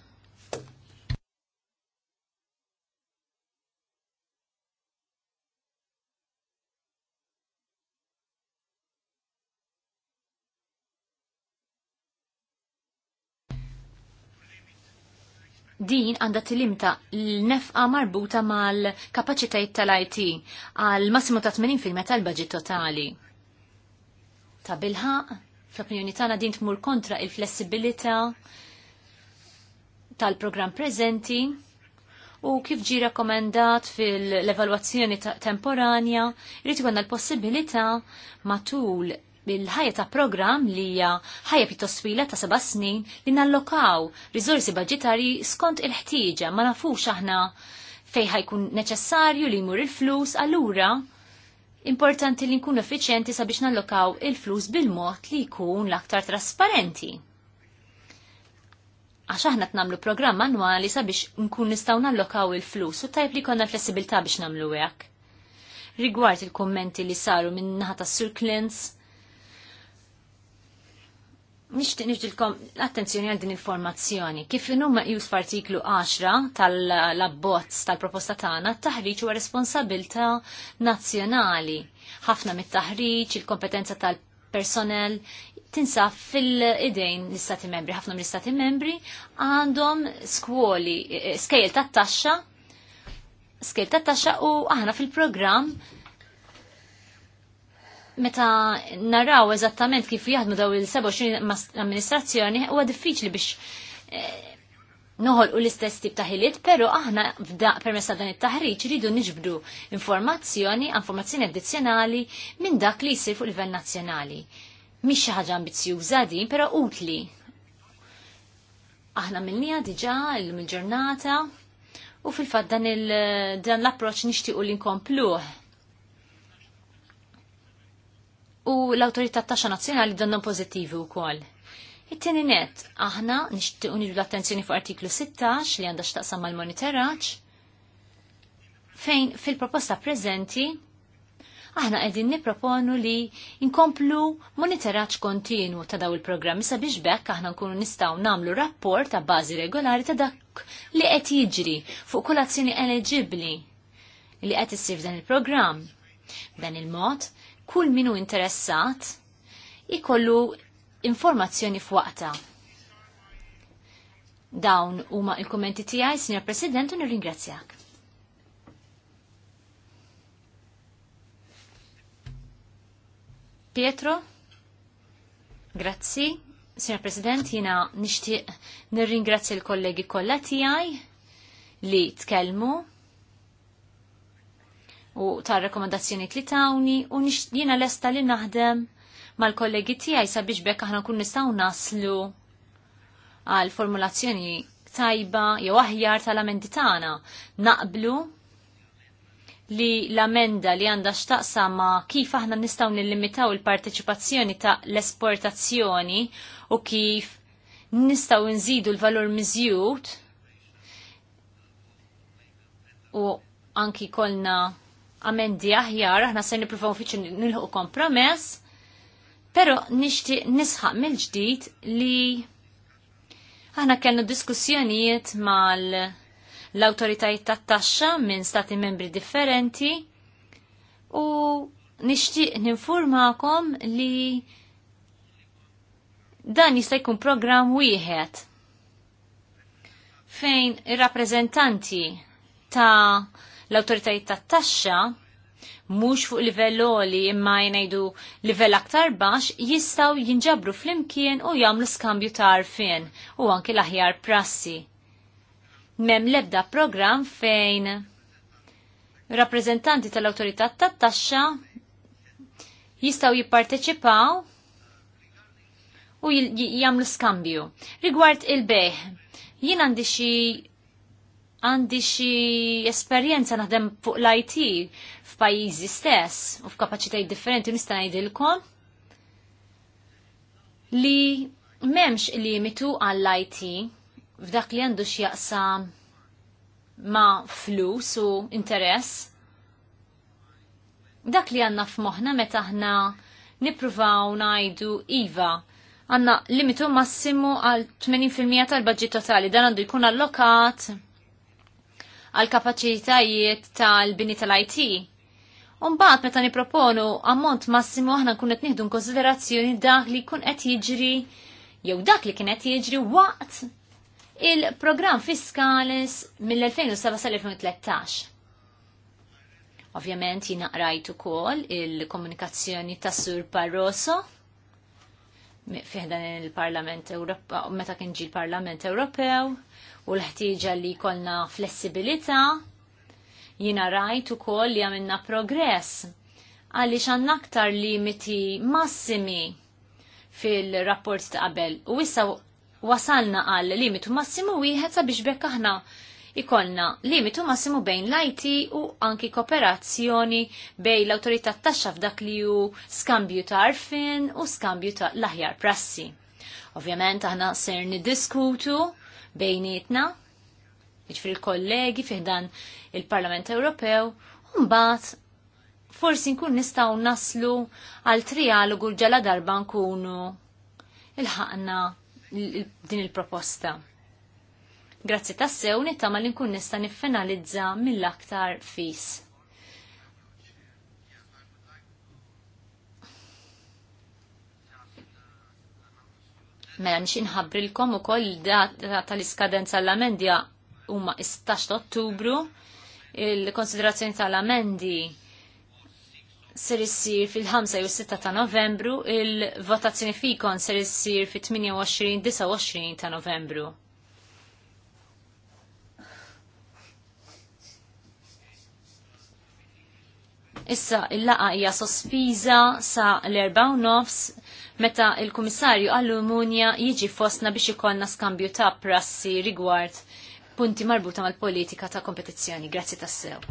Speaker 3: din għandha tilimta l-nefqa marbuta mal-kapaċitajiet tal-IT għal massimu ta' 80% tal-budget totali. Ta' bilħaq, fl-opinjoni tagħna din tmur kontra il-flessibilità tal-programm preżenti u kif ġi rekomendat fil-evalwazzjoni temporanja, rritu għanna l-possibilità matul bil-ħajja ta' program li hija ħajja pjuttost twila ta' seba' snin li nallokaw riżorsi baġitarji skont il-ħtieġa ma nafux aħna fej ħajkun neċessarju li jmur il-flus allura importanti li nkun effiċjenti sabiex nallokaw il-flus bil-mod li jkun l-aktar trasparenti. Għax aħna t-namlu programm annwali sabiex nkun nistaw nallokaw il-flus u tajb li konna flessibilta biex namlu hekk. Rigward il-kommenti li saru minn naħa tas Sir Clintz, nishtiq nixtilkom l-attenzjoni għal din informazzjoni. Kif inhom jus f'artiklu 10 tal-abbozz tal-proposta tagħna, t-taħriġ huwa responsabilità nazzjonali. Ħafna mit-taħriġ, il-kompetenza tal-personel tinsa fil-idejn l-istati membri. ħafna mill-istati membri għandhom skwoli, eh, skejl tat-taxxa, skejl tat-taxxa u aħna fil-programm meta naraw eżattament kif jaħdmu daw il-27 amministrazzjoni huwa diffiċli biex eh, noħolqu l-istess tip ta' ħiliet, pero aħna f'daq permessa dan it-taħriġ ridu niġbdu informazzjoni, informazzjoni addizzjonali minn dak li jsir fuq livell nazzjonali. Mix xi ħaġa ambizzjuża din, però utli. Aħna minnija diġà l ġurnata u fil-fatt dan l-approċċ nixtiequ li nkompluh u l-autorità taxxa nazzjonali donnhom pożittivi wkoll. It-tieni net, aħna nixtiequ nidu l-attenzjoni fuq artiklu 16 li għandha x'taqsam mal-monitoraġġ fejn fil-proposta preżenti aħna qegħdin nipproponu li inkomplu monitoraġġ kontinwu ta' daw il-programmi sabiex bekk aħna nkunu nistgħu nagħmlu rapport ta' bażi regolari ta' dak li qed jiġri fuq kull azzjoni eleġibbli li qed issir f'dan il-programm. B'dan il-mod, kull minu interessat ikollu informazzjoni f'waqta. Dawn huma il-kommenti tiegħi, Sinjor President, u nirringrazzjak. Pietro, grazzi. Sinjor President, jina nixtieq nirringrazzja l-kollegi kollha tiegħi li tkellmu u tar rekomendazzjoni li tawni u jiena lesta li naħdem mal-kollegi tiegħi sabiex bekk aħna kun nistgħu naslu għal formulazzjoni tajba jew aħjar tal-amendi tagħna naqblu li l-amenda li għandha x'taqsa ma kif aħna nistgħu nillimitaw il-parteċipazzjoni ta' l-esportazzjoni u kif nistgħu nżidu l-valur miżjud u anki kolna amendi aħjar, aħna se nippruvaw fiċi nilħu kompromess, pero nixtieq nisħaq mill-ġdid li aħna kellu diskussjonijiet mal l-autoritajiet tat-taxxa minn stati membri differenti u nixtieq ninfurmakom li dan jista' jkun programm wieħed fejn ir-rappreżentanti ta' l-autoritajiet tat-taxxa mhux fuq livell oli imma jgħidu livell aktar baxx jistgħu jinġabru flimkien u jagħmlu skambju ta' arfien u anki l-aħjar prassi. Mem lebda program fejn rappreżentanti tal-awtorità tat-taxxa jistgħu jipparteċipaw u jagħmlu skambju. Rigward il-beħ, jien għandi xi għandi xi esperjenza naħdem fuq l-IT f'pajjiżi stess u f'kapaċitajiet differenti nista' ngħidilkom li m'hemmx limitu għall-IT f'dak li għandu jaqsam ma' flus u interess. Dak li għanna f'moħna meta aħna nippruvaw ngħidu iva għanna limitu massimu għal 80% tal-budget totali dan għandu jkun allokat għal kapaċitajiet tal-bini tal-IT. Umbat meta niproponu ammont massimo aħna nkun qed nieħdu konsiderazzjoni dak li kun qed jiġri jew dak li kien qed jiġri waqt il-programm fiskalis mill-2007 sal-2013. Ovvjament jina qrajt ukoll il-komunikazzjoni ta' Sur Barroso fiħdan il-Parlament Ewropew, meta kien ġi l-Parlament Ewropew, u l-ħtieġa li kolna flessibilità jina rajt u koll li għamilna progress għaliex xan aktar limiti massimi fil-rapport ta' qabel u issa wasalna għal limitu massimu wieħed sabiex bekk aħna ikolna limitu massimu bejn l-IT u anki kooperazzjoni bejn l-autorità taxxa f'dak li ju skambju ta' arfin u skambju ta' l-aħjar prassi. Ovvjament aħna ser niddiskutu bejnietna, ġifri l-kollegi fiħdan il-Parlament Ewropew, mbagħad forsi nkun nistaw naslu għal trialogu ġala darba nkunu il ħakna din il-proposta. Grazzi tassew nittama li nkun nista niffinalizza mill-aktar fis. Mela nix inħabrilkom u koll data tal-iskadenza l-amendja huma 16 ottubru. Il-konsiderazzjoni tal-amendi ser issir fil-5 u 6 ta' novembru, il-votazzjoni fikon ser issir fil-28-29 ta' novembru. Issa, il-laqa hija sospiża sa l u nofs meta il-Kummissarju għallu Munja jiġi fostna biex ikollna skambju ta' prassi rigward punti marbuta mal-politika ta' kompetizzjoni. Grazzi tassew.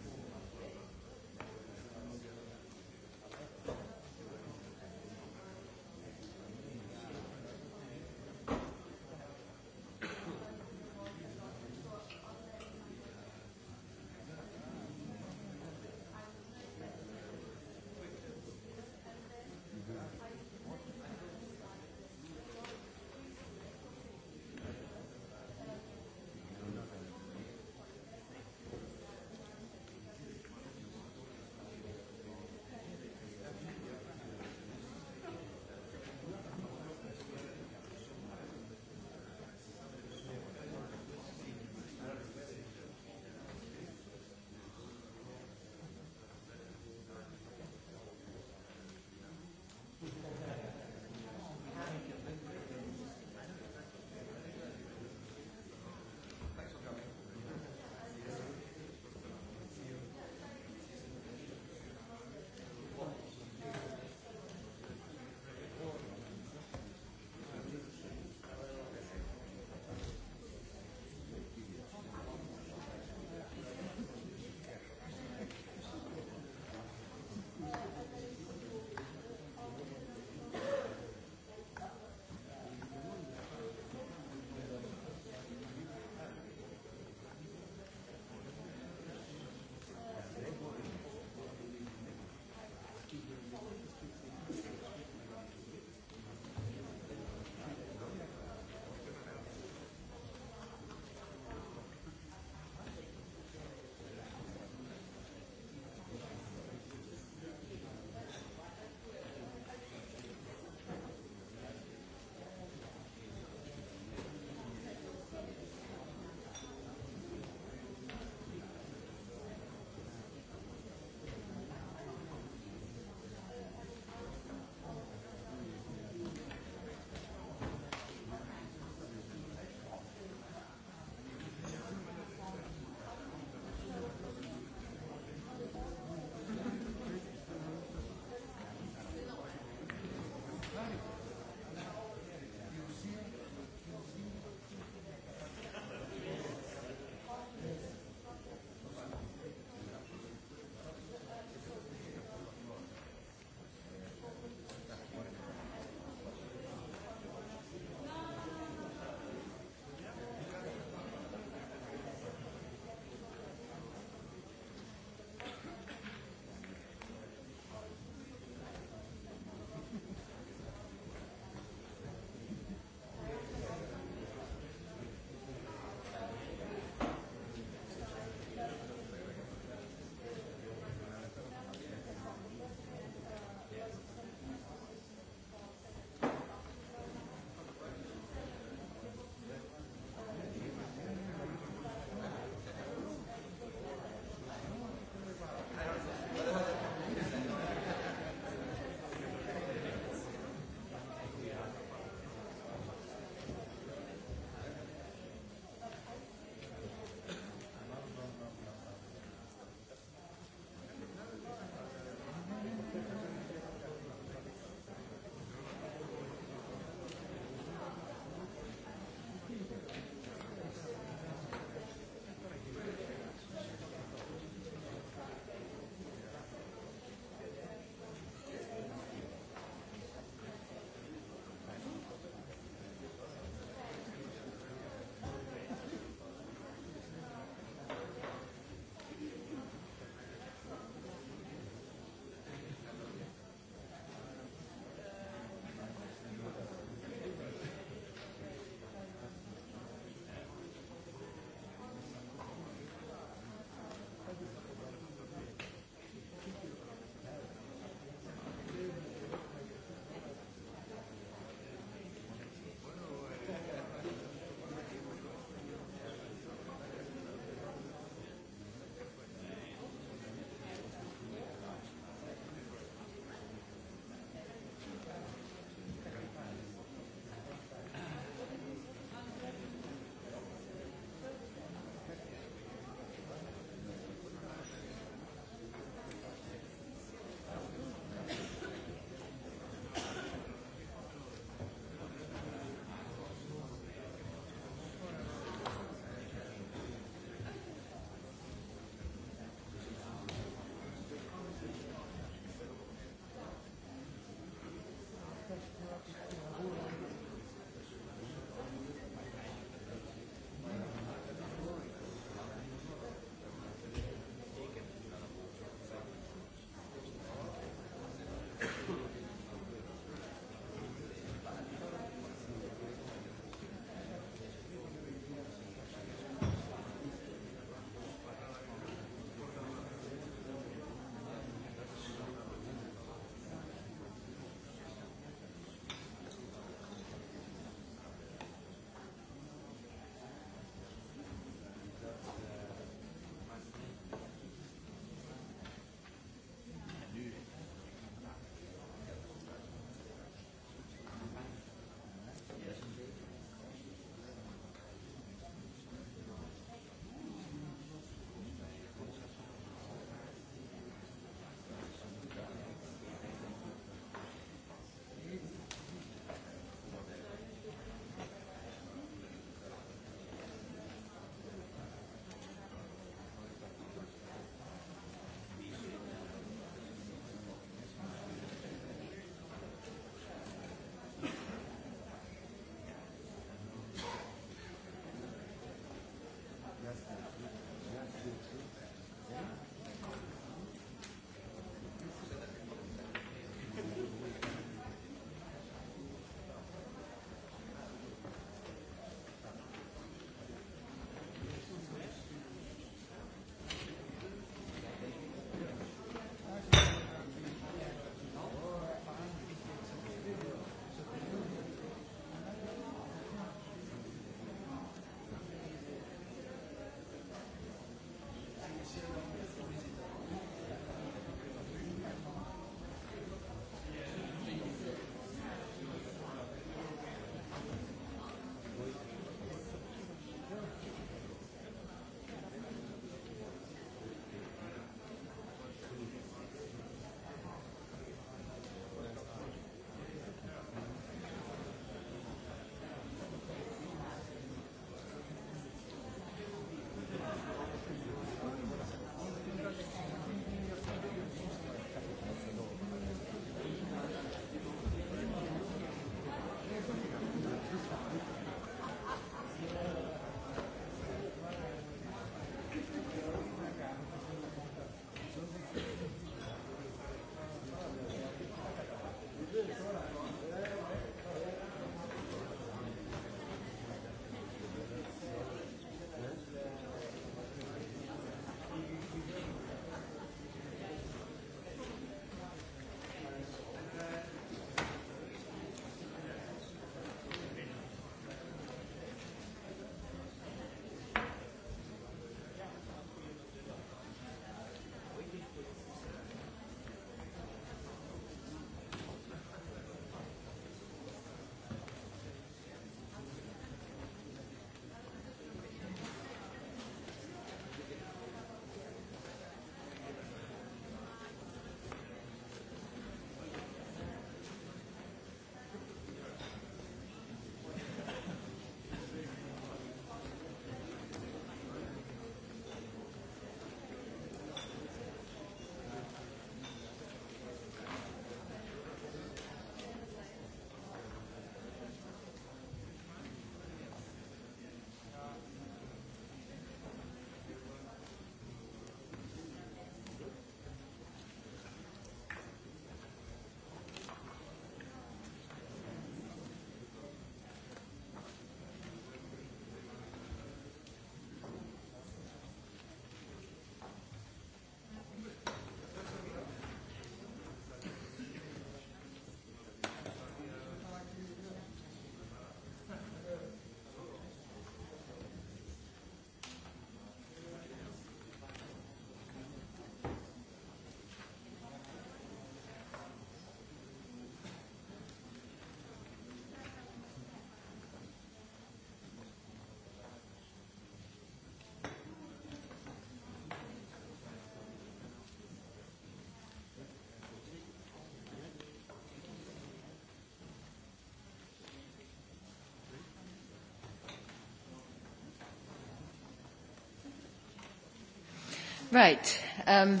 Speaker 2: Right. Um,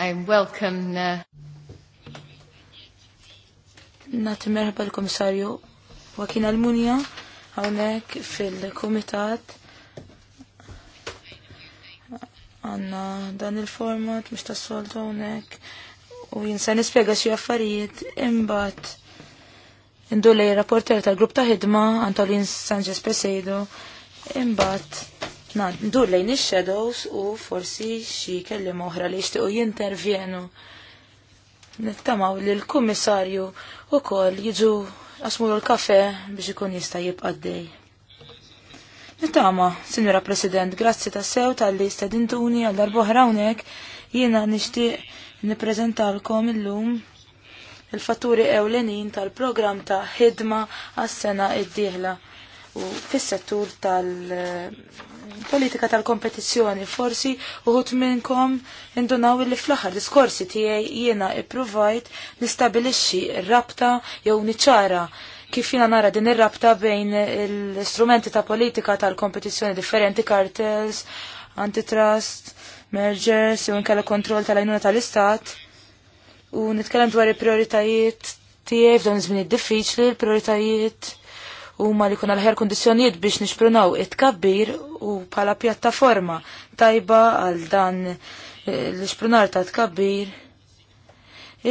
Speaker 2: I welcome... Uh... Nati merħba l-komissarju Wakin Almunja għonek fil-komitat għanna dan il-format mux soltu għonek. u jinsa nispiega xie affarijiet imbat indulej rapporter tal-grupp ta' hidma, Antolin Sanchez Pesedo imbat Ndur lejn ix-shadows u forsi xi kelli oħra li jixtiequ jintervjenu. Nittamaw li l-kummissarju ukoll jiġu asmuru l-kafe biex ikun jista' jibqa' dej. Nittama, Signora President, grazzi ta' sew tal-li stedintuni għal-darbohra unek jiena nishtiq niprezentalkom illum il-fatturi ewlenin tal-program ta' ħidma għas-sena id-dieħla u fis-settur tal-politika eh, tal-kompetizzjoni forsi uħut minnkom indunaw li fl-aħħar diskorsi tiegħi jiena ippruvajt nistabilixxi rabta jew niċara kif jina nara din ir-rabta bejn l-istrumenti ta' politika tal-kompetizzjoni differenti kartels, antitrust, mergers jew inkella kontroll tal-għajnuna tal-istat u nitkellem dwar il-prioritajiet tiegħi f'dawn iż-żmien diffiċli, l-prioritajiet huma li kuna l-ħer kondizjoniet biex nixprunaw it-kabbir u pala pjattaforma tajba għal dan eh, l-xprunar ta' tkabbir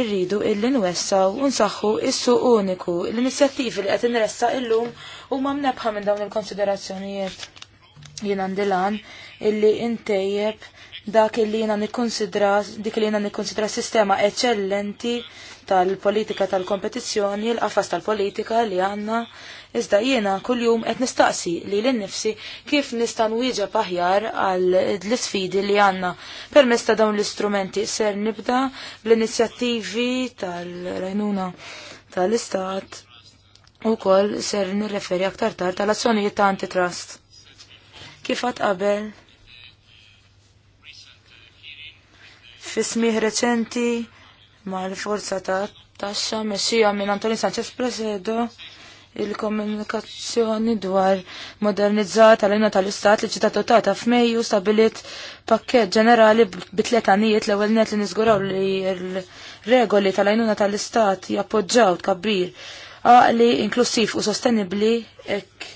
Speaker 2: irridu illi nwessaw unsaħħu issu uniku l-inizjattivi li qed inressa illum huma mnebħa minn dawn il-konsiderazzjonijiet jien għandilan illi intejjeb dak illi jiena nikkonsidra dik li jiena nikkonsidra sistema eċċellenti tal-politika tal-kompetizzjoni, l-qafas tal-politika li għandna Iżda jiena kuljum qed nistaqsi li l-nifsi kif nista' wieġa aħjar għal l-isfidi li għandna. Permezz ta' dawn l-istrumenti ser nibda bl-inizjattivi tal-Rajnuna tal-Istat u kol ser nirreferi aktar tar tal-azzjonijiet ta' antitrust. Kif għat qabel? Fismih reċenti mal-forza ta' taxxa mexxija minn Antoni Sanchez Presedo il-komunikazzjoni dwar modernizzata l għal tal-istat li ġita dotata f'Mejju stabilit pakket ġenerali bitlet għanijiet l ewwel net li nizguraw li regoli tal ajnuna tal-istat jappoġġaw tkabbir għaqli inklusiv u sostenibli ek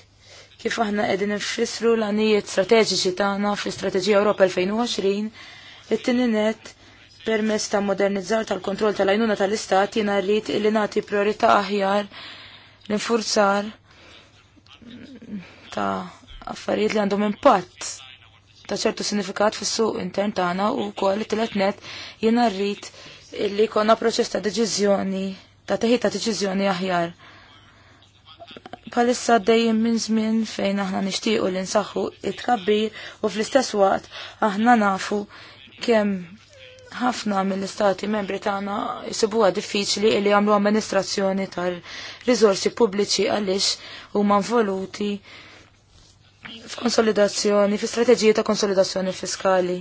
Speaker 2: kif aħna qegħdin nfissru l-għanijiet strateġiċi tagħna fl-Istrateġija Ewropa 2020 it-tieni net permess ta' modernizzar tal-kontroll tal-għajnuna tal-istat jina rrit illi nagħti priorità aħjar l-infurzar ta' affarijiet li għandhom impatt ta' ċertu sinifikat fis-suq intern tagħna u wkoll it-tielet net jena rrit illi jkollna proċess ta' deċiżjoni ta' teħid ta' deċiżjoni aħjar. Palissa dejjem minn żmien fejn aħna nixtiequ li nsaħħu it-tkabbir u fl-istess waqt aħna nafu kemm ħafna mill-istati membri tagħna jsibuha diffiċli li jagħmlu amministrazzjoni tal-riżorsi pubbliċi għaliex huma involuti f'konsolidazzjoni, fi strateġiji ta' konsolidazzjoni fiskali.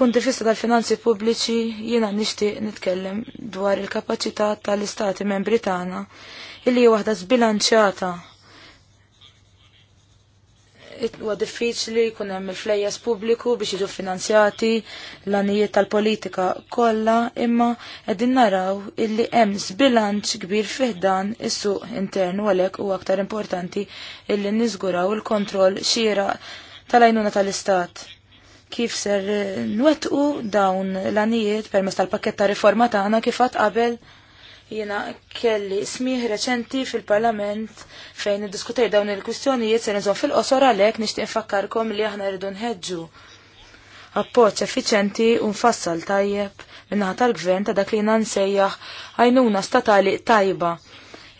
Speaker 2: Punti vista tal-finanzi pubbliċi jiena nixtieq nitkellem dwar il-kapaċità tal-istati membri tagħna illi waħda zbilanċjata huwa diffiċli jkun hemm il-flejjes pubbliku biex jiġu finanzjati l-anijiet tal-politika kollha, imma qegħdin naraw illi hemm sbilanċ kbir fiħdan is-suq intern u għalhekk huwa aktar importanti illi niżguraw il-kontroll xira tal-għajnuna tal-istat kif ser nwettqu dawn l-anijiet permezz tal-pakketta riforma tagħna kif qabel Jiena kelli smieħ reċenti fil-parlament fejn iddiskutej dawn il-kwistjonijiet se nżomm fil-qosor għalhekk nixtieq infakkarkom li aħna rridu nħeġġu appoġġ effiċenti u nfassal tajjeb minnaħa tal-gvern ta' dak li nsejjaħ għajnuna statali tajba.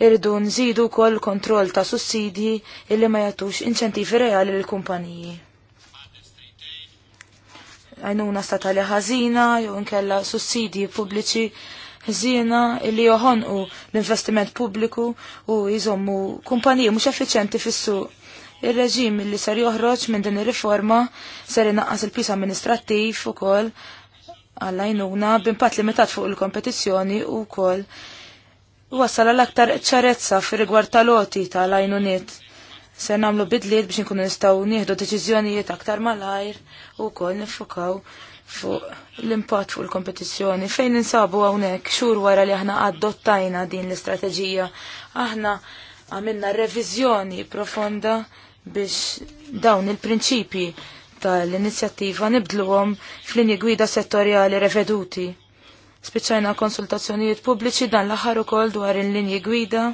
Speaker 2: Irridu nżidu kol kontroll ta' sussidji illi ma jagħtux inċentivi reali lill kumpaniji Għajnuna statali ħażina jew nkella sussidji pubbliċi ħżiena li joħonqu l-investiment pubbliku u jżommu kumpaniji mhux effiċenti fis-suq. Ir-reġim li ser joħroġ minn din ir-riforma ser inaqqas il-pis amministrattiv ukoll għallajnuna b'impatt limitat fuq il-kompetizzjoni u wkoll wassal għal aktar ċarezza fir rigward tal-oti tal-għajnuniet. Ser nagħmlu bidliet biex nkunu nistgħu nieħdu deċiżjonijiet aktar malajr u wkoll nifukaw fuq l-impatt fuq il-kompetizzjoni. Fejn insabu hawnhekk xhur wara li aħna adottajna din l-istrateġija. Aħna għamilna reviżjoni profonda biex dawn il-prinċipi tal-inizjattiva nibdluhom linji gwida settorjali reveduti. Spiċċajna konsultazzjonijiet pubbliċi dan l-aħħar ukoll dwar il-linji gwida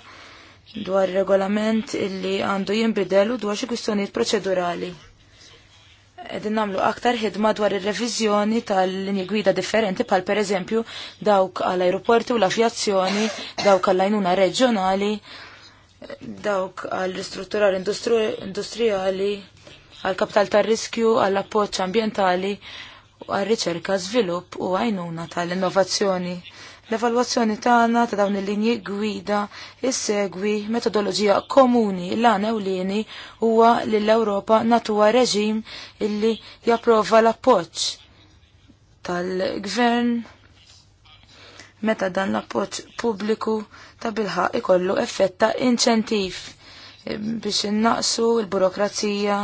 Speaker 2: dwar regolament illi għandu jinbidel u dwar xi kwistjonijiet proċedurali edin namlu aktar ħidma dwar il-revizjoni tal-linji gwida differenti pal per eżempju dawk għall aeroporti u l-avjazzjoni, dawk għall lajnuna reġjonali, dawk għall ristrutturar industrijali, għall kapital tar riskju għall appoċ ambientali għal għall riċerka, svilupp u għajnuna tal-innovazzjoni. L-evalwazzjoni tagħna ta' dawn il-linji gwida issegwi metodoloġija komuni l-għana u lini huwa li l-Ewropa natuwa reġim illi japprova l-appoġġ tal-gvern meta dan l-appoġġ pubbliku ta' bilħaq ikollu effett ta' inċentiv biex innaqsu l-burokrazija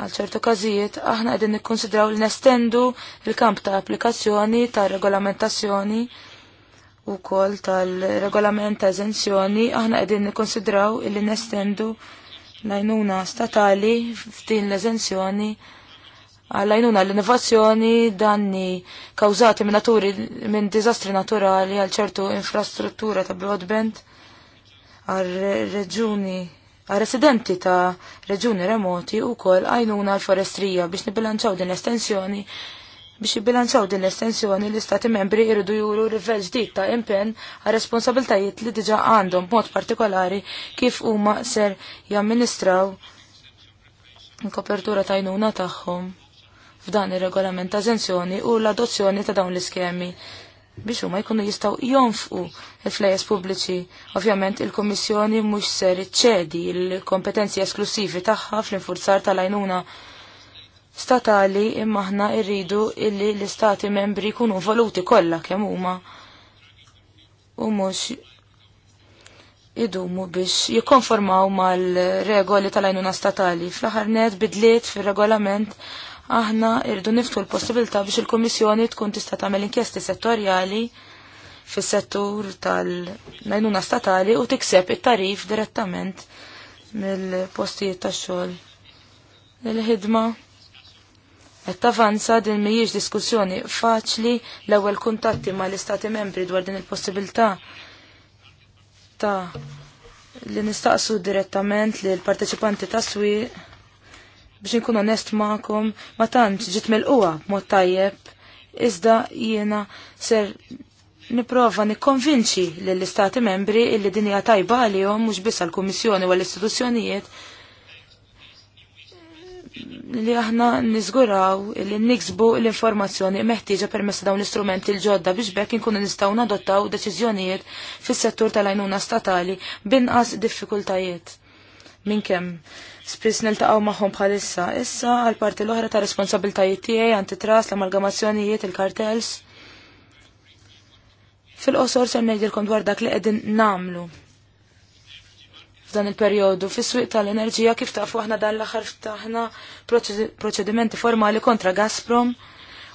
Speaker 2: għal ċertu każijiet aħna qegħdin nikkonsidraw li nestendu il-kamp ta' applikazzjoni ta' regolamentazzjoni u kol tal-regolament ta' eżenzjoni, aħna għedin nikonsidraw illi nestendu lajnuna statali f'din l-eżenzjoni għal-lajnuna l-innovazzjoni danni kawzati minn naturi dizastri naturali għal ċertu infrastruttura ta' broadband għal reġuni għal residenti ta' reġuni remoti u kol għajnuna l-forestrija biex nibilanċaw din l-estensjoni Biex jibbilanċaw din l-estensjoni l-istati membri jridu juru rivel ġdid ta' impenn għal responsabiltajiet li diġa għandhom b'mod partikolari kif huma ser jamministraw l kopertura tajnuna tagħhom f'dan ir-regolament ta' zenzjoni u l-adozzjoni ta' dawn l-iskemi biex huma jkunu jistgħu jonfqu il-flejes pubbliċi. Ovvjament il-Kummissjoni mhux ser iċċedi l-kompetenzi esklusivi tagħha fl-infurzar tal-għajnuna statali imma aħna rridu illi l-istati membri jkunu valuti kollha kemm huma u mhux idumu biex jikkonformaw mal-regoli tal-għajnuna statali. Fl-aħħar net bidliet fir-regolament aħna irdu niftu l-possibilità biex il-Kummissjoni tkun tista' tagħmel inkjesti settorjali fis-settur tal-għajnuna statali u tikseb it-tarif direttament mill-postijiet tax-xogħol. Il-ħidma Qed tavanza din mhijiex diskussjoni faċli l-ewwel kuntatti mal istati membri dwar din il-possibilità ta' li nistaqsu direttament li l-parteċipanti ta' swi biex nkun onest ma'kom ma tantx ġiet melquha mod tajjeb iżda jiena ser niprofa nikkonvinċi lill istati membri illi din hija tajba għalihom mhux biss għall-Kummissjoni u l istituzzjonijiet li aħna nizguraw li niksbu l-informazzjoni meħtieġa permessa dawn l istrument l-ġodda biex bekk inkunu nistgħu nadottaw deċiżjonijiet fis-settur tal-għajnuna statali binqas diffikultajiet. Minn kemm spiss niltaqgħu magħhom bħalissa, issa għal parti l-oħra ta' responsabiltajiet tiegħi antitras l-amalgamazzjonijiet il-kartels. Fil-qosor ser ngħidilkom dwar dak li qegħdin namlu f'dan il-perjodu fis-swieq tal-enerġija kif tafu aħna dan l-aħħar ftaħna proċedimenti formali kontra Gazprom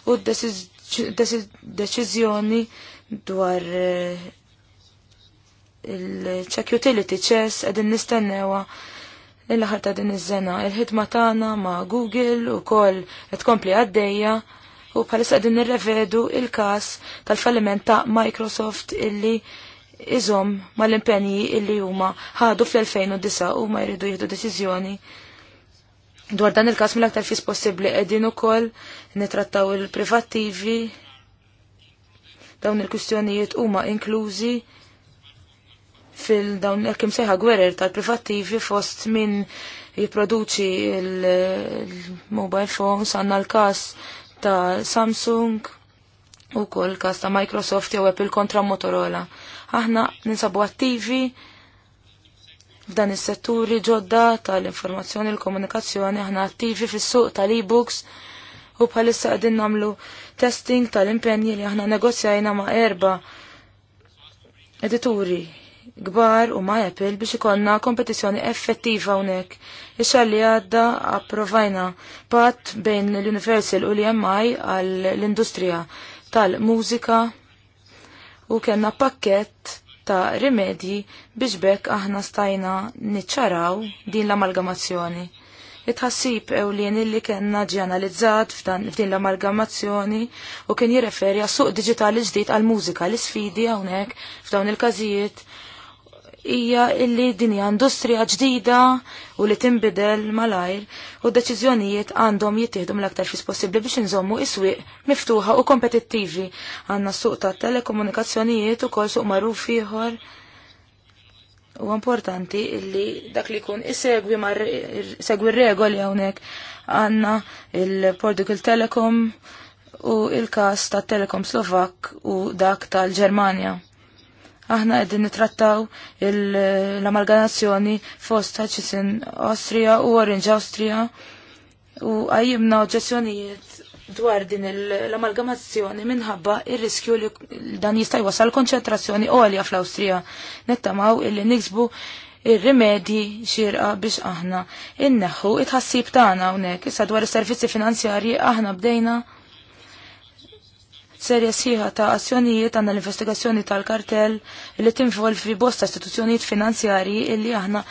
Speaker 2: u d-deċiżjoni dwar eh, il-check utility chess qegħdin nistennewa l-aħħar ta' din iż-żena. Il-ħidma tagħna ma' Google ukoll qed tkompli għaddejja u bħalissa qegħdin nirrevedu il-każ tal-falliment ta' Microsoft illi iżom mal-impenji illi huma ħadu fl-2009 u ma jridu jieħdu deċiżjoni dwar dan il-każ mill-aktar fis possibbli qegħdin ukoll nitrattaw il-privattivi dawn il-kwistjonijiet huma inklużi fil-dawn kim seħa gwerer tal-privattivi fost minn jipproduċi il-mobile phones għandna l-każ ta' Samsung u kol kasta ta' Microsoft jew Apple kontra Motorola. Aħna ninsabu attivi f'dan is-setturi ġodda tal-informazzjoni l komunikazzjoni aħna attivi fis-suq tal-e-books u bħalissa qegħdin nagħmlu testing tal-impenji li aħna negozjajna ma' erba edituri kbar u ma' Apple biex ikollna kompetizzjoni effettiva hawnhekk. Ix-xahar li għadda approvajna patt bejn l-Universal u l-EMI għall-industrija tal-mużika u kellna pakkett ta' rimedji biex bekk aħna stajna niċċaraw din l-amalgamazzjoni. Itħassib ewlien illi kena ġi analizzat f'din l-amalgamazzjoni u kien jirreferi għas suq digitali ġdid għal-mużika l-sfidi hawnhekk f'dawn il-każijiet hija illi din hija industrija ġdida u li tinbidel malajr u d-deċiżjonijiet għandhom jittieħdu l aktar fis possibbli biex inżommu iswieq miftuħa u kompetittivi għandna suq ta' telekomunikazzjonijiet ukoll suq magħruf ieħor. U importanti illi dak li kun isegwi mar segwi regoli hawnhekk għandna il-Portugal Telecom u il-kas ta' Telekom Slovak u dak tal-Ġermanja. Aħna qegħdin nitrattaw l-amalgamazzjoni fost Hutchinson Austria u Orange Austria u għajjimna oġġezzjonijiet dwar din l-amalgamazzjoni minħabba il riskju li dan jista' wasal konċentrazzjoni għolja fl-Awstrija. Nittamaw illi niksbu il rimedji xirqa biex aħna inneħħu it-ħassib tagħna hawnhekk issa dwar is-servizzi finanzjarji aħna bdejna serja sħiħa ta' azzjonijiet għandna l-investigazzjoni tal-kartell li tinvolvi bosta istituzzjonijiet finanzjarji illi aħna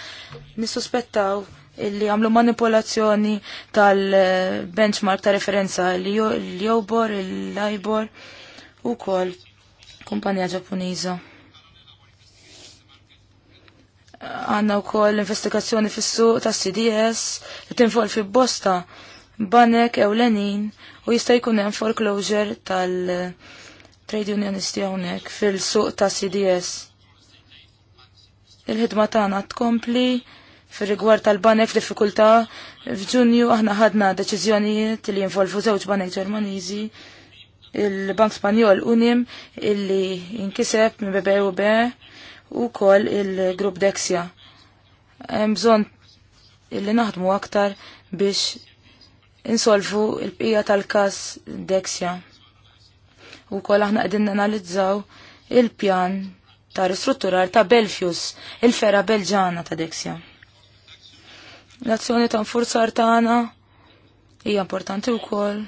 Speaker 2: nissuspettaw illi għamlu manipolazzjoni tal-benchmark ta' referenza l-Jobor, l-Libor u kol kumpanija ġapuniża. Għanna u kol investigazzjoni fissu ta' CDS li tinvolvi bosta banek ewlenin u jista' jkun hemm foreclosure tal-trade unionisti hawnhekk fil-suq ta' CDS. Il-ħidma tagħna tkompli fir-rigward tal-banek f'diffikultà f'Ġunju aħna ħadna deċiżjonijiet li jinvolvu żewġ banek Ġermaniżi il-Bank Spanjol Unim illi inkiseb minn bebe u be u kol il-Grupp Dexia. Hemm bżonn illi naħdmu aktar biex insolvu il-bqija tal-kas Deksja U kol aħna għedin analizzaw il-pjan ta' ristrutturar ta' Belfius, il-fera Belġana ta' Deksja. L-azzjoni ta' nfurzar tagħna hija importanti wkoll.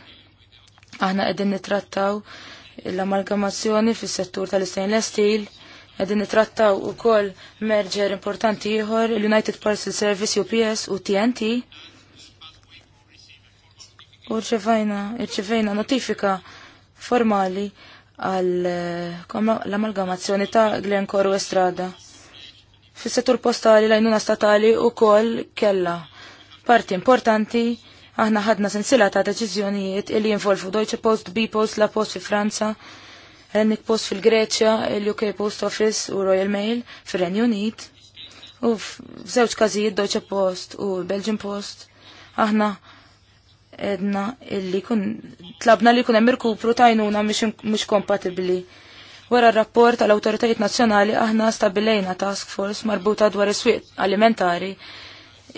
Speaker 2: Aħna qegħdin nittrattaw l-amalgamazzjoni fis-settur tal stainless steel, għedin nitrattaw u kol merġer importanti jħor, l-United Parcel Service UPS u TNT, u rċevajna, notifika formali għal eh, amalgamazzjoni ta' Glencore u Estrada. Fis-settur postali lajnuna statali u kol kella. Parti importanti, aħna ħadna sensila ta' deċiżjonijiet illi jinvolvu Deutsche Post, B-Post, La Post fi Franza, Rennik Post fil-Greċja, il-UK Post Office u Royal Mail fil-Renju Unit, u f'żewġ każijiet Deutsche Post u Belgian Post. Aħna edna illi kun tlabna li kun hemm irkupru tajnuna mhux kompatibbli. Wara r-rapport tal awtoritajiet nazzjonali aħna stabilejna task force marbuta dwar is-swieq alimentari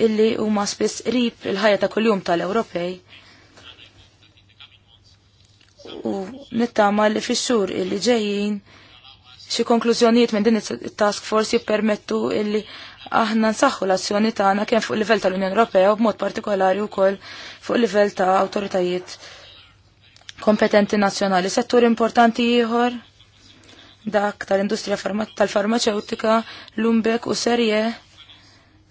Speaker 2: illi huma spiss qrib il-ħajja ta' kuljum tal-Ewropej. U nittama li fix-xhur illi ġejjin xi konklużjonijiet minn din it-task force jippermettu illi aħna nsaħħu l-azzjoni tagħna kemm fuq il-livell tal-Unjoni Ewropea u b'mod partikolari wkoll fuq il-livell ta' awtoritajiet kompetenti nazzjonali. Settur importanti ieħor dak tal-industrija tal-farmaceutika l-Umbek u Serje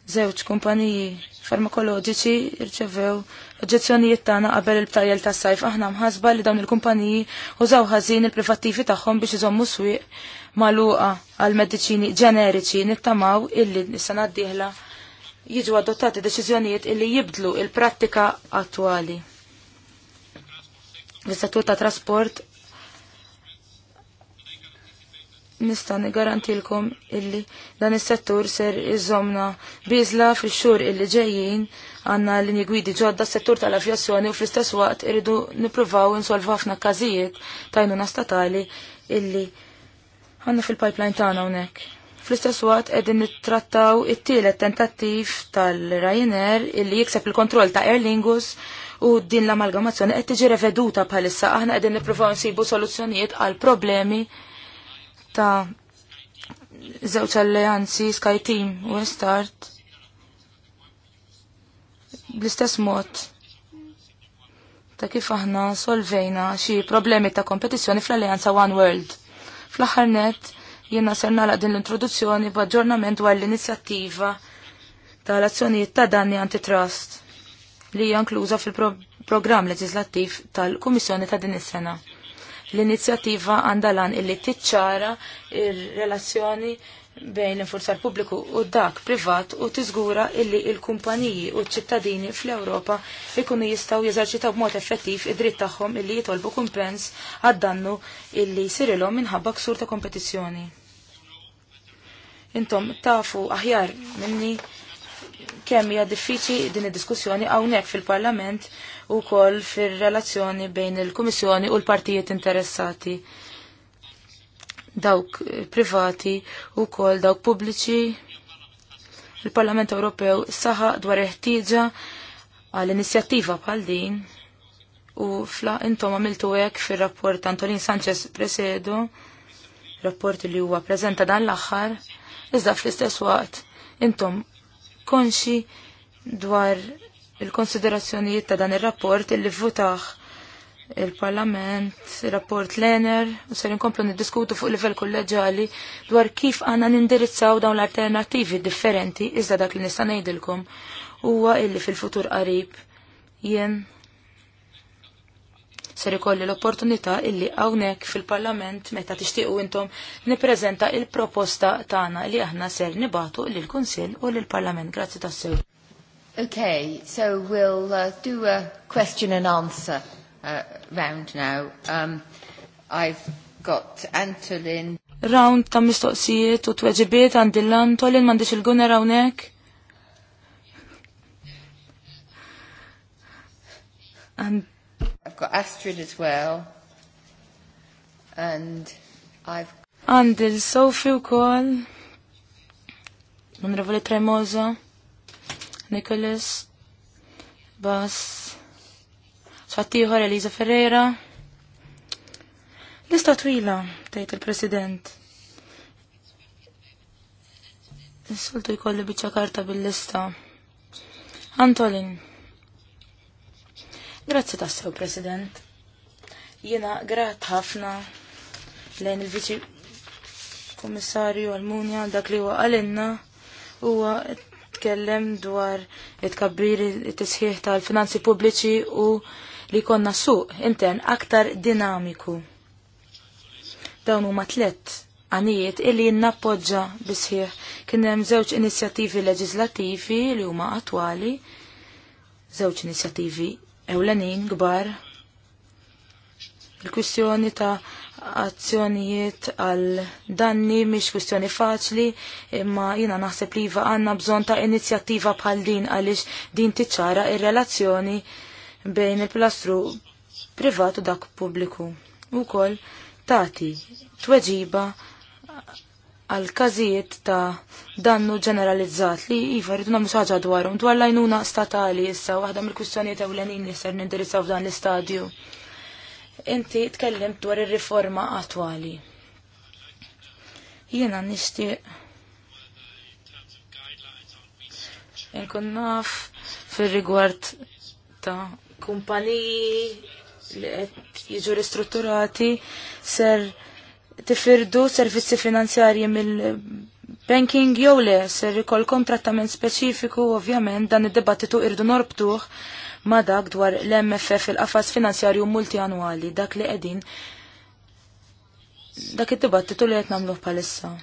Speaker 2: żewġ kumpaniji farmakoloġiċi rċevew oġġezzjonijiet tagħna qabel il-btajjel tas-sajf aħna mħasba li dawn il-kumpaniji użaw ħażin il-privattivi tagħhom biex iżommu swieq maluqa għal mediċini ġeneriċi nittamaw illi s-sena d-dieħla jiġu adottati deċiżjonijiet illi jibdlu il-prattika attwali. Fis-settur ta' trasport nista' garantilkom illi dan is-settur ser iżomna biżla fix-xhur illi ġejjin għandna linji gwidi ġodda s-settur tal-avjazzjoni u fl-istess waqt irridu nippruvaw insolvu ħafna każijiet tajnuna statali illi għanna fil-pipeline tagħna hawnhekk. Fl-istess waqt qegħdin nittrattaw it-tielet tentattiv tal-Ryanair illi jikseb il-kontroll ta' Aer Lingus u din l-amalgamazzjoni qed tiġi reveduta bħalissa aħna qegħdin nippruvaw nsibu soluzzjonijiet għal problemi ta' żewġ alleanzi Sky Team u Start bl-istess mod ta' kif aħna solvejna xi problemi ta' kompetizzjoni fl-Alleanza One World. Fl-aħħar net jiena ser nagħlaq din l-introduzzjoni b'aġġornament dwar l-inizjattiva tal-azzjonijiet ta' danni antitrust li hija inkluża fil-programm leġislattiv tal-Kummissjoni ta' din is-sena. L-inizjattiva għandha lan illi tiċċara ir-relazzjoni il bejn l-infurzar pubbliku u dak privat u tiżgura illi il-kumpaniji u ċ-ċittadini fl-Ewropa ikunu jistgħu jeżerċitaw b'mod effettiv id-dritt tagħhom illi jitolbu kumpens għad-dannu illi jsirilhom minħabba ksur ta' kompetizzjoni. Intom tafu aħjar minni kemm hija diffiċi din id-diskussjoni hawnhekk fil-Parlament u kol fir-relazzjoni bejn il-Kummissjoni u l-partijiet interessati dawk privati u kol dawk pubbliċi. Il-Parlament Ewropew saħa dwar eħtieġa għall għal inizjattiva bħal din u fla intom għamiltu hekk fir-rapport Antolin Sanchez Presedo, rapport li huwa preżenta dan l-aħħar, iżda fl-istess waqt intom konxi dwar il-konsiderazzjonijiet ta' dan ir-rapport illi votaħ il-Parlament, il-rapport Lener, u ser inkomplu niddiskutu fuq livell kollegiali dwar kif għanna nindirizzaw dawn l-alternativi differenti iżda dak li nista' ngħidilkom huwa illi fil-futur qarib jien ser ikolli l-opportunità illi hawnhekk fil-Parlament meta tixtiequ intom nippreżenta il-proposta tagħna li aħna ser nibatu lill-Kunsill u lill-Parlament. Grazzi tassew.
Speaker 1: Okay, so we'll uh, do a question and answer uh, round now. Um, I've got Antolin.
Speaker 2: Round ta' mistoqsijiet u tweġibiet għandil Antolin mandiċ il gunna rawnek? And I've got Astrid as well. And I've Għandil Sophie u kol. Mandra Onorevole Tremosa. Nicholas. Bas. Sħattijħor Elisa Ferreira. Lista twila, tgħid il-President. Insultu jkolli biċċa karta bil-lista. Antolin. Grazzi tassew, President. Jiena grat ħafna lejn il-Viċi għal Munja dak li huwa għalinna huwa tkellem dwar it-kabbir it-tisħiħ tal-finanzi pubbliċi u li konna suq intern aktar dinamiku. Dawn huma tlett għanijiet illi nappoġġa bisħieħ kien hemm żewġ inizjattivi leġislattivi li huma attwali, żewġ inizjattivi ewlenin kbar. Il-kwistjoni ta' azzjonijiet għal danni mhix kwistjoni faċli, imma jina naħseb li iva għandna bżonn ta' inizjattiva bħal din għaliex din tiċċara ir-relazzjoni bejn il plastru privatu dak pubbliku. U kol tati tweġiba għal każijiet ta' dannu ġeneralizzat li jiva rridu nagħmlu ħaġa dwarhom dwar l-għajnuna statali issa waħda mill-kwistjonijiet ewlenin li ser nindirizzaw f'dan l-istadju. Inti tkellimt dwar ir-riforma attwali. Jiena nixtieq inkun naf fir-rigward ta' kumpaniji li qed jiġu ristrutturati ser tifirdu servizzi finanzjarji mill-banking jew le ser ikolkom trattament speċifiku ovvjament dan id-dibattitu irdu norbtuh ma dak dwar l-MFF il-qafas finanzjarju multianwali dak li qegħdin dak id-dibattitu li qed nagħmluh bħalissa.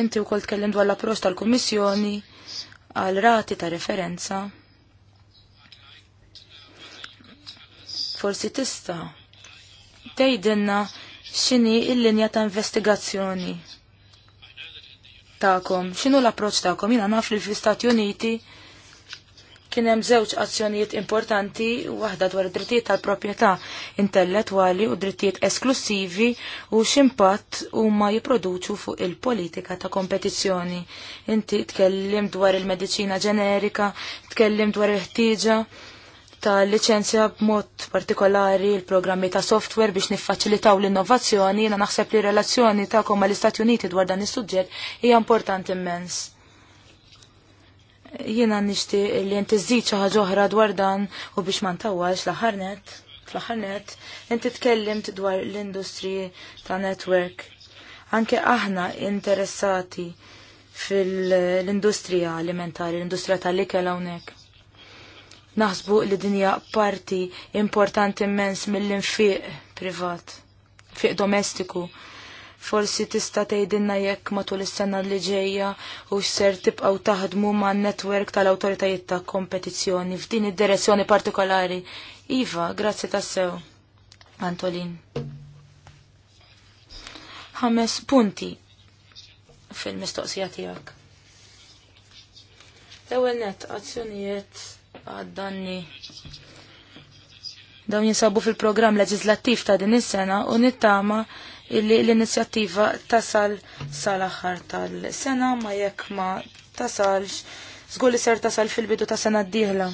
Speaker 2: Inti wkoll tkellim dwar l-approċċ tal-Kummissjoni għal rati ta' referenza. forsi tista' tgħidilna x'inhi l-linja ta' investigazzjoni tagħkom, x'inhu l-approċċ tagħkom. jina naf li fl-Istati Uniti kien hemm żewġ azzjonijiet importanti, waħda dwar id-drittijiet tal-proprjetà intellettwali u drittijiet esklusivi u x'impatt huma jipproduċu fuq il-politika ta' kompetizzjoni. Inti tkellim dwar il-mediċina ġenerika, tkellim dwar il-ħtieġa il il ħtieġa ta' licenzja b'mod partikolari il-programmi ta' software biex niffaċilitaw l-innovazzjoni, jiena naħseb li relazzjoni ta'kom mal-Istati Uniti dwar dan is-suġġett hija importanti immens. Jiena nixti li inti żżid xi ħaġa oħra dwar dan u biex ma ntawwalx l-aħħar net, fl-aħħar net, inti tkellimt dwar l-industri ta' network. Anke aħna interessati fil-industrija alimentari, l-industrija tal-ikel hawnhekk naħsbu li dinja parti importanti immens mill-infiq privat, fiq domestiku. Forsi tista' tgħidilna jekk matul is-sena li ġejja u ser tibqgħu taħdmu man-netwerk tal-awtoritajiet ta' kompetizzjoni f'din id-direzzjoni partikolari. Iva, grazzi tassew. Antolin. Ħames punti fil-mistoqsija tiegħek. L-ewwel nett azzjonijiet għaddanni. Dawn jinsabu fil-programm leġislattiv ta' din is-sena u nittama illi l-inizjattiva tasal sal-aħħar tal-sena ma jekk ma tasalx Zgur li ser tasal fil-bidu ta' sena d-dieħla.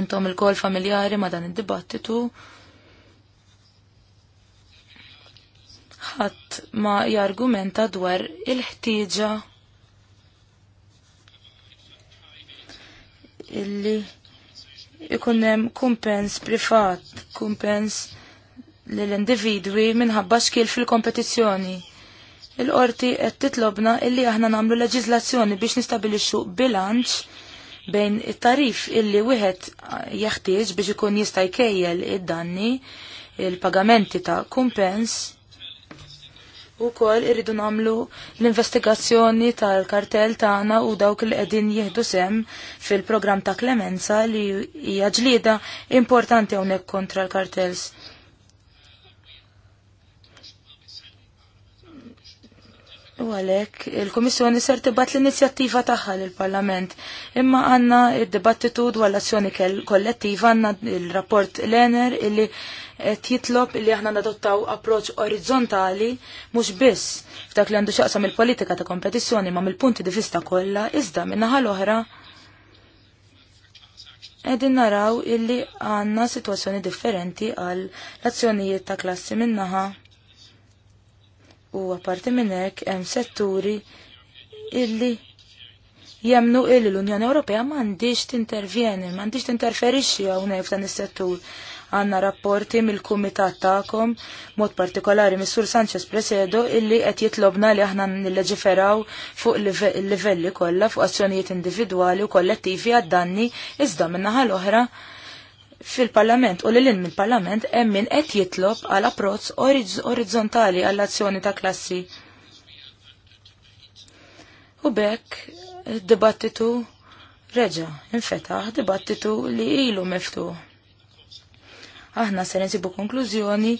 Speaker 2: Intom il-kol familjari ma dan id-dibattitu. ħadd ma jargumenta dwar il-ħtieġa illi ikun hemm kumpens privat, kumpens lill individwi minħabba xkil fil-kompetizzjoni. Il-qorti qed titlobna illi aħna nagħmlu leġiżlazzjoni biex nistabilixxu bilanċ bejn it-tarif illi wieħed jeħtieġ biex ikun jista' jkejjel id-danni il-pagamenti ta' kumpens U kol irridu namlu l-investigazzjoni tal-kartel tagħna u dawk li qegħdin jieħdu sem fil-programm ta' Klemenza li hija ġlieda importanti hawnhekk kontra l-kartels. U għalek, il-Komissjoni ser tibat l-inizjattiva taħħa l-Parlament. Imma għanna il dibattitu dwar l-azzjoni kollettiva għanna il-rapport Lener illi jitlob li aħna nadottaw approċ orizzontali mhux biss f'dak li għandu xaqsam il-politika ta' kompetizzjoni ma' mill-punti di vista kollha iżda minna l-oħra Edin naraw illi għanna situazzjoni differenti għal l-azzjonijiet ta' klassi minnaħa u għaparti minnek hemm setturi illi jemnu illi l-Unjoni Ewropea m'għandix tintervjeni, m'għandix tinterferixxi hawnhekk f'dan is-settur għanna rapporti mill-kumitat ta'kom, mod partikolari mis-Sur Sanchez Presedo, illi qed jitlobna li aħna nilleġiferaw fuq il-livelli kollha fuq azzjonijiet individwali u kollettivi għad-danni iżda min-naħa l-oħra fil-parlament u l-lin mill-parlament hemm min qed jitlob għal approzz orizzontali għall-azzjoni ta' klassi. U bekk dibattitu reġa' infetaħ dibattitu li ilu miftuħ aħna se nisibu konklużjoni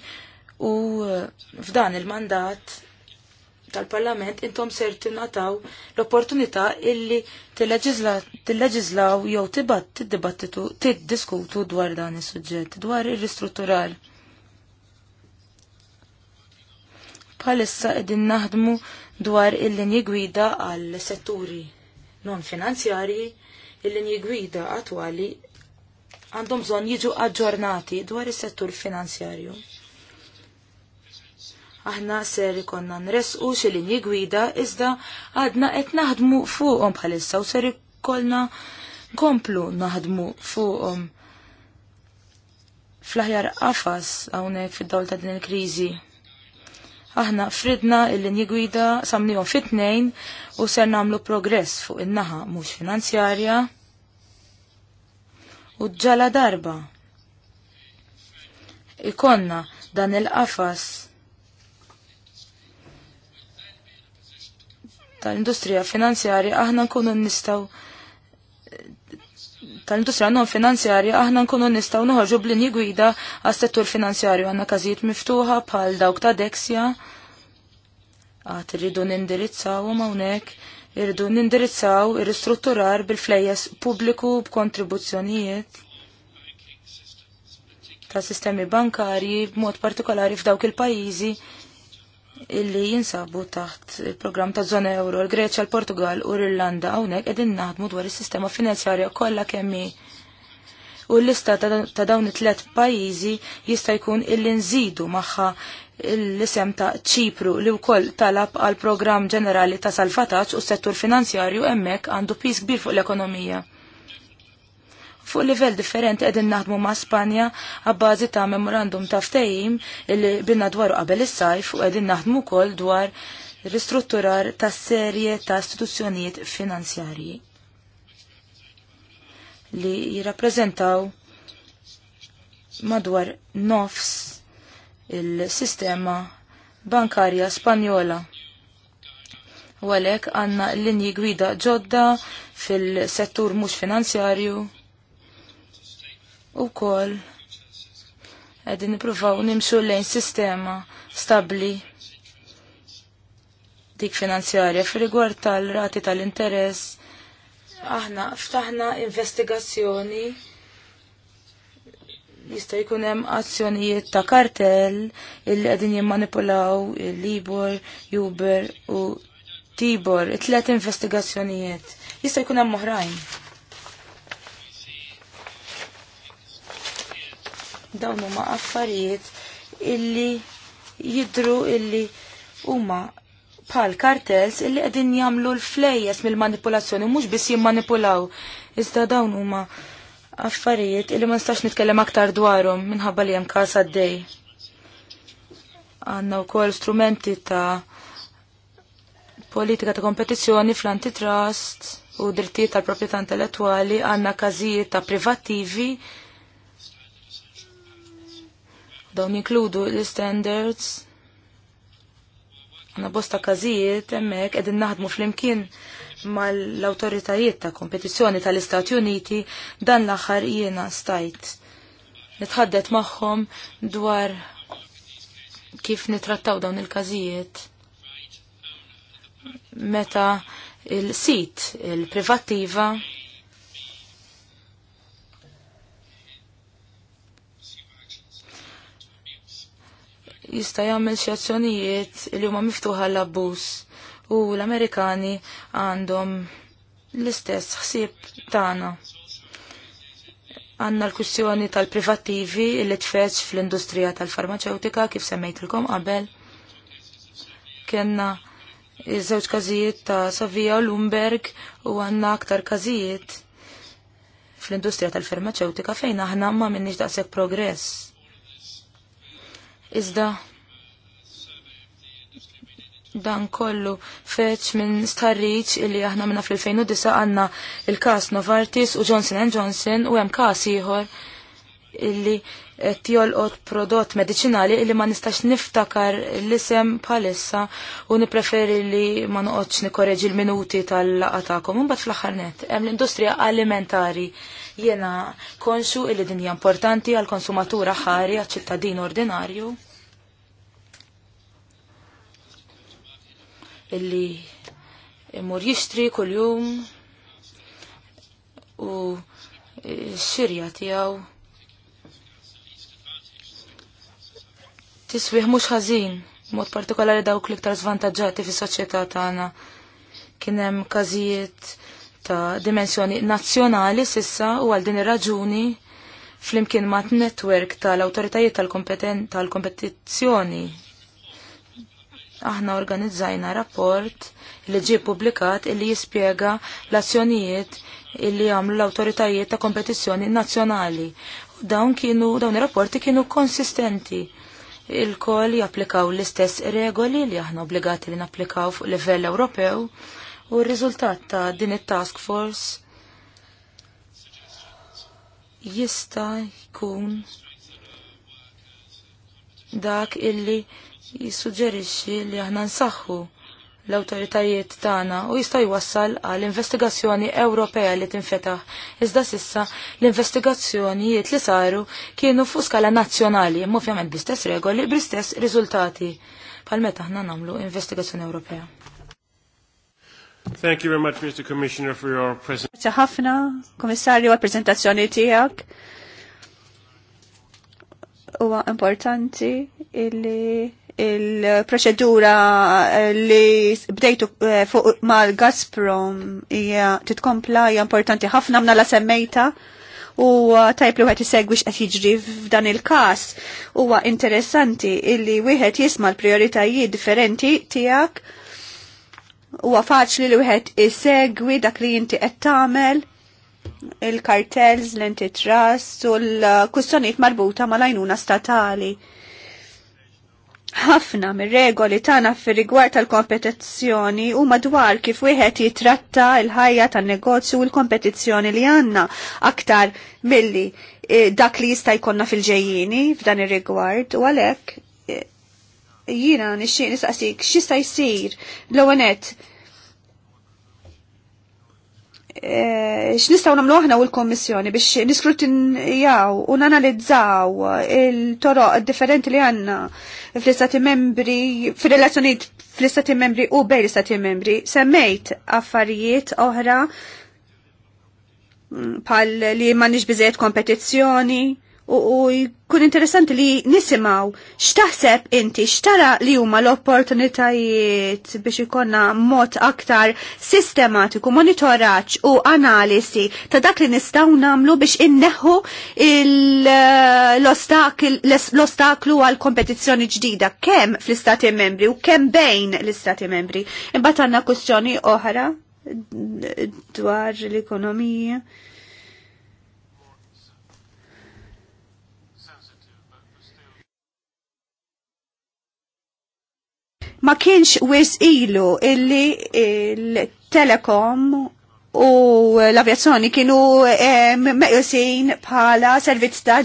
Speaker 2: u eh, f'dan il-mandat tal-Parlament intom ser tinataw l-opportunità illi tilleġizlaw jew tibat t tiddiskutu dwar dan is-suġġett dwar ir-ristrutturar. Bħalissa qegħdin naħdmu dwar il-linji gwida għal setturi non finanzjarji il-linji gwida attwali għandhom bżonn jiġu aġġornati dwar is-settur finanzjarju. Aħna ser ikonna nresqu xi linji gwida iżda għadna qed naħdmu fuqhom bħalissa u ser ikollna komplu naħdmu fuqhom fl-aħjar qafas hawnhekk fid-dawl ta' din il-kriżi. Aħna fridna il-linji gwida samnihom fit-tnejn u ser nagħmlu progress fuq in-naħa mhux finanzjarja u ġala darba. Ikonna dan il-qafas tal-industrija finanzjarja aħna nkunu nistaw tal-industrija non finanzjarja aħna nkunu nistaw nħoġu b'linji gwida għas-settur finanzjarju għandna każijiet miftuħa bħal dawk ta' deksja għat irridu nindirizzawhom hawnhekk irridu nindirizzaw ir bil-flejjes pubbliku b'kontribuzzjonijiet ta' sistemi bankarji b'mod partikolari f'dawk il-pajjiżi illi jinsabu taħt il-programm ta' zona euro, l-Greċja, l-Portugal u l-Irlanda hawnhekk qegħdin naħdmu dwar is-sistema finanzjarja kollha kemm U l-lista ta' dawn it-tlet pajjiżi jista' jkun illi nżidu magħha l-isem ta' ċipru li wkoll talab għal programm ġenerali ta' salvataġġ u settur finanzjarju hemmhekk għandu pis kbir fuq l-ekonomija. Fuq livell differenti qegħdin naħdmu ma' Spanja għabbażi ta' memorandum ta' ftehim li binna dwaru qabel is-sajf u qegħdin naħdmu wkoll dwar ristrutturar ta' serje ta' istituzzjonijiet finanzjarji li jirrappreżentaw madwar nofs il-sistema bankarja Spanjola. U għalhekk għandna linji gwida ġodda fil-settur mhux finanzjarju u kol għedin nipruvaw nimxu lejn sistema stabli dik finanzjarja fil-rigward tal-rati tal-interess aħna ftaħna investigazzjoni jista' jkun hemm azzjonijiet ta' kartell illi qegħdin jimmanipulaw il-Libor, Uber u Tibor, it-tlet investigazzjonijiet. Jista' jkun hemm oħrajn. Dawn huma affarijiet illi jidru illi huma bħal kartels illi qegħdin jagħmlu l-flejjes mill-manipulazzjoni mhux biss jimmanipulaw. Iżda dawn huma affarijiet illi ma nistax nitkellem aktar dwarhom minħabba li hemm każ għaddej. Għandna wkoll strumenti ta' politika ta' kompetizzjoni fl-antitrust u drittijiet tal-proprjetà intellettwali għandna każijiet ta' privattivi dawn jinkludu l-standards Na bosta kazijiet emmek edin naħdmu fl-imkien mal-autoritajiet ta' kompetizjoni tal-Istati Uniti dan l-axar jiena stajt. Nitħaddet maħħom dwar kif nitrattaw dawn il-kazijiet. Meta il-sit, il-privattiva, il sit il il sit il privattiva jista' jagħmel xi azzjonijiet li huma miftuħa l-abbuż u l-Amerikani għandhom l-istess ħsieb tagħna. Għanna l-kussjoni tal-privattivi li tfeċ fl-industrija tal-farmaceutika kif semmejtilkom qabel. Kenna iż-żewġ każijiet ta' Savija u Lumberg u għanna aktar każijiet fl-industrija tal-farmaceutika fejn aħna ma minniex daqshekk progress Iżda dan kollu feċ minn starriċ illi aħna minna fl-2009 għanna il-kas Novartis u Johnson Johnson u hemm kas ieħor illi qed jolqot prodott medicinali illi ma nistax niftakar l-isem bħalissa u nipreferi li ma noqgħodx nikorreġi l-minuti tal-laqatakom. Mbagħad fl-aħħar net hemm l-industrija alimentari Jena konxu illi dinja importanti għal konsumatura ħari għal ċittadin ordinarju. Illi imur jixtri kull-jum u xirja tijaw. Tiswih mux ħazin, mod partikolari dawk liktar zvantagġati fis soċjetà tagħna. Kien hemm każijiet ta' dimensjoni nazzjonali sissa u għal din ir-raġuni flimkien mat netwerk tal-autoritajiet tal-kompetizzjoni. Aħna organizzajna rapport li ġie publikat illi jispjega l-azzjonijiet illi għamlu l-autoritajiet ta' kompetizzjoni nazzjonali. Dawn kienu, dawn ir-rapporti kienu konsistenti. Il-kol japplikaw l-istess regoli li aħna obbligati li napplikaw fuq livell Ewropew U r-riżultat ta' din it-task force jista' jkun dak illi jissuġġerixxi li aħna nsaħħu l awtoritajiet tagħna u jista' jwassal għal investigazzjoni Ewropea li tinfetaħ. Iżda sissa l-investigazzjonijiet li saru kienu fuq skala nazzjonali, ovvjament bl-istess regoli, bl-istess riżultati. Bħal meta aħna
Speaker 1: nagħmlu investigazzjoni Ewropea.
Speaker 3: Thank you very much, Mr. Commissioner, for your presentation.
Speaker 1: ħafna, komissarju, għal-prezentazzjoni tijak. Huwa importanti illi il-proċedura eh, li bdejtu eh, fuq mal-Gazprom hija titkompla hija importanti ħafna mna la semmejta u tajb li wieħed isegwix qed jiġri f'dan il-każ. Huwa interessanti illi wieħed jisma' l-prijoritajiet differenti tiegħek huwa faċli li wieħed isegwi dak li inti qed tagħmel il-kartels, l-antitrust u l-kustonijiet marbuta mal-għajnuna statali. Ħafna mir-regoli tagħna fir-rigward tal-kompetizzjoni u madwar kif wieħed jitratta l-ħajja tan-negozju u l-kompetizzjoni li għandna aktar milli eh, dak li jista' jkollna fil-ġejjini f'dan ir-rigward u għalhekk jina nixxie nisqasik xista jisir l-għanet e, x'nistgħu nagħmlu aħna u l-Kommissjoni biex niskrutinjaw u nanalizzaw il-toroq differenti li għandna fl-istati membri, fir-relazzjonijiet fl-istati membri u bej l-istati membri, semmejt affarijiet oħra mm, pal li m'għandniex biżejjed kompetizzjoni, u jkun interessanti li nisimaw x'taħseb inti x'tara li huma l-opportunitajiet biex ikonna mod aktar sistematiku monitoraċ u analisi ta' dak li nistgħu nagħmlu biex inneħħu eh, l-ostaklu għal kompetizzjoni ġdida kemm fl-Istati Membri u kemm bejn l-Istati Membri. Imbagħad għandna kwistjoni oħra dwar l-ekonomija Ma kienx wis ilu illi il-telekom u l-avjazzjoni kienu eh, meqjusin bħala servizzi ta',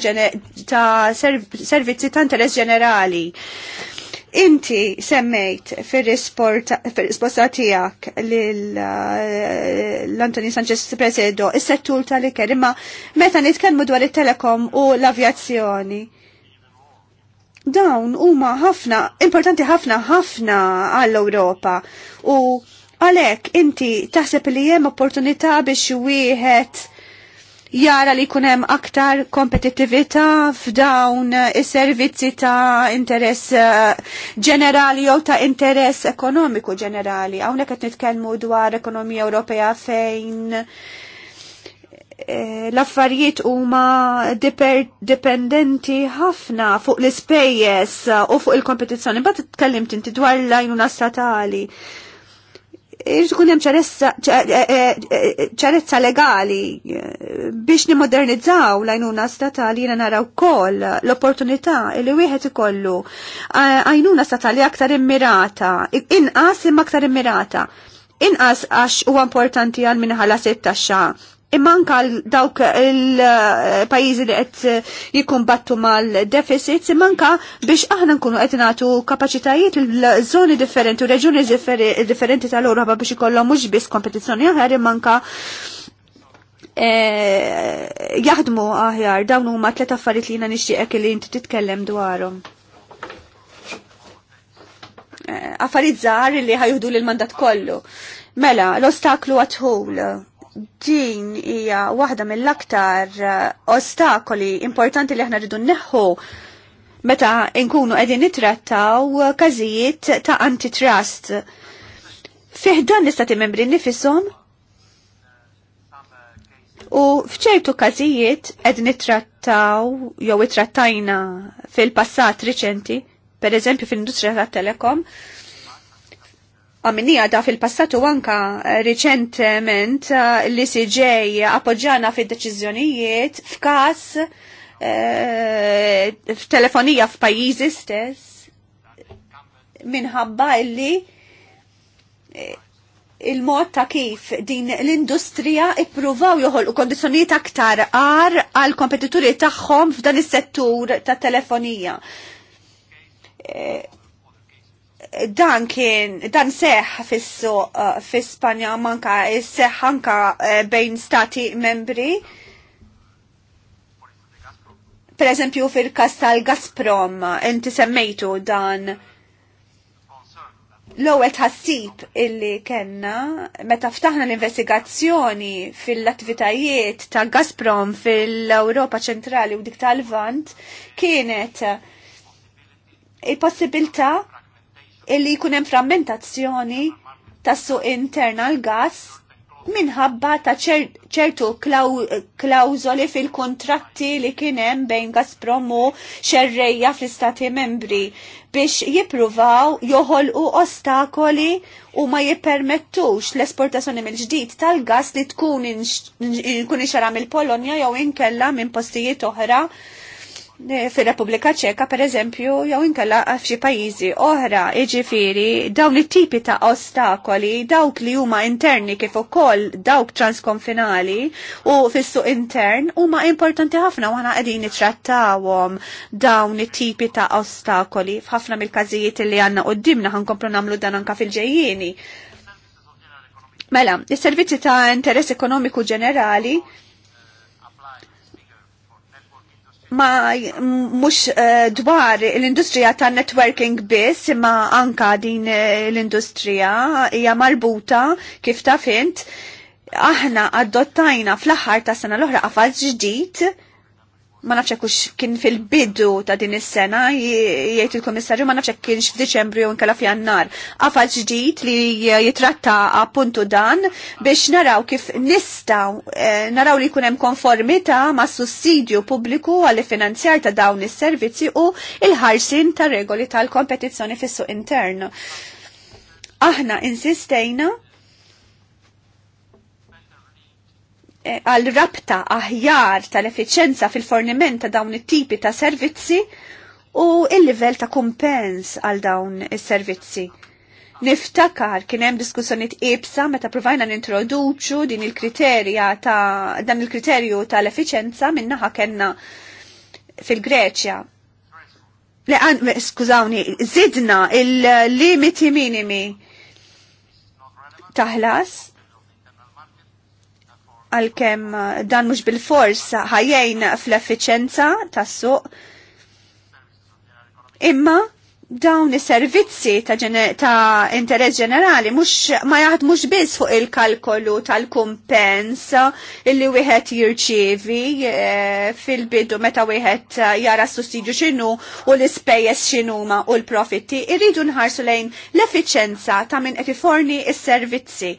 Speaker 1: ta servizzi ta' interess ġenerali. Inti semmejt fil-risposta tijak eh, l-Antoni Sanchez Presedo, il-settur tal-iker, imma meta nitkellmu dwar il-telekom u l-avjazzjoni dawn huma ħafna importanti ħafna ħafna għall-Ewropa u għalhekk inti taħseb li hemm opportunità biex wieħed jara li kunem aktar kompetittività f'dawn is-servizzi ta' interess eh, ġenerali jew ta' interess ekonomiku ġenerali. Hawnhekk qed nitkellmu dwar ekonomija Ewropea fejn Eh, l-affarijiet huma dipendenti ħafna fuq l-ispejjeż u fuq il-kompetizzjoni. Mbagħad titkellimt inti dwar l-għajnuna statali. Irid tkun hemm ċarezza eh, eh, legali biex nimodernizzaw l-għajnuna statali jiena naraw wkoll l-opportunità li wieħed ikollu għajnuna statali aktar immirata, inqas imma aktar immirata inqas għax huwa importanti għal minħala sittaxa Imanka dawk il-pajjiżi li qed eh, jikkumbattu mal-deficits, imanka biex aħna nkunu qed nagħtu kapaċitajiet l żoni differenti u reġuni differenti tal europa biex ikollhom mhux biss kompetizzjoni aħjar imanka eh, jaħdmu aħjar dawn huma tliet affarijiet li jiena nixtieqek li inti titkellem dwarhom. Eh, affarijiet żgħar li ħajħdu lill mandat kollu. Mela, l-ostaklu għatħul din hija waħda mill-aktar eh, ostakoli importanti li aħna rridu neħħu meta nkunu qegħdin nittrattaw każijiet ta' antitrust. Fih dan l-istati membri nifisom u fċertu każijiet qed nittrattaw jew itrattajna fil-passat riċenti, per eżempju fil-industrija tat-telekom, għamminija da fil-passatu anka eh, riċentement eh, li siġej appoġġana fid deċiżjonijiet f'kas eh, f'telefonija f'pajjiżi stess minħabba illi il-mod ta' kif din l-industrija ippruvaw joħolqu kondizzjonijiet aktar għar għal kompetituri tagħhom f'dan is-settur tat telefonija dan kien dan seħ fissu uh, fis-Spanja manka seħ anka uh, bejn stati membri. Per eżempju fil-kas tal-Gazprom, inti semmejtu dan l-ewwel tħassib illi kenna meta ftaħna l-investigazzjoni fil-attivitajiet ta' Gazprom fil-Ewropa ċentrali u dik tal-Vant kienet il possibilta illi jkun hemm frammentazzjoni tas-suq interna l-gas minħabba ta' ċertu klawżoli fil-kontratti li kienem bejn Gazprom u xerreja fl-istati membri biex jipruvaw joħolqu ostakoli u ma jippermettux l-esportazzjoni mill-ġdid tal-gas li tkun kun ixara mill-Polonja jew inkella minn postijiet oħra fil-Repubblika Ċeka per eżempju jew inkella f'xi pajjiżi oħra, jiġifieri dawn it-tipi ta' ostakoli, dawk li huma interni kif ukoll dawk transkonfinali u fis-suq intern huma importanti ħafna u aħna qegħdin nittrattawhom dawn it-tipi ta' ostakoli f'ħafna mill-każijiet li għandna qudiemna ħankomplu nagħmlu dan anke fil-ġejjieni. Mela, is-servizzi ta' interess ekonomiku ġenerali ma mux uh, dwar l-industrija ta' networking biss imma anka din eh, l-industrija hija marbuta kif ta' fint aħna adottajna fl-aħħar ta' sena l-oħra qafas ġdid ma nafx hekk kien fil-bidu ta' din is-sena jgħid il-Kummissarju ma nafx hekk kienx f'Diċembru jew inkella f'Jannar. Qafal ġdid li jitratta appuntu dan biex naraw kif nistgħu eh, naraw li jkun hemm konformità ma' sussidju pubbliku għall finanzjar ta' dawn is-servizzi u il-ħarsin ta' regoli tal-kompetizzjoni fis-suq intern. Aħna insistejna għal rabta aħjar tal-efficienza fil-forniment ta' dawn it-tipi ta' servizzi u il-livell ta' kumpens għal dawn is-servizzi. Niftakar kien hemm diskussjoniet ibsa meta provajna nintroduċu din il-kriterja ta' dan il-kriterju tal-efficienza minnaħa kellna fil-Greċja. Le skużawni, zidna il-limiti minimi taħlas għalkemm eh, dan mhux bil-fors ħajjajn fl-effiċenza tas-suq. Imma dawn is-servizzi ta', ta interess ġenerali mhux ma jaħdmux biss fuq il-kalkolu tal-kumpens illi wieħed jirċievi eh, fil-bidu meta wieħed eh, jara s-sussidju x'inhu u l-ispejjeż x'inhuma u l-profitti, irridu nħarsu lejn l-effiċenza ta' min qed iforni s-servizzi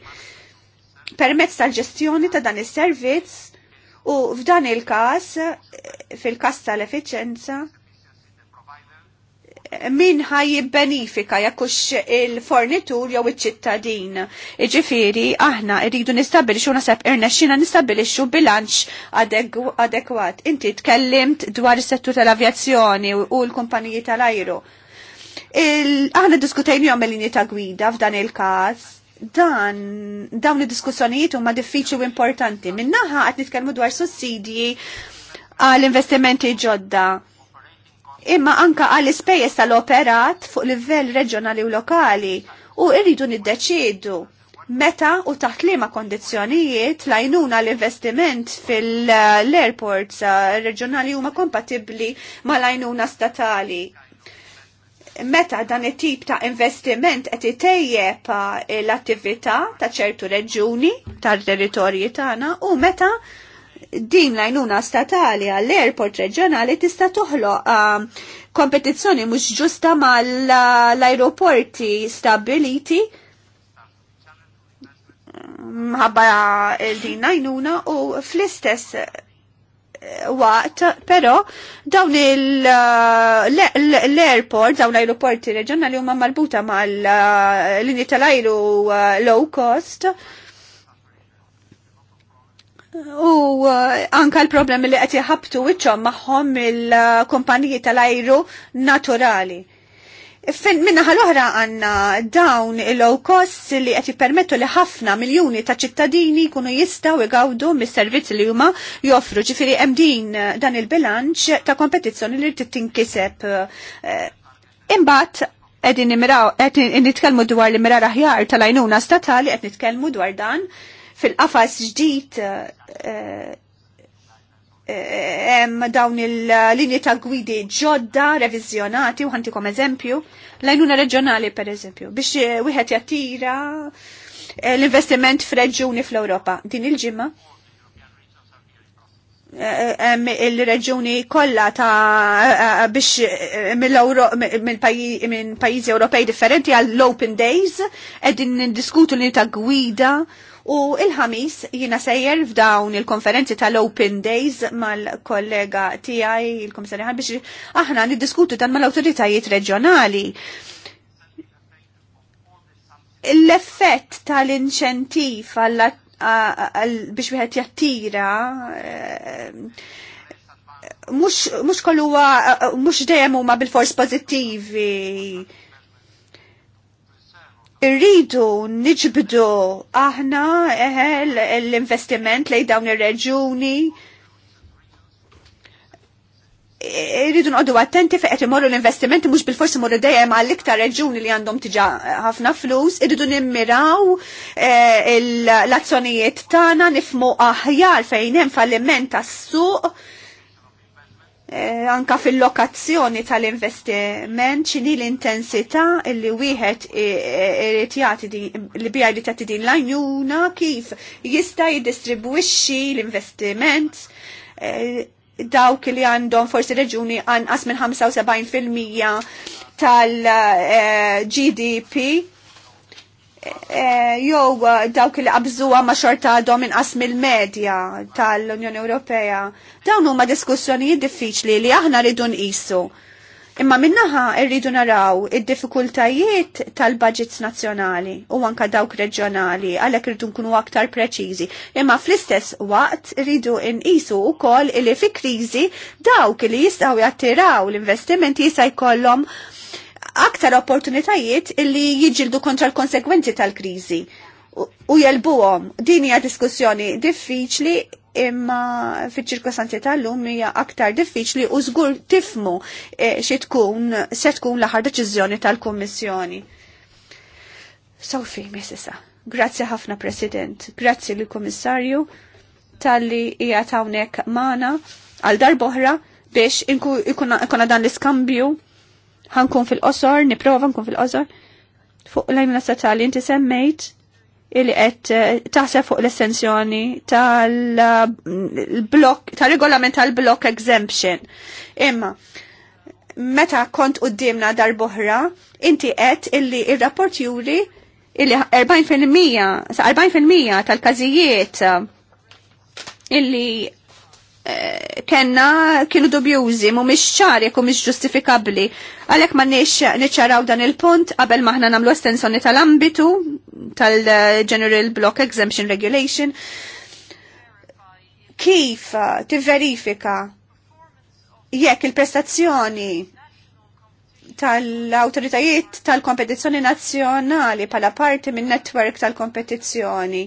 Speaker 1: permezz tal-ġestjoni ta' dan is-servizz u f'dan il-każ fil-każ tal efficienza min ħaj jibbenifika jekkux il-fornitur jew iċ-ċittadin. Iġifiri, aħna rridu nistabilixu nasab irnexxina nistabilixu bilanċ adekwat. Inti tkellimt dwar is-settur tal-avjazzjoni u l-kumpaniji tal-ajru. Aħna diskutejnijom il-linji ta' gwida f'dan il-każ dan dawn id-diskussjonijiet huma diffiċli u importanti. Minnaħa qed nitkellmu dwar sussidji għal investimenti ġodda. Imma anka għal ispejjeż tal-operat fuq livell reġjonali u lokali u irridu niddeċiedu meta u taħt liema kondizzjonijiet lajnuna l-investiment fil-airports uh, reġjonali huma kompatibbli ma lajnuna statali meta dan it-tip ta' investiment qed itejjeb uh, l-attività ta' ċertu reġuni tal-territorji tagħna u meta din l-għajnuna statali għall-airport reġjonali tista' toħloq um, kompetizzjoni mhux ġusta mal-aeroporti stabiliti mħabba din għajnuna u fl-istess waqt, pero dawn uh, l-airport, dawn l-aeroporti reġjonali huma marbuta mal-linji uh, tal-ajru uh, low cost. U anka l-problemi li qed jaħabtu wiċċhom magħhom il-kumpaniji tal-ajru naturali. Minna ħal-oħra għanna dawn il-low cost li għati permettu li ħafna miljoni ta' ċittadini kunu jistaw igawdu mis-servizz li huma joffru ġifiri emdin dan il-bilanċ ta' kompetizzjoni li tinkiseb. Eh, Imbat, għedin imiraw, edin nitkelmu dwar l-imrar aħjar tal-ajnuna statali, għedin nitkelmu dwar dan fil-qafas ġdijt eh, dawn il-linji ta' gwidi ġodda, revizjonati, uħantikom eżempju, eżempju, lajnuna reġjonali per eżempju, biex eh, wieħed jattira eh, l-investiment f'reġjuni fl-Ewropa. Din il-ġimma eh, il-reġjuni kollha ta' biex minn pajjiżi Ewropej differenti għall open Days qegħdin niddiskutu li ta' gwida U il-ħamis jina sejjer f'dawn il-konferenzi tal-Open Days mal-kollega tiegħi il ħan biex aħna niddiskutu dan mal-awtoritajiet reġjonali. L-effett tal-inċentiv biex wieħed jattira eh, mhux kollu mhux dejjem huma bil-fors pozittivi irridu niġbdu aħna l-investiment lej dawn ir-reġuni. Irridu nqoddu attenti fejn qed imorru l-investimenti mhux bil-forsi morru dejjem għall iktar reġuni li għandhom tiġa ħafna flus, irridu nimmiraw eh, l-azzjonijiet tagħna nifmu aħjar fejn hemm falliment tas-suq eh, anka fil-lokazzjoni tal-investiment x'inhi l-intensità li wieħed irid jagħti li bija li tagħti din l-għajnuna kif jista' jiddistribwixxi l-investiment eh, dawk li għandhom forsi reġuni anqas minn 75% tal-GDP eh, Eh, jew eh, dawk li qabżuha ma' xorta għadhom inqas mill-medja tal-Unjoni Ewropea. Dawn huma diskussjonijiet diffiċli li aħna rridu nqisu. Imma minnaħa rridu naraw id-diffikultajiet tal-budgets nazzjonali u anka dawk reġjonali għalhekk rridu nkunu aktar preċiżi. Imma fl-istess waqt rridu nqisu wkoll li fi kriżi dawk li jistgħu jattiraw l-investimenti jista' jkollhom aktar opportunitajiet illi jiġildu kontra l-konsekwenzi tal-krizi u jelbuhom. Din hija diskussjoni diffiċli imma fiċ-ċirkostanzi tal-lum hija aktar diffiċli u żgur tifmu e, xi tkun se tkun l-aħħar deċiżjoni tal-Kummissjoni. Sofi, misisa, grazzi ħafna President, grazzi li Kummissarju tal-li hija hawnhekk Mana għal darboħra biex ikuna dan l-iskambju ħankun fil-qosor, niprofa nkun fil-qosor. Fuq l-għajnuna statali inti semmejt illi qed eh, taħseb fuq l-estensjoni tal-blok, tal-regolament tal-blok exemption. Imma, meta kont dar darboħra, inti għet illi il rapport juri illi 40% sa 40% tal-każijiet illi Eh, kenna kienu dubjużi, mu miex ċari, ku miex ġustifikabli. Għalek ma neċċaraw dan il-punt, qabel maħna namlu estensjoni tal-ambitu, tal-General Block Exemption Regulation. Kif eh, tivverifika jekk il-prestazzjoni tal-autoritajiet tal-kompetizzjoni nazzjonali pala parti minn netwerk tal-kompetizzjoni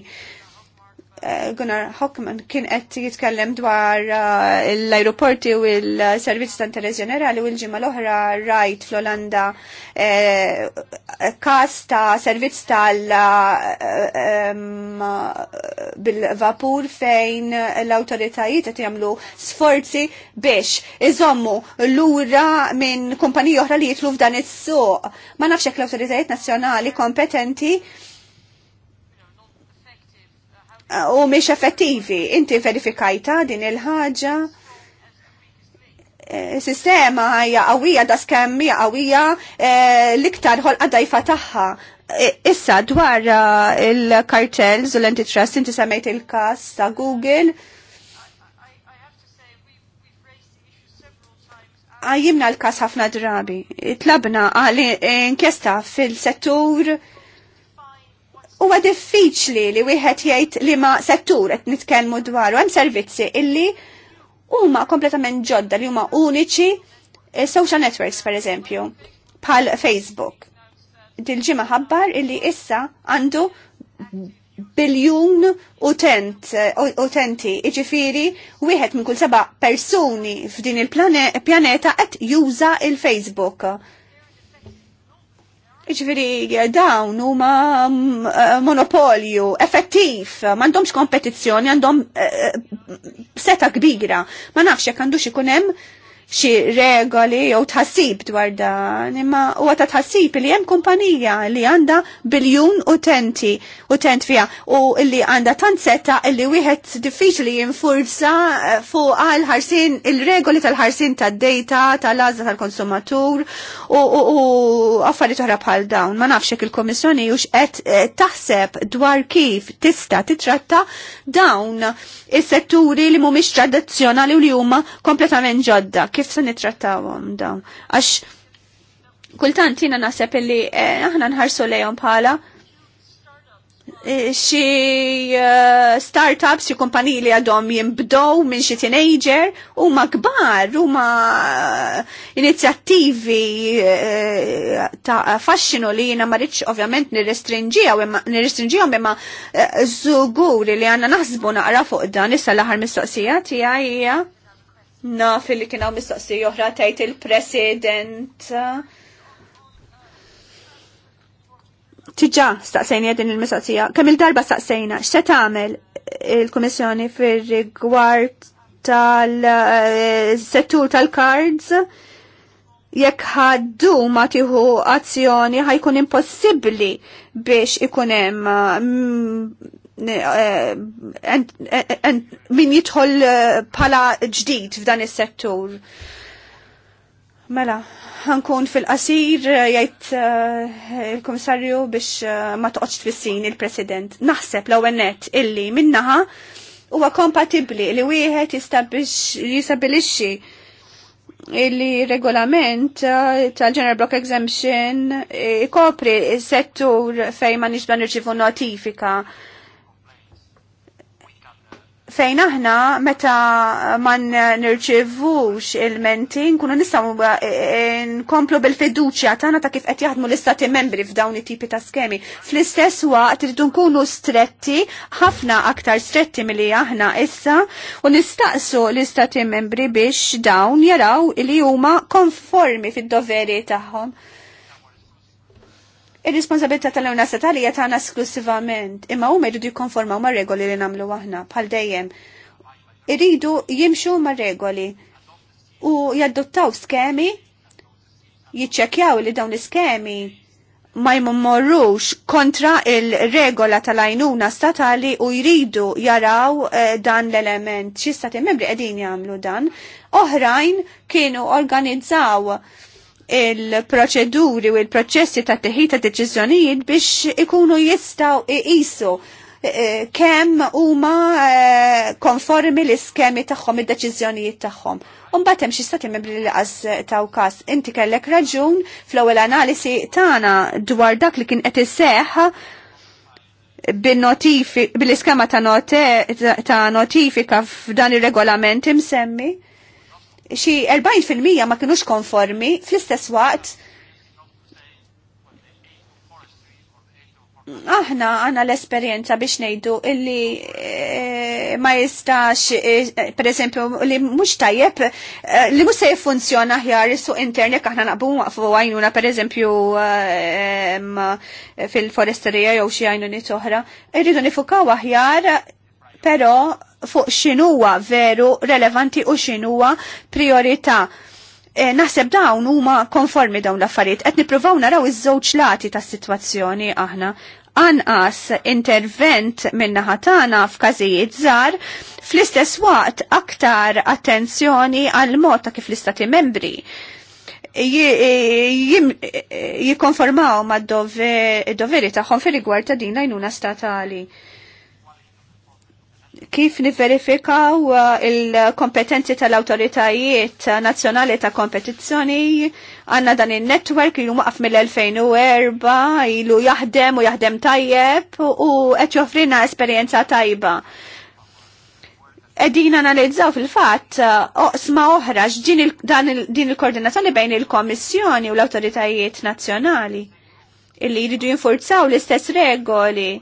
Speaker 1: Eh, Gunnar Hockman kien qed jitkellem dwar eh, l-aeroporti u l servizz ta' interess ġenerali u l-ġimgħa l-oħra rajt fl-Olanda eh, każ ta' servizz tal bil-vapur fejn l-awtoritajiet qed jagħmlu sforzi biex iżommu lura minn kumpaniji oħra li jitlu f'dan is-suq. Ma nafx hekk l-awtoritajiet nazzjonali kompetenti u miex effettivi. Inti verifikajta din il-ħaġa eh, sistema hija qawwija da skemm hija qawwija eh, l-iktar ħolqa dajfa tagħha. Eh, issa dwar il-kartels u l-antitrust inti semmejt il-każ ta' Google. Għajimna ah, l-kas ħafna drabi. Tlabna għal ah, inkjesta fil-settur huwa diffiċli li wieħed jgħid li ma settur qed nitkellmu dwaru hemm servizzi illi huma kompletament ġodda li huma uniċi eh, social networks per eżempju bħal Facebook. Dil-ġimgħa ħabbar illi issa għandu biljun utent, eh, utenti, iġifiri, wieħed minn kull seba' persuni f'din il-pjaneta qed juża il-Facebook. Ġviri, eh, dawn huma mm, eh, monopolju, effettiv, m'għandhomx kompetizzjoni, għandhom eh, seta kbira. Ma nafx jekk għandux ikun hemm xi regoli jew tħassib dwar dan, imma huwa ta' tħassib li hemm kumpanija li għandha biljun utenti utent fiha u li għandha tant setta li wieħed diffiċli jinfurza eh, fuq għal ħarsin il-regoli tal-ħarsin tad-data tal-għażla tal-konsumatur u affarijiet oħra bħal dawn. Ma nafx il-Kummissjoni hux qed eh, taħseb dwar kif tista' titratta dawn is-setturi li mhumiex tradizzjonali u li huma kompletament ġodda kif se nittrattawhom dawn. Għax kultant jiena naħseb illi eh, aħna nħarsu lejhom bħala eh, xi eh, startups, xi kumpaniji li għadhom jinbdow minn xi teenager huma kbar, huma inizjattivi ta' fascinu li jiena ma rridx ovvjament nirrestrinġihom imma żuguri li għandna naħsbu naqra fuq dan issa l-aħħar mistoqsija tiegħi hija naf li kienaw mistoqsi oħra tajt il-president. Tiġa staqsejna din il-mistoqsija. Kemm il-darba staqsejna, x'se tagħmel il-Kummissjoni fir-rigward tal-settur tal-cards? Jekk ħaddu ma tieħu azzjoni ħajkun impossibbli biex ikun hemm mm, Eh, eh, min jidħol eh, pala ġdid f'dan is-settur. Mela, ħankun fil-qasir jgħid il-komissarju biex ma toqgħodx tfissin il-President. Naħseb l-ewwel nett illi minnaħa huwa kompatibbli li wieħed jistabilixxi illi regolament tal-General Block Exemption ikopri s-settur fejn ma nix nirċivu notifika fejn aħna meta ma nirċivux il-menti nkunu nistgħu eh, eh, nkomplu bil-fiduċja tagħna ta' kif qed jaħdmu l-istati membri f'dawn it-tipi ta' skemi. Fl-istess waqt irridu nkunu stretti, ħafna aktar stretti milli aħna issa u nistaqsu l-istati membri biex dawn jaraw li huma konformi fid-doveri tagħhom. Ir-responsabilità tal-għuna statali hija tagħna esklusivament, imma huma jridu jikkonformaw ma' regoli li nagħmlu aħna bħal dejjem. Iridu jimxu ma' regoli u jadduttaw skemi jiċċekjaw li dawn l-iskemi ma jmorrux kontra il-regola tal-għajnuna statali u jridu jaraw eh, dan l-element. Xi stati membri qegħdin jagħmlu dan. Oħrajn kienu organizzaw il-proċeduri u il-proċessi ta' teħid ta' deċiżjonijiet biex ikunu jistaw iqisu e, e, kemm huma e, konformi l-iskemi tagħhom id-deċiżjonijiet tagħhom. Imbagħad hemm xi stati membri li qas taw każ. Inti kellek raġun fl-ewwel analisi tagħna dwar dak li kien qed iseħħ bil-iskema ta' notifika f'dan ir-regolament imsemmi xi 40% ma kinux konformi fl-istess waqt aħna għana l-esperienza biex nejdu illi e, ma jistax, e, per esempio, li mux tajjeb, eh, li mux se funzjona ħjar su internet aħna naqbu fu għajnuna, per eżempju, fil-foresterija jew xi għajnuni toħra, irridu nifukaw aħjar pero fuq xinuwa veru relevanti u xinuwa priorita. E, naħseb dawn huma konformi dawn l-affarijiet. Qed nippruvaw naraw iż-żewġ lati tas-sitwazzjoni aħna anqas intervent minna ħatana f'każijiet żgħar fl-istess waqt aktar attenzjoni għal mod ta' kif l-istati membri jikonformaw mad doveri tagħhom fir rigward ta' din lajnuna statali kif niverifikaw uh, il-kompetenzi tal-autoritajiet nazzjonali ta' kompetizzjoni għanna dan il-network il waqaf mill-2004 ilu jaħdem u jaħdem tajjeb u qed joffrina esperjenza tajba. Edin analizzaw fil-fat uh, oqsma oħra din il-koordinazzjoni bejn il-Kommissjoni u l-autoritajiet nazzjonali illi jridu jinfurzaw l-istess regoli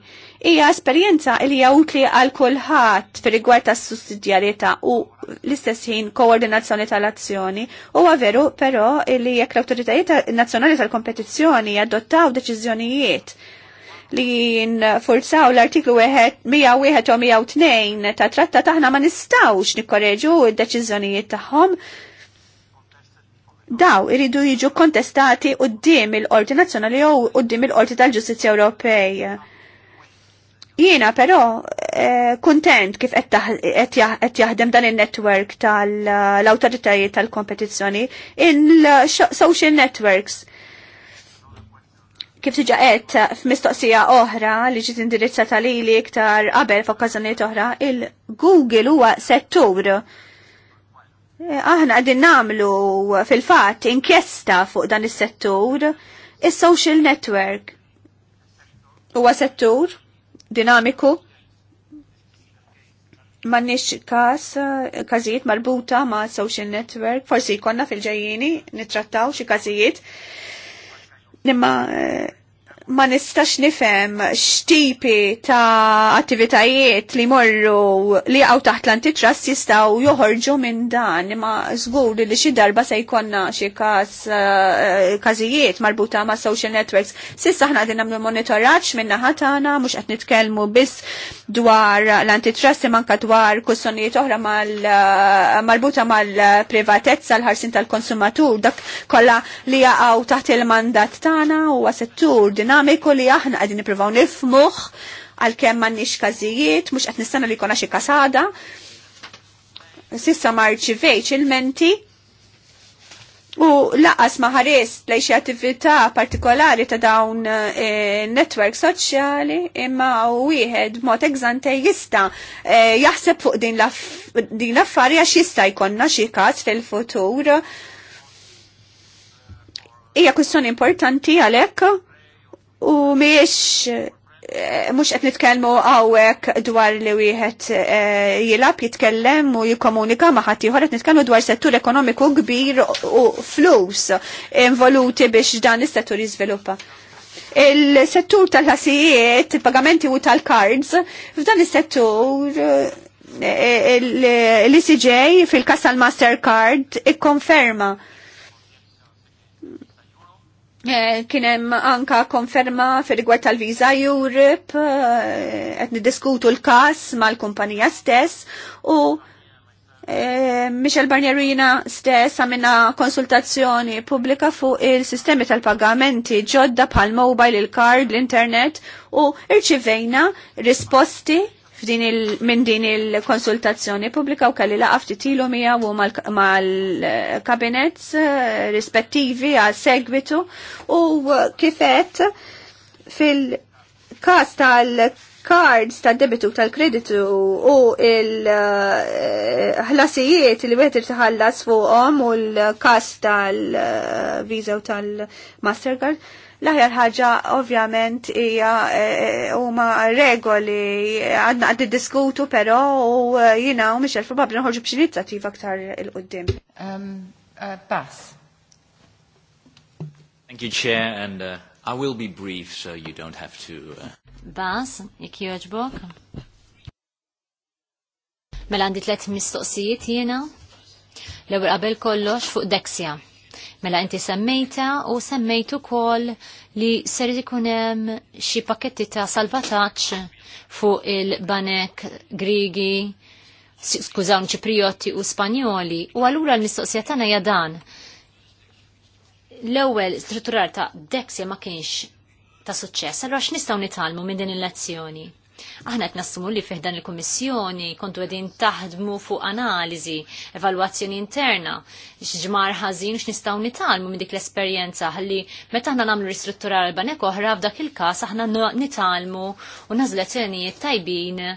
Speaker 1: hija esperjenza li hija unkli għal kulħadd fir-rigward tas-sussidjarjetà u l-istess ħin koordinazzjoni tal-azzjoni. Huwa veru però li jekk l-awtoritajiet nazzjonali tal-kompetizzjoni jadottaw deċiżjonijiet li nfurzaw l-artiklu 101 u 102 ta' tratta taħna ma nistawx nikkoreġu d deċiżjonijiet tagħhom daw iridu jiġu kontestati d-dim il-Qorti Nazzjonali d-dim il-Qorti tal-Ġustizzja Ewropej. Jiena però eh, kontent kif qed jaħdem dan il-network tal-awtoritajiet tal-kompetizzjoni il-social networks. Kif tiġa qed f'mistoqsija oħra li ġiet indirizzata lili iktar qabel f'okkażjonijiet oħra, il-Google huwa settur eh, aħna qegħdin namlu fil fatt inkjesta fuq dan is settur is social network. Huwa settur dinamiku mannix kas, kazijiet marbuta ma' social network, forsi konna fil-ġajjini nitrattaw xi kazijiet. Imma eh, ma nistax nifem x'tipi ta' attivitajiet li morru li għaw taħt l-antitrust jistaw joħorġu minn dan ma zgur li xi darba se jkollna xi każ eh, eh, każijiet marbuta ma' social networks. Sissa aħna għadin nagħmlu monitoraġġ minna naħa tagħna mhux qed nitkellmu biss dwar l-antitrust manka dwar kussonijiet oħra eh, marbuta mal-privatezza l-ħarsin tal-konsumatur dak kollha li jaqgħu taħt il-mandat tagħna huwa settur din dinamiku li aħna għadin niprivaw nifmuħ għal m'għandniex każijiet mhux qed għet li jkollna xi kasada. Sissa marċivejċ il-menti u laqas ħares lej xi attività partikolari ta' dawn netwerk eh, network soċjali imma u wieħed mod eżante jista eh, jaħseb fuq din l-affarja jista' jkollna xi każ fil-futur hija kwistjoni importanti għalhekk u miex eh, mux qed nitkellmu għawek dwar li wieħed eh, jilab jitkellem u jikkomunika ma' ħadd ieħor qed nitkellmu dwar settur ekonomiku kbir u flus involuti biex dan is-settur jiżviluppa. Il-settur tal-ħasijiet, il-pagamenti u tal-cards, f'dan is-settur eh, l-ICJ fil kassa tal-Mastercard ikkonferma. Eh, kienem anka konferma fir rigward tal-Visa Europe, eh, qed niddiskutu l-kas mal-kumpanija stess u eh, Michel Barnierina stess għamina konsultazzjoni pubblika fuq il-sistemi tal-pagamenti ġodda pal mobile, il-card, l-internet u irċivejna risposti minn din il-konsultazzjoni pubblika u kalli laqaf titilu mija u mal-kabinets eh, rispettivi għal segwitu u eh, kifet fil-kas tal-cards tal-debitu tal-kreditu u il-ħlasijiet eh, li wieħed ħallas fuqhom u l-kas tal-Visa u tal-Mastercard L-aħjar ħaġa ovvjament hija eh, huma regoli eh, għadna għad diskutu però u eh, jiena u mhix probabbli noħorġu b'xi inizjattiva aktar il-qudiem. Pass. Um, uh,
Speaker 2: Thank you, Chair, and uh, I will be brief so you don't have
Speaker 3: to... Uh... Bas, jek joġbok? Mela għandi tlet mistoqsijiet jiena. L-ewwel qabel kollox fuq Dexia. Mela inti semmejta u semmejtu kol li ser ikunem xi pakketti ta' salvataċ fuq il-banek Grigi, skużawn ċiprioti u Spanjoli. U allura l-mistoqsija tagħna hija dan. L-ewwel strutturar ta' Dexia ma kienx ta' suċċess, allura x'nistgħu nitalmu minn din il-lezzjoni? Aħna qed nassumu li fih dan il-Kummissjoni kontu qegħdin taħdmu fuq analiżi, evalwazzjoni interna, x'ġmar ħażin x'nistgħu nitalmu minn dik l-esperjenza ħalli meta aħna nagħmlu ristrutturar banek oħra f'dak il-każ aħna nitalmu u nażlezzjonijiet tajbin eh,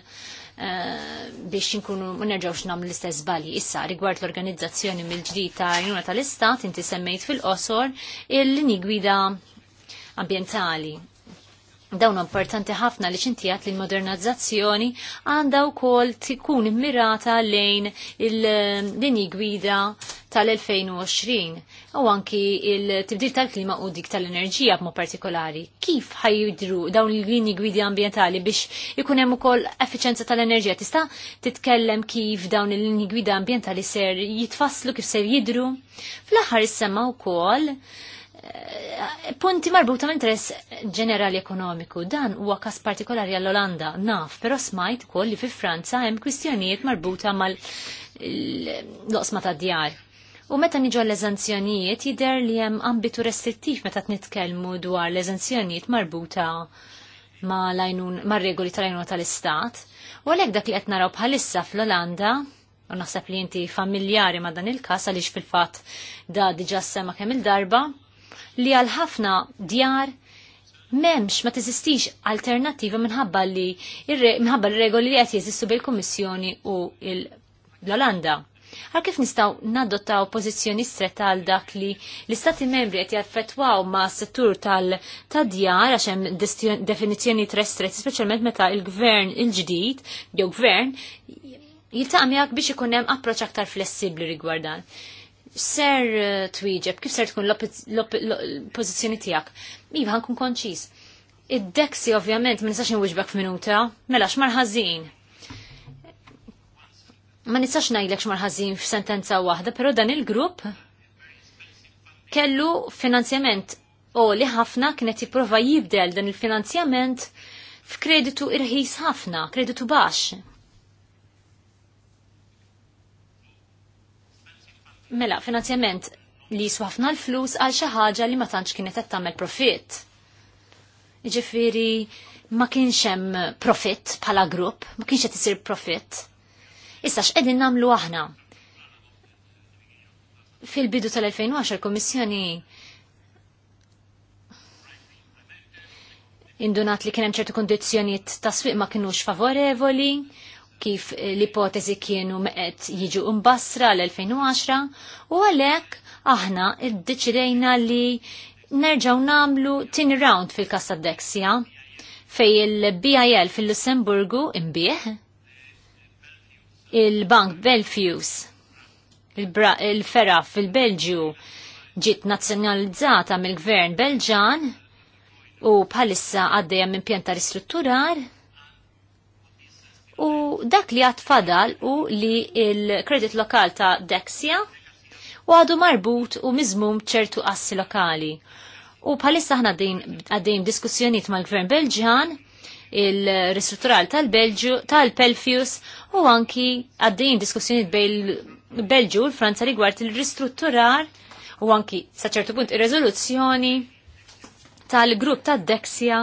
Speaker 3: biex nkunu nerġawx namlu l-istess bali. Issa, rigward l-organizzazzjoni mill-ġdita jnuna tal-istat, inti semmejt fil-qosor il-lini gwida ambientali. Dawn importanti ħafna li xintijat li l-modernizzazzjoni għanda u kol tikun immirata lejn il-linji gwida tal-2020 u anki il-tibdil tal-klima u dik tal-enerġija b'mo partikolari. Kif ħajidru dawn il-linji gwidi ambientali biex ikun hemm ukoll effiċenza tal-enerġija? Tista' titkellem kif dawn il-linji gwida ambientali ser jitfasslu kif ser jidru? Fl-aħħar issemma wkoll punti marbuta ma' interess ġenerali ekonomiku. Dan huwa kas partikolari għall-Olanda, naf, però smajt ukoll li fi Franza hemm kwistjonijiet marbuta mal-loqsma ta' djar. U meta niġu l-eżenzjonijiet jider li hemm ambitu restrittiv meta nitkellmu dwar l-eżenzjonijiet marbuta ma' lajnun, mar regoli tal għajnuna tal-istat. U għalhekk dak li qed naraw bħalissa fl-Olanda, u naħseb li inti familjari ma' dan il-kas għaliex fil-fatt da diġa sema kemm il-darba, li għal ħafna djar memx ma teżistix alternativa minħabba li minħabba regoli li qed jeżistu bil-Kummissjoni u l-Olanda. Għal kif nistaw naddottaw pożizzjoni stretta għal dak li l-Istati membri qed jaffettwaw ma' settur tal-djar għax hemm definizzjoni restretti, speċjalment meta il-gvern il-ġdid jew gvern jiltaqa' miegħek biex ikun hemm approċċ aktar flessibbli rigward dan ser eh, twieġeb, kif ser tkun l-pozizjoni tijak. Iva, ħankun konċis. Id-deksi ovvjament ma nistax nwiġbek f'minuta, mela xmar ħażin. Ma nistax najlek xmarħazin ħażin f'sentenza waħda, però dan il-grupp kellu finanzjament u li ħafna kienet jipprova jibdel dan il-finanzjament f'kreditu irħis ħafna, kreditu baxx Mela, finanzjament li swafna l-flus għal xi ħaġa li ma tantx kienet qed tagħmel profitt. Ġifieri ma kienx hemm profitt bħala grupp, ma kienx qed isir profit Issa x'qegħdin nagħmlu aħna? Fil-bidu tal-2010 kummissjoni indunat li kienem ċertu kondizjoniet ta' ma kienux favorevoli, kif l-ipotezi kienu meqet jiġu mbasra l-2010 u għalek aħna id-deċidejna li nerġaw namlu tin round fil-kassa d-deksja fej il-BIL fil-Lussemburgu imbieħ il-Bank Belfius il feraf fil-Belġju ġiet nazzjonalizzata mill-gvern Belġan u bħalissa għaddejja minn pjanta ristrutturar U dak li għat fadal u li il-kredit lokal ta' Dexia u għadu marbut u mizmum ċertu assi lokali. U bħalissa ħna għaddejn diskussjoniet mal-Gvern Belġan il-ristruttural tal-Belġu, tal-Pelfius u anki għaddejn diskussjoniet bej belġu u l-Franza rigward il-ristrutturar u anki ċertu punt ir-rezoluzzjoni tal-grupp ta' Dexia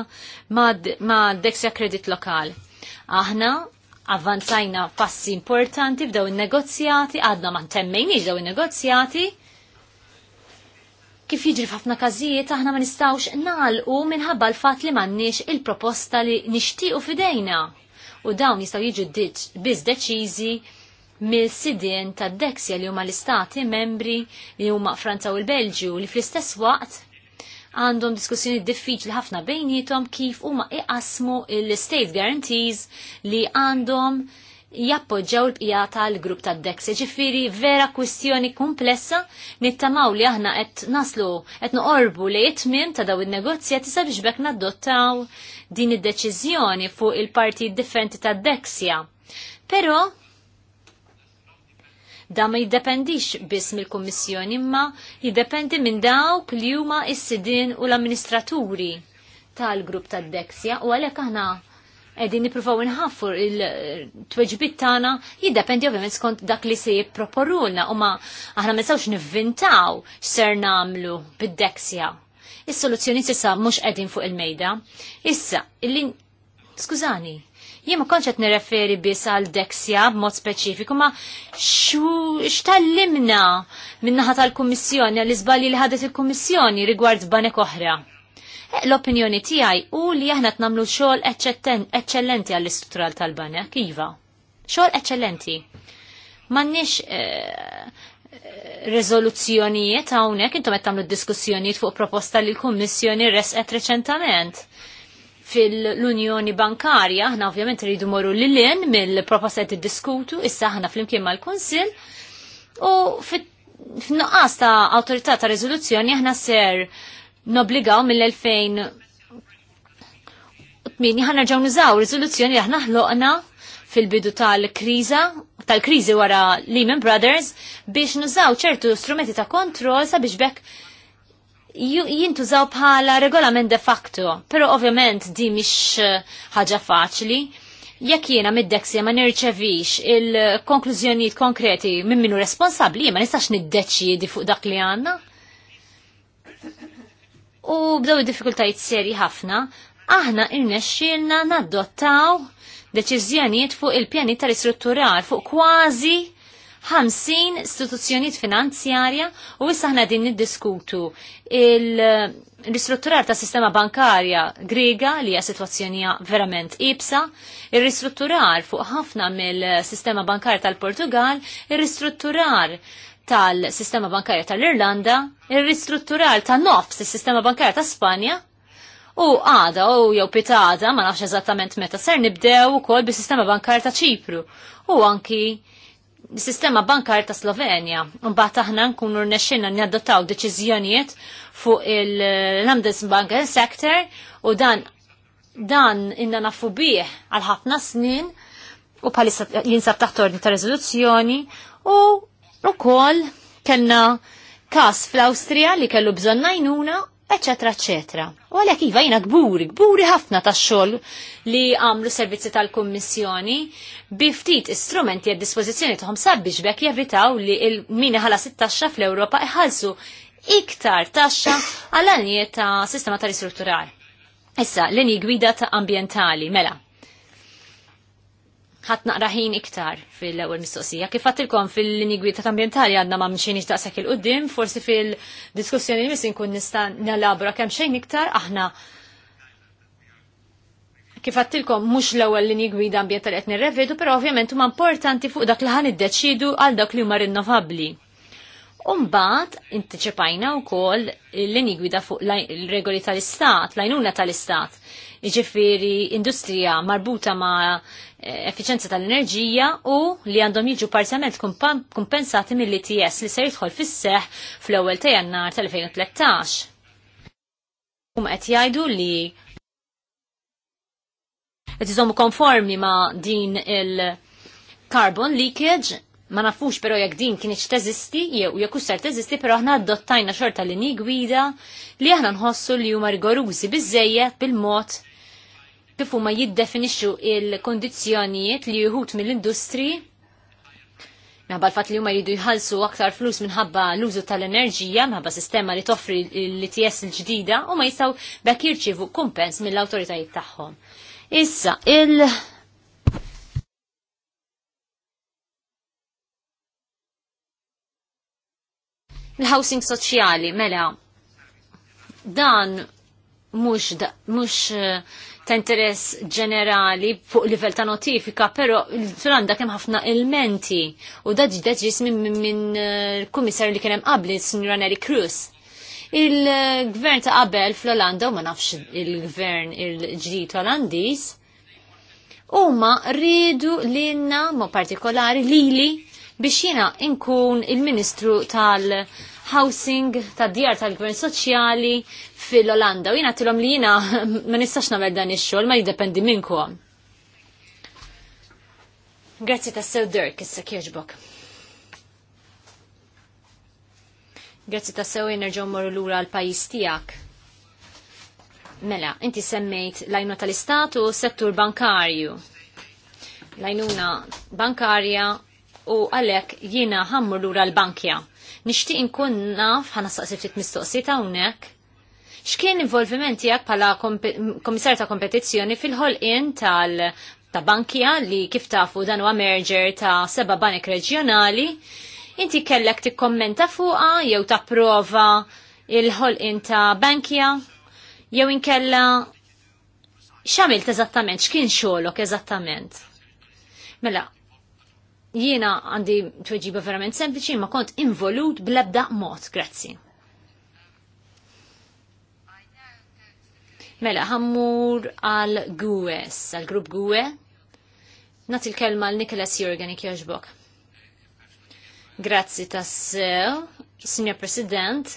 Speaker 3: ma', ma Dexia Credit Lokal. Aħna avvanzajna passi importanti f'daw il-negozjati, għadna ma temmejniex daw il-negozjati. Kif jiġri f'ħafna każijiet aħna ma nistgħux nagħlqu minħabba l-fatt li m'għandniex il-proposta li nixtiequ f'idejna. U dawn jistgħu jiġu biss deċiżi mill-sidien tad-deksja li huma l-istati membri li huma Franza u l-Belġju li fl-istess waqt għandhom diskussjoni diffiċli ħafna bejnietom kif huma iqasmu l-state guarantees li għandhom jappoġġaw l-bqija tal-grupp tad-dex. Ġifiri vera kwistjoni komplessa nittamaw li aħna qed naslu qed noqorbu li jitmim ta' daw in-negozjati sabiex bekk nadottaw din id-deċiżjoni fuq il-parti differenti tad-dexja. Però Da ma jiddependix biss mill-Kummissjoni imma jiddependi minn dawk li huma s-sidin u l-amministraturi tal-grupp tad deksja u għalhekk aħna qegħdin nippruvaw inħaffu il-tweġbit tagħna jiddependi ovvjament skont dak li se jipproporulna u ma aħna ma nivvintaw x'ser nagħmlu bid deksja is-soluzzjoni issa mhux qegħdin fuq il-mejda. Issa, illi skużani, Jien ma konċet nirreferi biss għal Dexia b'mod speċifiku, ma x'tallimna minnaħa tal-Kummissjoni għal iżbalji li ħadet il-Kummissjoni rigward banek oħra. Eh, l-opinjoni tiegħi u li aħna nagħmlu xogħol eċċellenti għall istruttural tal-banek, iva. Xogħol eċċellenti. M'għandniex eh, rezoluzzjonijiet hawnhekk intom qed tagħmlu diskussjonijiet fuq proposta li l-Kummissjoni resqet reċentament fil-Unjoni Bankarja, aħna ovvjament rridu morru l lin mill-proposta qed diskutu issa aħna flimkien mal-Kunsill u f'nuqqas ta' awtorità ta' riżoluzzjoni aħna ser nobligaw mill-2000 Tmini ħana ġaw nużaw rizoluzzjoni aħna ħloqna fil-bidu tal-kriza, tal-krizi wara Lehman Brothers, biex nużaw ċertu strumenti ta' kontrol sabiex bekk jintużaw bħala regolament de facto, pero ovvjament di mhix eh, ħaġa faċli. Jekk jiena mid-deksija ma nirċevix il-konklużjonijiet konkreti minn minnu responsabbli, ma nistax niddeċiedi fuq dak li għandna. U bdaw id-diffikultajiet serji ħafna, aħna irnexxielna nadottaw deċiżjonijiet fuq il-pjani ta' ristrutturar fuq kważi 50 istituzzjonijiet finanzjarja u issa ħna din niddiskutu il-ristrutturar eh, ta' sistema bankarja grega li hija situazzjoni verament ibsa, il-ristrutturar fuq ħafna mill-sistema bankarja tal-Portugal, il-ristrutturar tal-sistema bankarja tal-Irlanda, il-ristrutturar ta' nofs il-sistema bankarja ta' Spanja, U għada, u jew pitada, ma nafx eżattament meta ser nibdew ukoll bis-sistema bankarja ta' Ċipru. U anki sistema bankar ta' Slovenja. Mbagħad aħna nkunu rnexxinna nadottaw deċiżjonijiet fuq il Bank sector u dan dan inna nafu bih għal ħafna snin u bħalissa jinsab taħt ordni ta' riżoluzzjoni u kol kellna każ fl-Awstrija li kellu bżonn najnuna eccetera, eccetera. U għalek iva jina gburi, gburi ħafna ta' xol li għamlu servizzi tal-kommissjoni biftit istrumenti għad dispozizjoni tħom sabbiġ bek jevitaw li il-mini ħala 16 fl-Europa iħalsu iktar taxxa għal ta' sistema tal-istrutturar. Issa, l-inji gwida ta' ambientali, mela ħat naqraħin iktar fil-ewwel mistoqsija. Kif għatilkom fil-linji gwida ambjentali għandna ma mxini taqsek il-qudiem, forsi fil-diskussjoni li misin kun nista' nalabra kemm xejn iktar aħna kif għattilkom mux l-ewel li gwida ambjenta għetni revedu, pero ovvjament huma importanti fuq dak li ħan id-deċidu għal dak li huma rinnovabli. Umbat, intiċipajna u kol l-lini fuq l-regoli tal-istat, l għajnuna tal-istat, iġifiri industrija marbuta ma effiċenza tal-enerġija u li għandhom jiġu parzjament kompensati mill-ITS li se jidħol fis-seħ fl-ewwel ta' jannar tal-2013. Huma qed jgħidu li qed iżommu konformi ma' din il-carbon leakage ma nafux però jekk din kienieċ teżisti jew jekk ser teżisti però aħna adottajna xorta linji gwida li aħna nħossu li huma rigorużi biżejjed bil-mod kif huma jiddefinixxu il-kondizzjonijiet li jħut mill-industri Minħabba l-fat li huma jridu jħallsu aktar flus minħabba l-użu tal-enerġija, minħabba sistema li toffri l-ITS l-ġdida, u ma jistaw bekk jirċivu kumpens mill-autoritajiet tagħhom. Issa, il- il-housing soċjali, mela, dan mux, da, mux ta' interess ġenerali fuq livell ta' notifika, pero l-Finlanda kemm ħafna ilmenti u daġi daġi minn l-kummissar eh, li kienem qabli, Signora Nelly Cruz. Il-gvern ta' qabel fl-Olanda, u ma nafx il-gvern il-ġdid Olandiż, huma rridu lilna ma partikolari lili biex jina inkun il-Ministru tal- housing ta' djar tal-gvern soċjali fil-Olanda. U jina t-lom li jina ma nistax namel dan ix-xogħol ma jiddependi minnku. Grazzi ta' sew Dirk, issa kieġbok. Grazzi ta' sew jenerġaw morru lura l-pajis tijak. Mela, inti semmejt lajnuna tal-istatu settur bankarju. Lajnuna bankarja u għalek jina ħammur lura l-bankja. Nixtieq inkun naf ħanastaqsi ftit mistoqsita hawnhekk. X'kien involviment tiegħek bħala komissar ta' kompetizzjoni fil-ħolqien tal ta' bankija li kif tafu dan huwa merger ta' seba' banek reġjonali, inti kellek tikkommenta fuqha jew tapprova il-ħolqien ta' bankija jew inkella x'għamilt eżattament, x'kien xogħolok eżattament. Mela, Jiena għandi tweġiba verament sempliċi ma kont involut bl-ebda mod, grazzi. Mela, ħammur għal GUES, għal grupp GUE. nati l kelma għal Nicholas Jurgen ikjoġbok. Grazzi tassew, Signor President,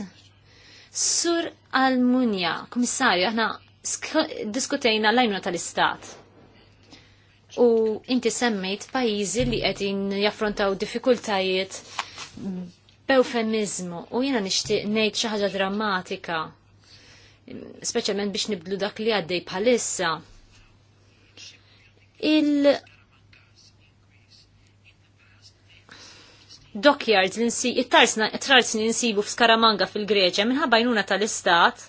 Speaker 3: Sur Almunja, Komissarju, aħna diskutejna l-ajnuna tal-Istat u inti semmejt pajjiżi li qed jaffrontaw diffikultajiet b'eufemizmu u jiena nixtieq ngħid xi ħaġa drammatika speċjalment biex nibdlu dak li għaddej bħalissa. Il dockyards li nsi, it-tarsna, it-tarsni nsibu f'Skaramanga fil-Greċja minħabba jnuna tal-istat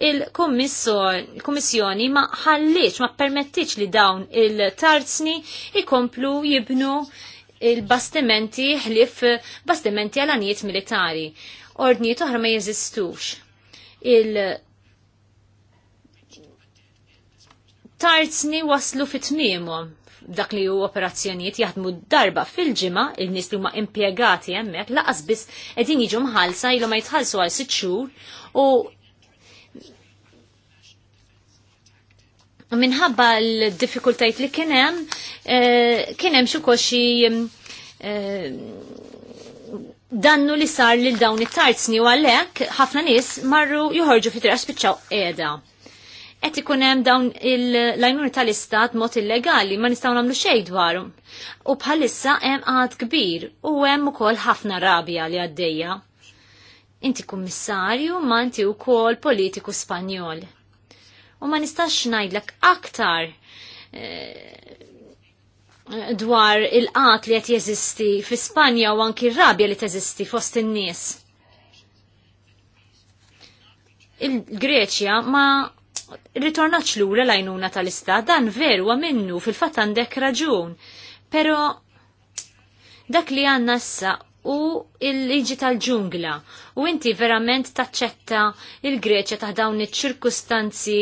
Speaker 3: il-Kommissjoni ma ħalliċ, ma permettiċ li dawn il-tarzni ikomplu jibnu il-bastimenti ħlif bastimenti għal-anijiet militari. Ordnijiet oħra ma jeżistux. Il- tarzni waslu fit-tmiemhom dak li hu operazzjoniet jaħdmu darba fil-ġimgħa il-nies li huma impjegati hemmhekk laqas biss qegħdin jiġu mħalsa ilhom ma jitħallsu għal sitt xhur u minħabba l-diffikultajt li kienem, eh, kienem xuko xi eh, dannu li sar li l-dawn it-tarzni u għalek, ħafna nis marru juħorġu fit spiċċaw Qed ikun hemm dawn il-lajnuni tal-istat mot illegali, ma nistaw namlu xej dwarum. U bħalissa hemm għad kbir u hemm ukoll ħafna rabja li għaddejja. Inti kummissarju, ma inti ukoll politiku Spanjol u ma nistax ngħidlek aktar eh, dwar il-qat li qed jeżisti fi Spanja u anki r-rabja li teżisti fost in-nies. Il-Greċja ma ritornaċ l l-għajnuna tal ista dan veru minnu fil-fatt għandek raġun. Pero dak li għanna issa u il-liġi tal-ġungla u inti verament taċċetta il-Greċja ta' dawn iċ-ċirkustanzi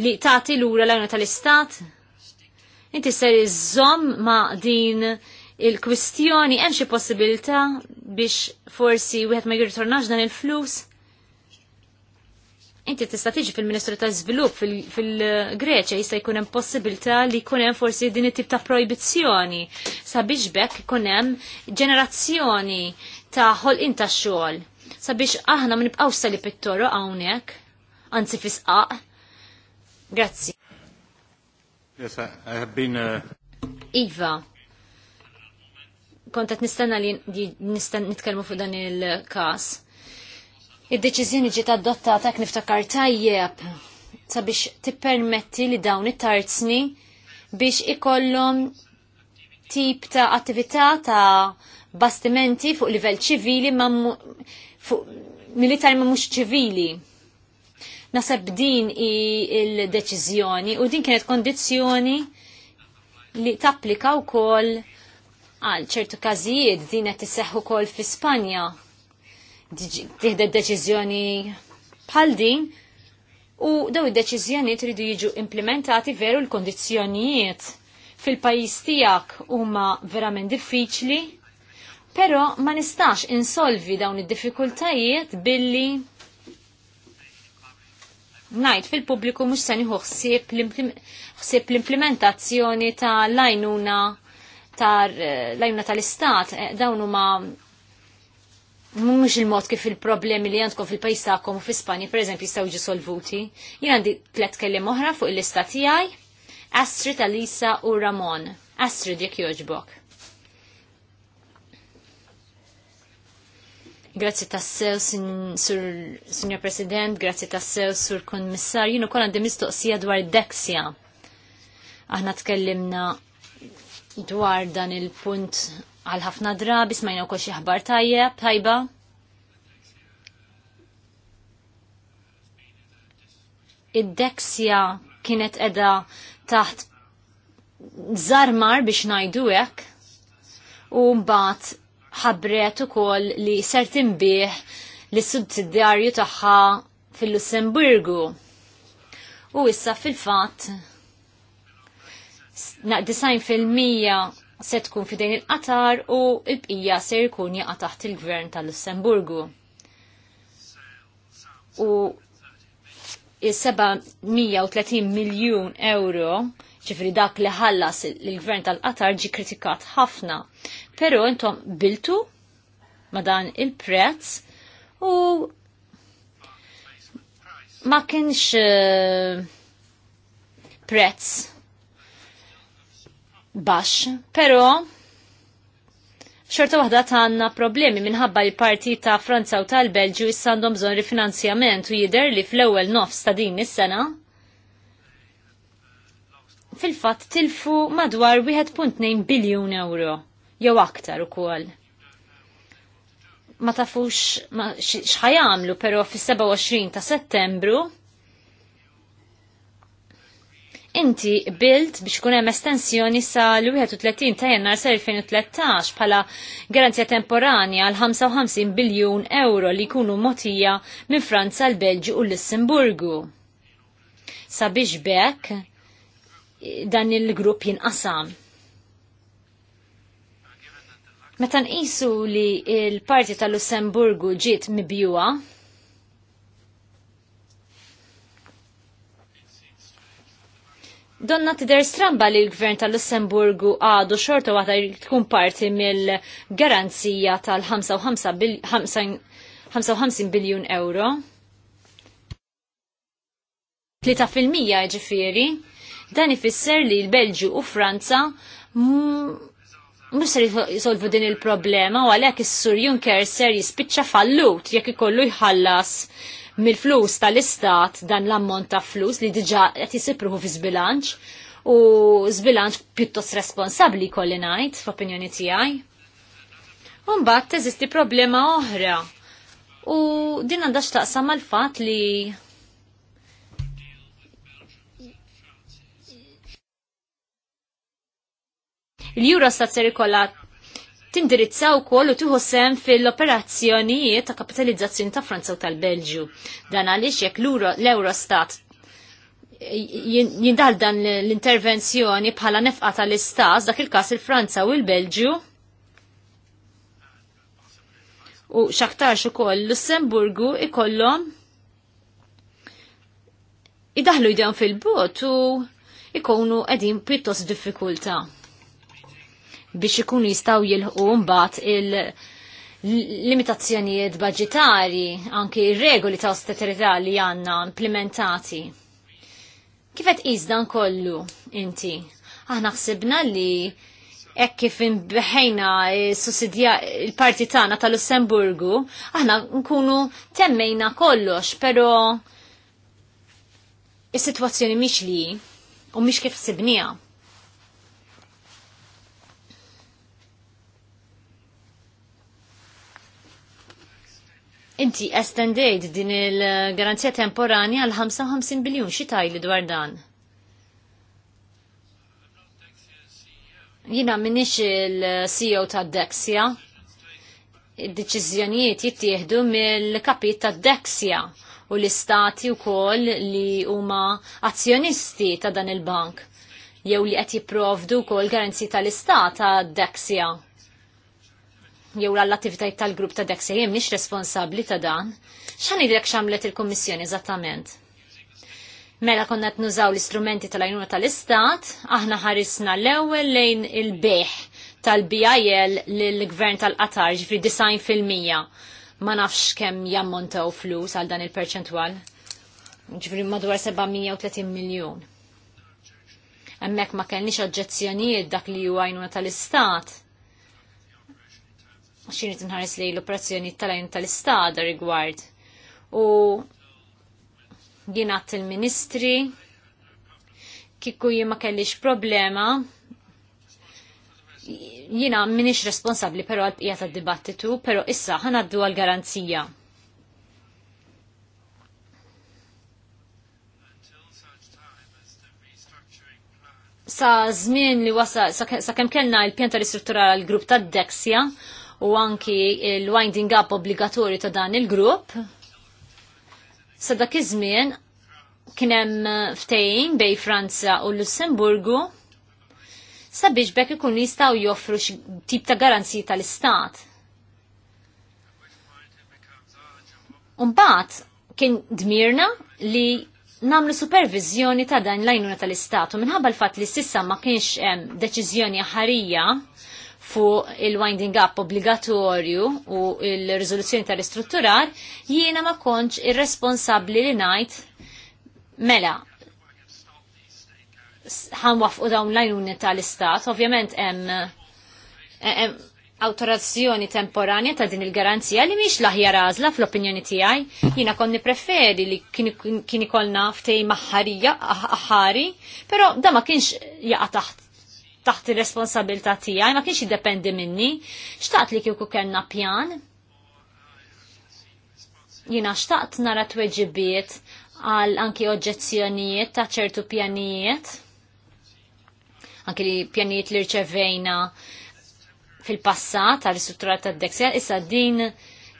Speaker 3: li tagħti lura l-għajna tal-istat? Inti ser iżomm ma' din il-kwistjoni hemm xi possibilità biex forsi wieħed ma jirritornax dan il-flus? Inti tista' tiġi fil-Ministru ta' Żvilupp fil-Greċja jista' jkun hemm possibilità li jkun hemm forsi din it-tip ta' projbizzjoni sabiex bekk ikun hemm ġenerazzjoni ta' ħolqien tax xogħol sabiex aħna ma nibqgħux sali pit-toroq hawnhekk anzi fisqaq Grazzi.
Speaker 2: Yes, I, have been... Uh...
Speaker 3: Iva, kontat nistenna li nistan nitkelmu fuq dan il-kas. Id-deċiżjoni ġiet adottata kif niftakar tajjeb sabiex tippermetti li dawn it-tarzni biex ikollhom tip ta' attività ta' bastimenti fuq livell ċivili ma' fuq militari ma' mhux ċivili. Naseb din i il-deċizjoni u din kienet kondizjoni li tapplika wkoll għal ċertu każijiet din qed seħu kol fi Spanja. Tieħdet deċiżjoni bħal din u daw id deċizjoni tridu jiġu implementati veru l kondizjonijiet fil-pajis tijak huma verament diffiċli, pero ma nistax insolvi dawn id-diffikultajiet billi najt fil-pubbliku mhux se nieħu ħsieb l-implementazzjoni ta' lajnuna ta' eh, lajnuna tal-istat eh, dawn huma mhux il-mod kif il-problemi li għandkom fil-pajjiż tagħkom u fl-Ispanja pereżempju jistgħu ġi solvuti. Jien għandi tliet kelliem oħra fuq il istat tiegħi, Astrid, Alisa u Ramon. Astrid jek jogħġbok. Grazzi tassew, Signor President, grazzi tassew, Sur Kommissar. Jino kon għandi mistoqsija dwar Dexia. Aħna tkellimna dwar dan il-punt għal ħafna drabi, smajna kol xi ħbar tajjeb, tajba. Id-Dexia kienet edha taħt zarmar biex najdu hekk u mbagħad ħabret ukoll li sertin biħ li subsidjarju tagħha fil-Lussemburgu. U issa fil fat naqdisajn fil-mija se tkun fidejn il-qatar u l-bqija se jkun jaqa' taħt il-gvern tal-Lussemburgu. U il-730 miljun euro ċifri dak li ħallas il-gvern tal-qatar ġi kritikat ħafna Pero intom biltu ma dan il-prezz u ma kienx uh, prezz bax. pero xorta waħda għanna problemi minħabba li parti ta' Franza u tal-Belġu jissandom zon rifinanzjament u jider li fl-ewwel nofs ta' din is-sena fil-fatt tilfu madwar 1.2 biljun euro jew aktar ukoll. Ma tafux xħajamlu, pero fis-27 ta' settembru inti bilt biex kun hemm estensjoni sa l-31 ta' jannar sa' 2013 bħala garanzja temporanja għal 55 biljun euro li jkunu motija minn Franza l belġu u l-Lussemburgu. Sabiex bekk dan il-grupp jinqasam. Meta nqisu li il-parti tal-Lussemburgu ġiet mibjuwa, Donna tider stramba li l-gvern tal-Lussemburgu għadu xorta għata tkun parti mill-garanzija tal-55 biljun euro. 3% ġifiri, dan ifisser li l-Belġu u Franza mux ser jisolvu din il-problema u għalek is-sur Juncker ser jispiċċa fallut jekk ikollu jħallas mill-flus tal-istat dan l-ammont ta' flus li diġa qed jisipruħu fi żbilanċ u żbilanċ pjuttost responsabbli kolli ngħid f'opinjoni tiegħi. Mbagħad teżisti problema oħra. U din għandax taqsam mal-fatt li Il-Eurostat ser ikolla tindirizza wkoll u tieħu sem fil-operazzjonijiet ta' kapitalizzazzjoni ta' Franza u tal-Belġju. Dan għaliex jekk l-Eurostat jindal dan l-intervenzjoni bħala nefqa tal-istas dak il-kas il-Franza u il-Belġju u xaktarx ukoll Lussemburgu ikollhom idaħlu jdejhom fil-bot u ikonu qegħdin pjuttost diffikulta biex ikunu jistaw jilħu mbagħad il-limitazzjonijiet budgetari, anki ir-regoli ta' osteterità li għandna implementati. Kifet iżdan kollu inti? Aħna ħsibna li hekk kif inbeħejna sussidja il-parti tagħna tal-Lussemburgu, aħna nkunu temmejna kollox, però is-sitwazzjoni mhix li u mhix kif sibnija. Inti estendejt din il-garanzija temporanja għal 55 biljun xi tajli dwar dan. Jina minix il-CEO ta' Dexia. Id-deċiżjonijiet jittieħdu mill-kapit ta' Dexia u l-istati u koll li huma azzjonisti ta' dan il-bank jew li qed jipprovdu wkoll garanzi tal-istat ta' Dexia jew l-attivitajt tal-grupp ta' dak sejjem nix responsabli ta' dan, xan idrek xamlet il-Kommissjoni eżattament? Mela konna nużaw l-istrumenti tal-għajnuna tal-Istat, aħna ħarisna l-ewel lejn il-beħ tal-BIL l-gvern tal-qatar ġifri 90% ma nafx kem jammontaw flus għal dan il-perċentwal, ġifri madwar 730 miljon. Emmek ma kellniex oġġezzjonijiet dak li ju għajnuna tal-Istat xini tinħares li l-operazzjoni tal-ajn tal-istada rigward. U jina il-ministri kikku jien ma kellix problema jina minix responsabli pero għal bqija tad dibattitu pero issa ħanaddu għal garanzija. Sa żmien li wasa sa kem kellna l-pjan ristruttura istruttura għal grupp tad deksja u anki il-winding up obbligatorju ta' dan il-grupp. Sa dak iż-żmien kien hemm ftehim bej Franza u Lussemburgu sabiex bekk ikun jistgħu joffru tip ta' garanziji tal-istat. Umbagħad kien dmirna li namlu supervizjoni ta' dan l-għajnuna tal istat u minħabba l-fat li sissa ma kienx deċizjoni ħarija fuq il-winding up obbligatorju u il-rizoluzzjoni tal ristrutturar jiena ma konċ irresponsabli li najt mela ħanwafqu dawn l ajnuni tal-istat, ovvjament hemm autorazzjoni temporanja ta' din il-garanzija li miex laħja razla fl-opinjoni tijaj, jina konni preferi li kien kolna ftej maħħarija, aħari, pero da ma kienx jaqa taħt taħt ir-responsabilità tiegħi ma kienx jiddependi minni. Xtaqt li kieku kellna pjan. Jiena xtaqt nara tweġibiet għal anki oġġezzjonijiet ta' ċertu pjanijiet. Anki li pjanijiet li rċevejna fil-passat għal istruttura tad deksja issa din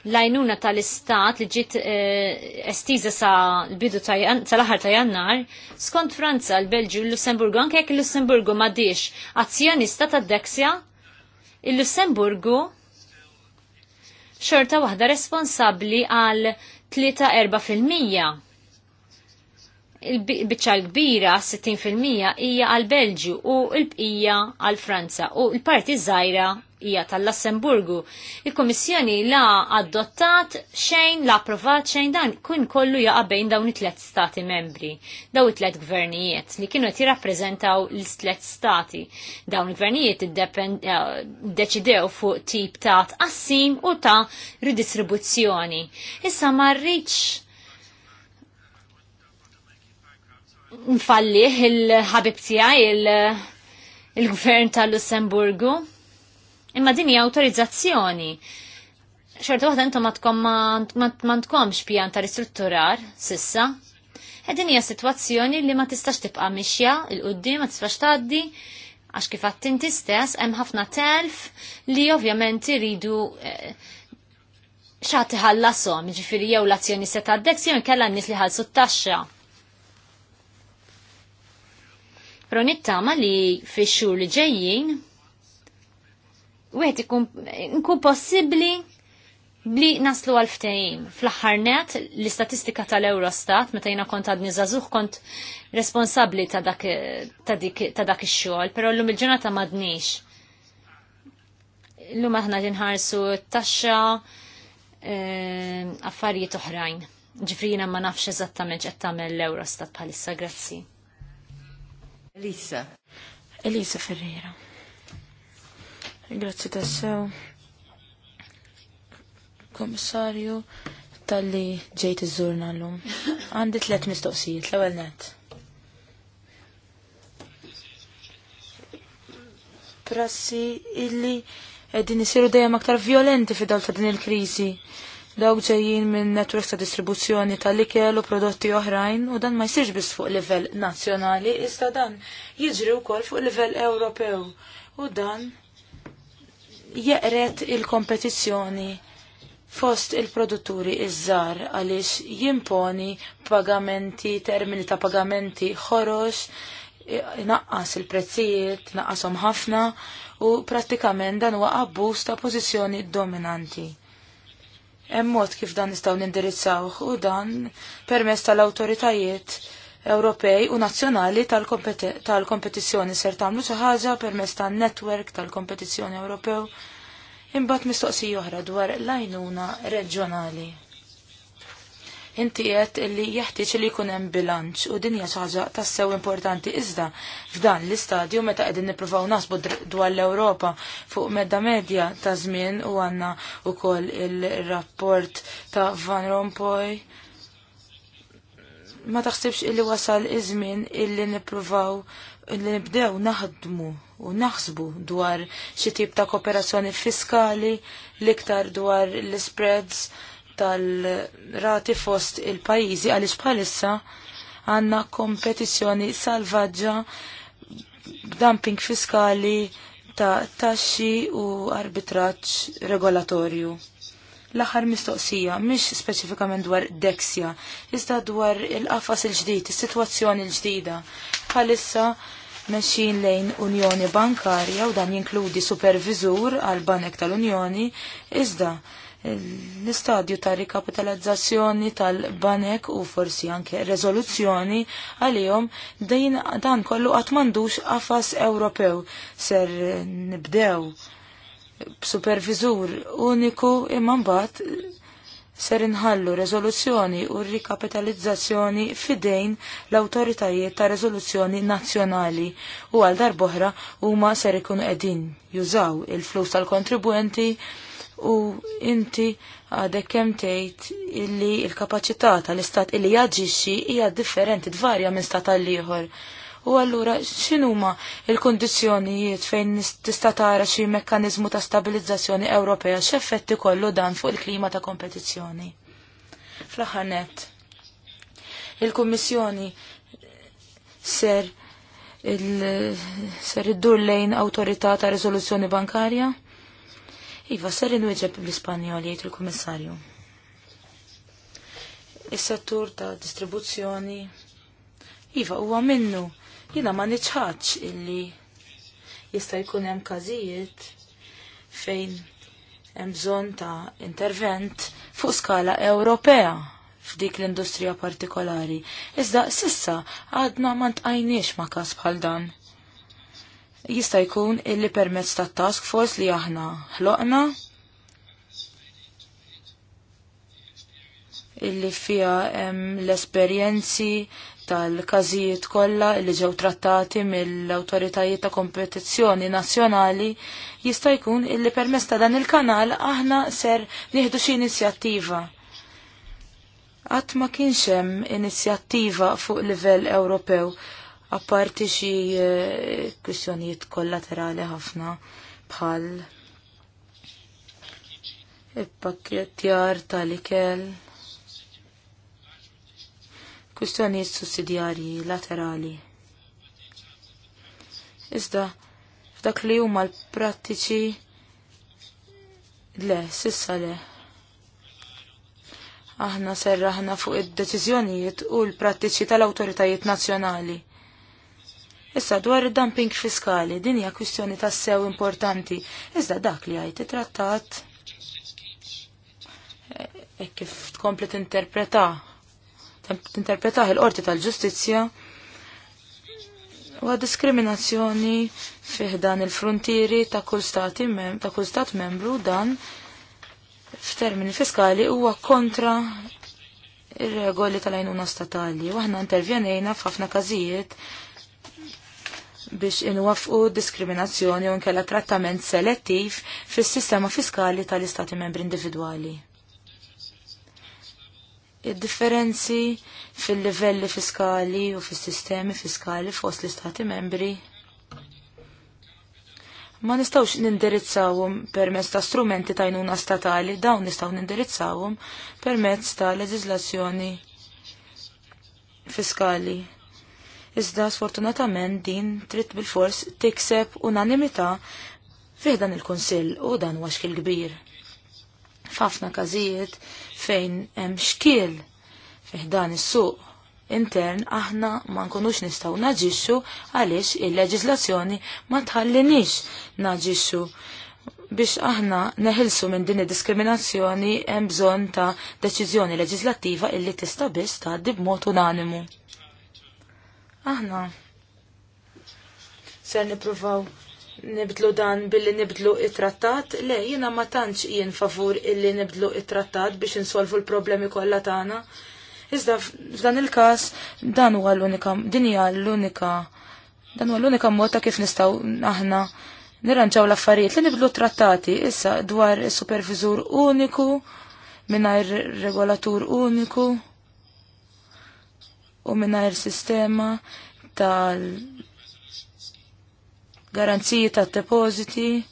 Speaker 3: l tal-istat li ġiet eh, estiza sa l-bidu tal aħħar ta' jannar, skont Franza, l-Belġu, l-Lussemburgu, anke jekk l-Lussemburgu madix azzjonista ta' Dexia, il-Lussemburgu xorta waħda responsabli għal 3-4% il-bicċa l-kbira 60% hija għal Belġju u l-bqija għal Franza u l-parti żgħira hija tal lassemburgu Il-Kummissjoni la adottat xejn, la approvat xejn dan kun kollu jaqa' bejn dawn it-tlet stati membri, daw it-tlet gvernijiet li kienu qed jirrappreżentaw l-tlet stati. Dawn il-gvernijiet iddeċidew eh, fuq tip ta' tqassim u ta' ridistribuzzjoni. Issa ma rridx nfallih il-ħabib tiegħi il-gvern il tal-Lussemburgu. Imma din autorizzazzjoni. awtorizzazzjoni. Xorta waħda intom ma tkomx pjan ta' ristrutturar sissa. E dini hija sitwazzjoni li ma tistax tibqa' mixja il qudiem ma tistax tgħaddi għax kif inti stess hemm ħafna telf li ovvjament iridu eh, xati ħallasom, ġifiri jew l-azzjoni se taddek, jew kella n-nis li ħalsu t-taxxa. Pro nittama li fi xur li ġejjin, u għet nkun possibli bli naslu għal-ftejim. Fl-ħarnet, l-istatistika tal-Eurostat, meta jina kont għadni zazuħ, kont responsabli ta' dak, ix-xogħol, pero l-lum il-ġurnata madnix. L-lum aħna tinħarsu taxxa ehm, affarijiet oħrajn. Ġifrina ma nafx eżattament ġett tagħmel l-Eurostat bħalissa, grazzi. Elisa. Elisa Ferreira. te sew.
Speaker 2: Komissarju, tal-li ġejt iżurna l-lum. Għandi tlet mistoqsijiet, l-ewel net. Prassi illi din isiru dejjem aktar violenti fidal ta' din il-krizi dawk ġejjin minn netwerks ta' distribuzzjoni tal-ikel u prodotti oħrajn u dan ma jsirx biss fuq livell nazzjonali, iżda dan jiġri wkoll fuq livell Ewropew u dan jeqret il-kompetizzjoni fost il-produtturi iż-żar għaliex jimponi pagamenti, termini ta' pagamenti ħorox, naqqas il-prezzijiet, naqqashom ħafna u prattikament dan huwa abbuż ta' pożizzjoni dominanti hemm mod kif dan nistgħu nindirizzawh u dan permess tal-awtoritajiet Ewropej u nazzjonali tal-kompetizzjoni ser tagħmlu xi ħaġa permess tan-netwerk tal-kompetizzjoni Ewropew imbagħad mistoqsija oħra dwar l-għajnuna reġjonali inti qed li jeħtieġ li jkun hemm bilanċ u din hija xi ħaġa tassew importanti iżda f'dan l-istadju meta qegħdin nippruvaw nasbu dwar l-Ewropa fuq medda medja ta' żmien u għandna wkoll il-rapport ta' Van Rompuy. Ma taħsibx illi wasal iż-żmien illi nippruvaw illi nibdew naħdmu u naħsbu dwar xi tip ta' kooperazzjoni fiskali l-iktar dwar l-spreads tal-rati fost il-pajizi għaliex bħalissa għanna kompetizjoni salvaġġa dumping fiskali ta' taxxi u arbitraċ regolatorju. L-aħħar mistoqsija mhix speċifikament dwar Dexia, iżda dwar il-qafas il-ġdid, is-sitwazzjoni l-ġdida. Bħalissa mexxin lejn Unjoni Bankarja u dan jinkludi supervizur għal banek tal-Unjoni, iżda l-istadju ta' rikapitalizzazzjoni tal-banek u forsi anke rezoluzzjoni għalihom dejn dan kollu qatt m'għandux Ewropew ser nibdew supervizur uniku imma mbagħad ser inħallu rezoluzzjoni u rikapitalizzazzjoni fidejn l-autoritajiet ta' rezoluzzjoni nazzjonali u għal darboħra huma ser ikun qegħdin jużaw il-flus tal kontribuenti u inti għadek kemm tgħid illi l-kapaċità tal-istat illi jaġixxi hija differenti dvarja minn stat għal ieħor. U allura x'inhuma l-kundizzjonijiet fejn tista' tara xi mekkaniżmu ta' stabilizzazzjoni Ewropea x'effetti kollu dan fuq il-klima ta' kompetizzjoni. Fl-aħħar nett. Il-Kummissjoni ser il ser iddur lejn awtorità ta' riżoluzzjoni bankarja? Iva, ser inweġeb l ispanjoli jgħid il-Kummissarju. Is-settur ta' distribuzzjoni. Iva, huwa minnu. Jina ma niċħaċ illi jista' jkun hemm każijiet fejn hemm bżonn ta' intervent fuq skala Ewropea f'dik l-industrija partikolari. Iżda sissa għadna ma ntqajniex ma' każ bħal dan jista' jkun illi permezz ta' task force li aħna ħloqna illi fija l-esperjenzi tal-każijiet kollha li ġew trattati mill-awtoritajiet ta' kompetizzjoni nazzjonali jista' jkun illi permezz ta' dan il-kanal aħna ser nieħdu xi inizjattiva. Qatt ma kienx hemm inizjattiva fuq livell Ewropew apparti xie eh, kwistjonijiet kollaterali ħafna bħal il-pakkettjar tal-ikel kwistjonijiet sussidjarji laterali. Iżda, f'dak li huma l-prattiċi le, sissa le aħna serraħna fuq id-deċiżjonijiet u l-prattiċi tal-awtoritajiet nazzjonali. Issa dwar id-dumping fiskali, din hija kwistjoni ta' sew importanti. Iżda dak li għajti trattat e, e kif tkompli tinterpreta interpreta il-qorti tal-ġustizzja huwa diskriminazzjoni fih dan il-frontieri ta' kull stat mem ta' kull stat membru dan f'termini fiskali huwa kontra ir-regoli tal-għajnuna statali. Waħna intervjenejna f'ħafna każijiet biex inwafqu diskriminazzjoni u nkella trattament selettiv fis-sistema fiskali tal-istati membri individwali. Id-differenzi fil-livelli fiskali u fis-sistemi fiskali fost l-istati membri ma nistawx nindirizzawhom permezz ta' strumenti ta' jnuna statali, dawn nistaw nindirizzawhom permezz ta' leġiżlazzjoni fiskali Iżda sfortunatament din trid bil-fors tikseb unanimità fih dan il-Kunsill u dan huwa xkil kbir. F'ħafna każijiet fejn hemm xkiel fih dan is-suq intern aħna ma nkunux nistgħu naġixxu għaliex il leġiżlazzjoni ma tħallinix naġixxu biex aħna neħilsu minn din id-diskriminazzjoni hemm bżonn ta' deċiżjoni leġislattiva illi tista' biss tgħaddi b'mod unanimu. Aħna ser nipruvaw nibdlu dan billi nibdlu it-trattat, le jina ma tantx jien favur illi nibdlu it-trattat biex insolvu l-problemi kollha tagħna. Iżda f'dan il-każ dan huwa l-unika din hija l-unika dan huwa l-unika mod ta' kif nistgħu aħna nirranġaw l-affarijiet li nibdlu trattati issa dwar is-supervizur uniku mingħajr regolatur uniku u minnajr sistema tal garanziji ta' depositi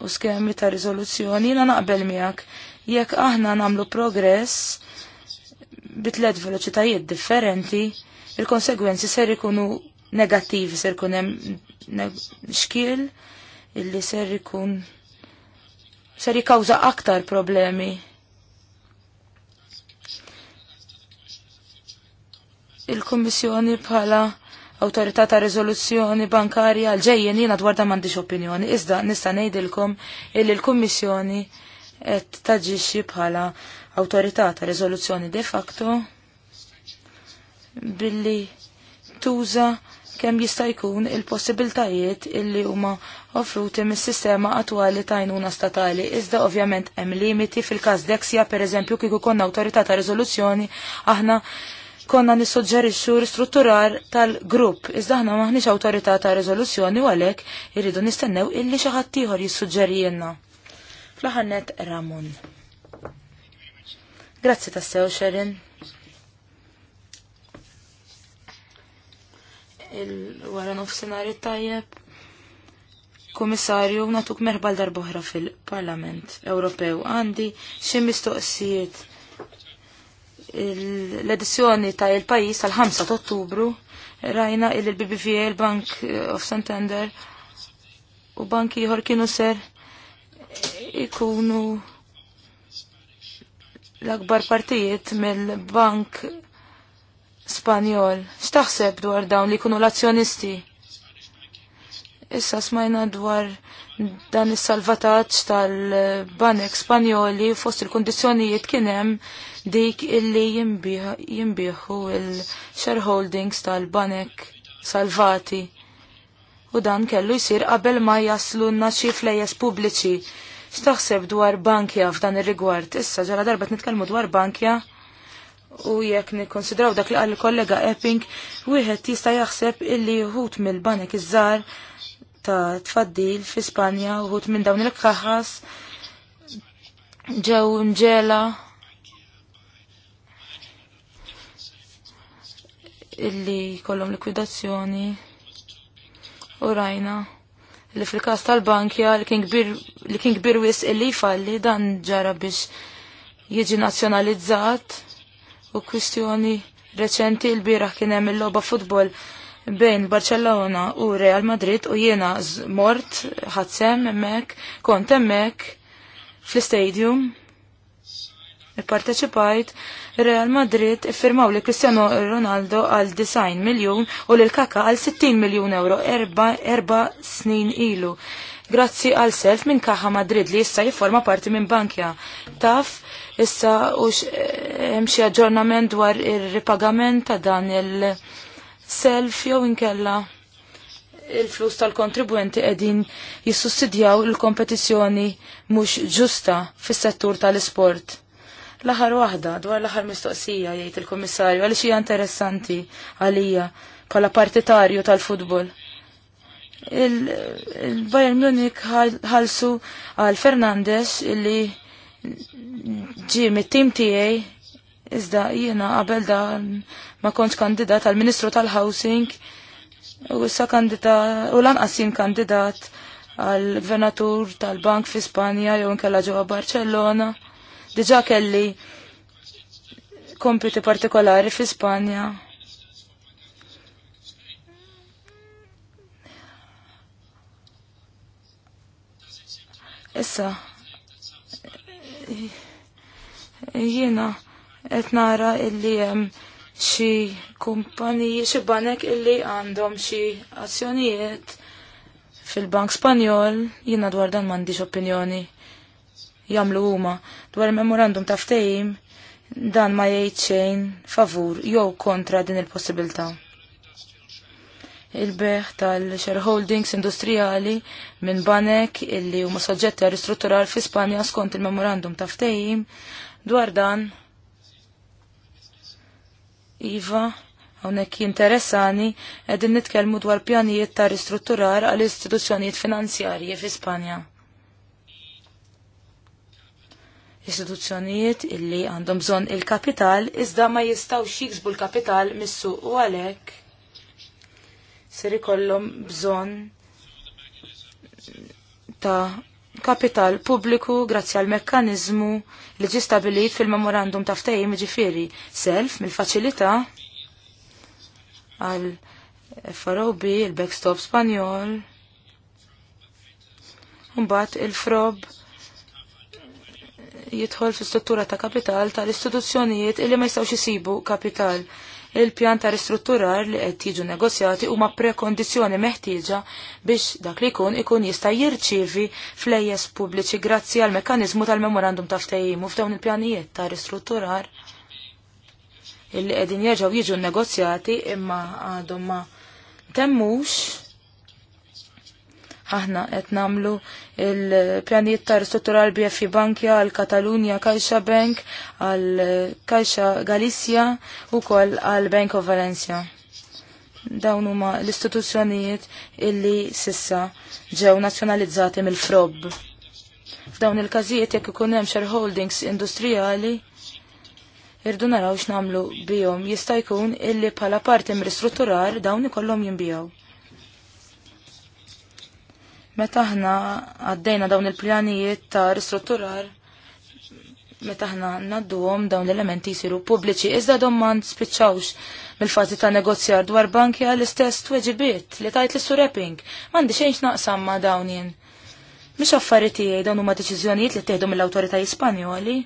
Speaker 2: u skemi ta' rizoluzzjoni jina naqbel miak jekk aħna namlu progress bitlet veloċitajiet differenti il-konsegwenzi ser ikunu negattivi ser ikun hemm xkiel illi ser ikun ser jikkawża aktar problemi il-Kommissjoni bħala autorità ta' Rizoluzzjoni bankarja għal-ġejjen jiena dwar ta m'għandix opinjoni. Iżda nista' ngħidilkom illi l-Kummissjoni qed taġixxi bħala autorità ta' Rizoluzzjoni de facto billi tuża kemm jista' jkun il-possibiltajiet illi huma offruti mis-sistema attwali ta' għajnuna statali. Iżda ovvjament hemm limiti fil-każ Dexia pereżempju kieku konna awtorità ta' riżoluzzjoni aħna konna nissuġġerixxu ristrutturar tal-grupp, iżda aħna maħniex awtorità ta' riżoluzzjoni u għalhekk irridu nistennew illi xi ħadd ieħor jissuġġerijilna. fl Ramon. Grazzi sew, Sherin. Il-wara nofsinhar tajjeb Komissarju, natuk merħbal darboħra fil-Parlament Ewropew għandi xi mistoqsijiet l-edizzjoni ta' il-pajis tal-5 ta' ottubru rajna il bbva il-Bank of Santander u banki ieħor kienu ser ikunu l-akbar partijiet mill-Bank Spanjol. X'taħseb dwar dawn li jkunu l-azzjonisti? Issa smajna dwar dan is-salvataġġ tal-banek Spanjoli fost il-kondizzjonijiet kien hemm dik illi jimbiħu il-shareholdings tal-banek salvati. U dan kellu jsir qabel ma jaslu xi flejjes pubbliċi. X'taħseb dwar bankja f'dan ir-rigward? Issa ġara darba nitkellmu dwar bankja u jekk nikkonsidraw dak li qal kollega Epping, wieħed jista' jaħseb illi jħut mill-banek iż żar ta' tfaddil fi Spanja uħut minn dawn il-kaħas ġew nġela illi kollom likwidazzjoni u rajna li fil-kas tal-bankja li kien kbir wis illi falli dan ġara biex jiġi nazzjonalizzat u kwistjoni reċenti il biraħ kien hemm il-logħba futbol bejn Barcellona u Real Madrid u jiena mort ħadsem emmek, kont hemmhekk fl-istadium Parteċipajt, Real Madrid iffirmaw li Cristiano Ronaldo għal 90 miljon u l Kaka għal 60 miljon euro erba, erba snin ilu. Grazzi għal self minn Kaha Madrid li jissa jifforma parti minn bankja. Taf, issa ux eh, xi aġġornament dwar ir-ripagament ta' dan il- self jew inkella il-flus tal-kontribwenti edin jissussidjaw il-kompetizjoni mhux ġusta fis-settur tal-isport. l wahda, waħda dwar l mistoqsija jgħid il-Kummissarju għaliex hija interessanti għalija bħala partitarju tal-futbol. Il-Bayern Munich ħalsu għal Fernandez illi ġi mit-tim tiegħi Iżda jiena qabel dan ma kontx kandidat tal Ministru tal-Housing u issa kandidat u lanqas jien kandidat għal venatur tal-Bank fi Spanja jew inkella ġewwa Barcellona. Diġà kelli kompiti partikolari fi Spanja. Issa, jiena qed nara illi hemm xi kumpaniji, xi banek illi għandhom xi azzjonijiet fil-Bank Spanjol, jiena dwar dan m'għandix opinjoni jagħmlu huma dwar il-memorandum ta' ftehim dan ma jgħid xejn favur jew kontra din il-possibilità. Il-beħ tal-shareholdings industrijali minn banek illi huma soġġetti għal ristrutturar fi Spanja skont il-memorandum ta' ftehim dwar dan Iva, hawnhekk jinteressani qegħdin nitkellmu dwar pjanijiet ta' ristrutturar għal istituzzjonijiet finanzjarji Spanja. Istituzzjonijiet illi għandhom bżonn il-kapital iżda ma jistgħux jiksbu l-kapital mis-suq u għalhekk ser ikollhom bżonn ta' kapital pubbliku grazzi għal mekkanizmu li ġi stabilit fil-memorandum ta' ġifiri self mill-faċilità għal FROB, il-backstop Spanjol, Mbagħad il-frob jidħol fil struttura ta' kapital tal-istituzzjonijiet illi ma jistgħux isibu kapital il-pjan ta' ristrutturar li qed jiġu negozjati huma prekondizzjoni meħtieġa biex dak li jkun ikun jista' jirċievi flejjes pubbliċi grazzi għal mekkaniżmu tal-memorandum ta' ftehim u f'dawn il-pjanijiet ta' ristrutturar illi qegħdin jerġgħu jiġu negozjati imma għadhom ma temmux aħna qed nagħmlu il-pjanijiet ta' ristrutturar BFI Bankja għal Katalunja Kajxa Bank għal Kajxa Galizja u koll għal Bank of Valencia. Dawn huma l-istituzzjonijiet illi sissa ġew nazzjonalizzati mill-frob. F'dawn il-każijiet jekk ikun hemm shareholdings industrijali, irdu naraw x'namlu bihom jista' jkun illi bħala parti mristrutturar dawn ikollhom jinbijaw. Meta aħna għaddejna dawn il-pjanijiet ta' ristrutturar, meta ħna nadduhom dawn l-elementi jisiru pubbliċi, iżda domman spiċċawx mill-fazi ta' negozjar dwar banki għall-istess tweġibiet li tajt l sureping Mandi xejn naqsam ma' dawn jien. Mhix affarijiet tiegħi dawn huma deċiżjonijiet li tieħdu mill awtorità Spanjoli.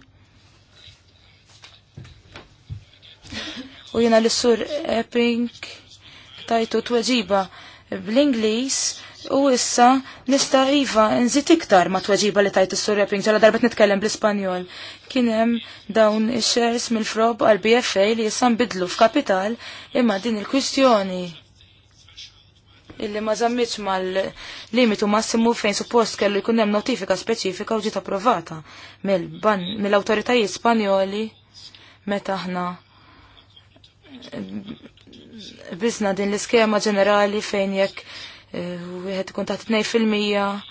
Speaker 2: U jiena l-sur Epping tajtu tweġiba bl-Ingliż U issa nista' iva nżid iktar ma tweġiba li tajt is surja pink ġala darbet nitkellem bl-Ispanjol. Kien hemm dawn ix-shares mill-frob għal BFA li issa nbidlu f'kapital imma din il-kwistjoni illi ma żammitx mal-limitu massimu fejn suppost kellu jkun hemm notifika speċifika u ġiet approvata mill-awtoritajiet Spanjoli meta aħna bizna din l-iskema ġenerali fejn jekk wieħed ikun taħt 2%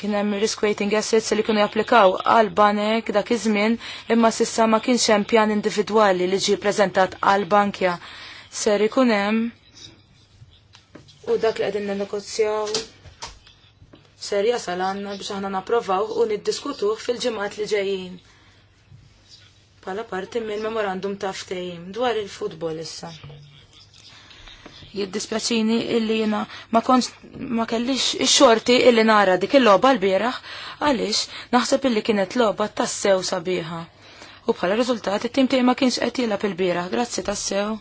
Speaker 2: kien hemm risk waiting assets li kienu japplikaw għal banek dak iż-żmien imma s'issa ma kienx hemm pjan individwali li ġie ppreżentat għal bankja ser ikun hemm u dak li qegħdin ninnegozjaw ser jasal għandna biex aħna napprovaw u niddiskutuh fil-ġimgħat li ġejjin bħala parti minn memorandum ta' ftejim dwar il-futbol issa. Jiddispjaċini illi jena ma, konst, ma kellix ix-xorti illi nara dik il-logħba l-bieraħ għaliex naħseb illi kienet logħba tassew sabiħa. U bħala rizultat it-tim ma kienx qed jilab il-bieraħ, grazzi tassew.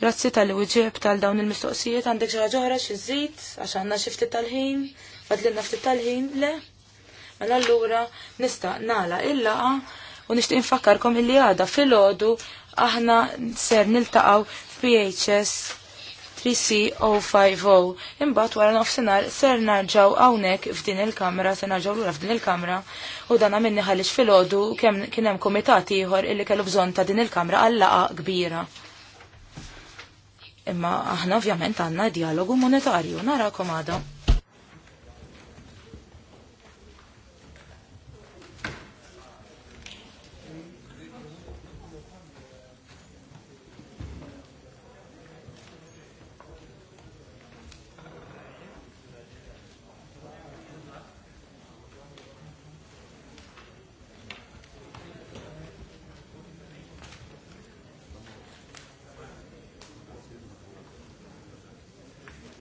Speaker 2: Grazzi tal-li wieġeb tal-dawn il-mistoqsijiet għandek xi ħaġa oħra xi żid għax għandna xi ftit tal-ħin, fadlilna ftit tal-ħin, le? Mela allura nista' nala il-laqa u nixtieq infakkarkom illi għada fil-ħodu aħna ser niltaqgħu PHS 3C050. Imbagħad wara nofsinhar ser narġaw hawnhekk f'din il-kamra, se narġaw lura f'din il-kamra u dan minni ħalix filgħodu kemm kien hemm kumitat ieħor illi kellu bżonn ta' din il-kamra għal laqa kbira. Imma aħna ovvjament għandna dialogu monetarju, narakom għada.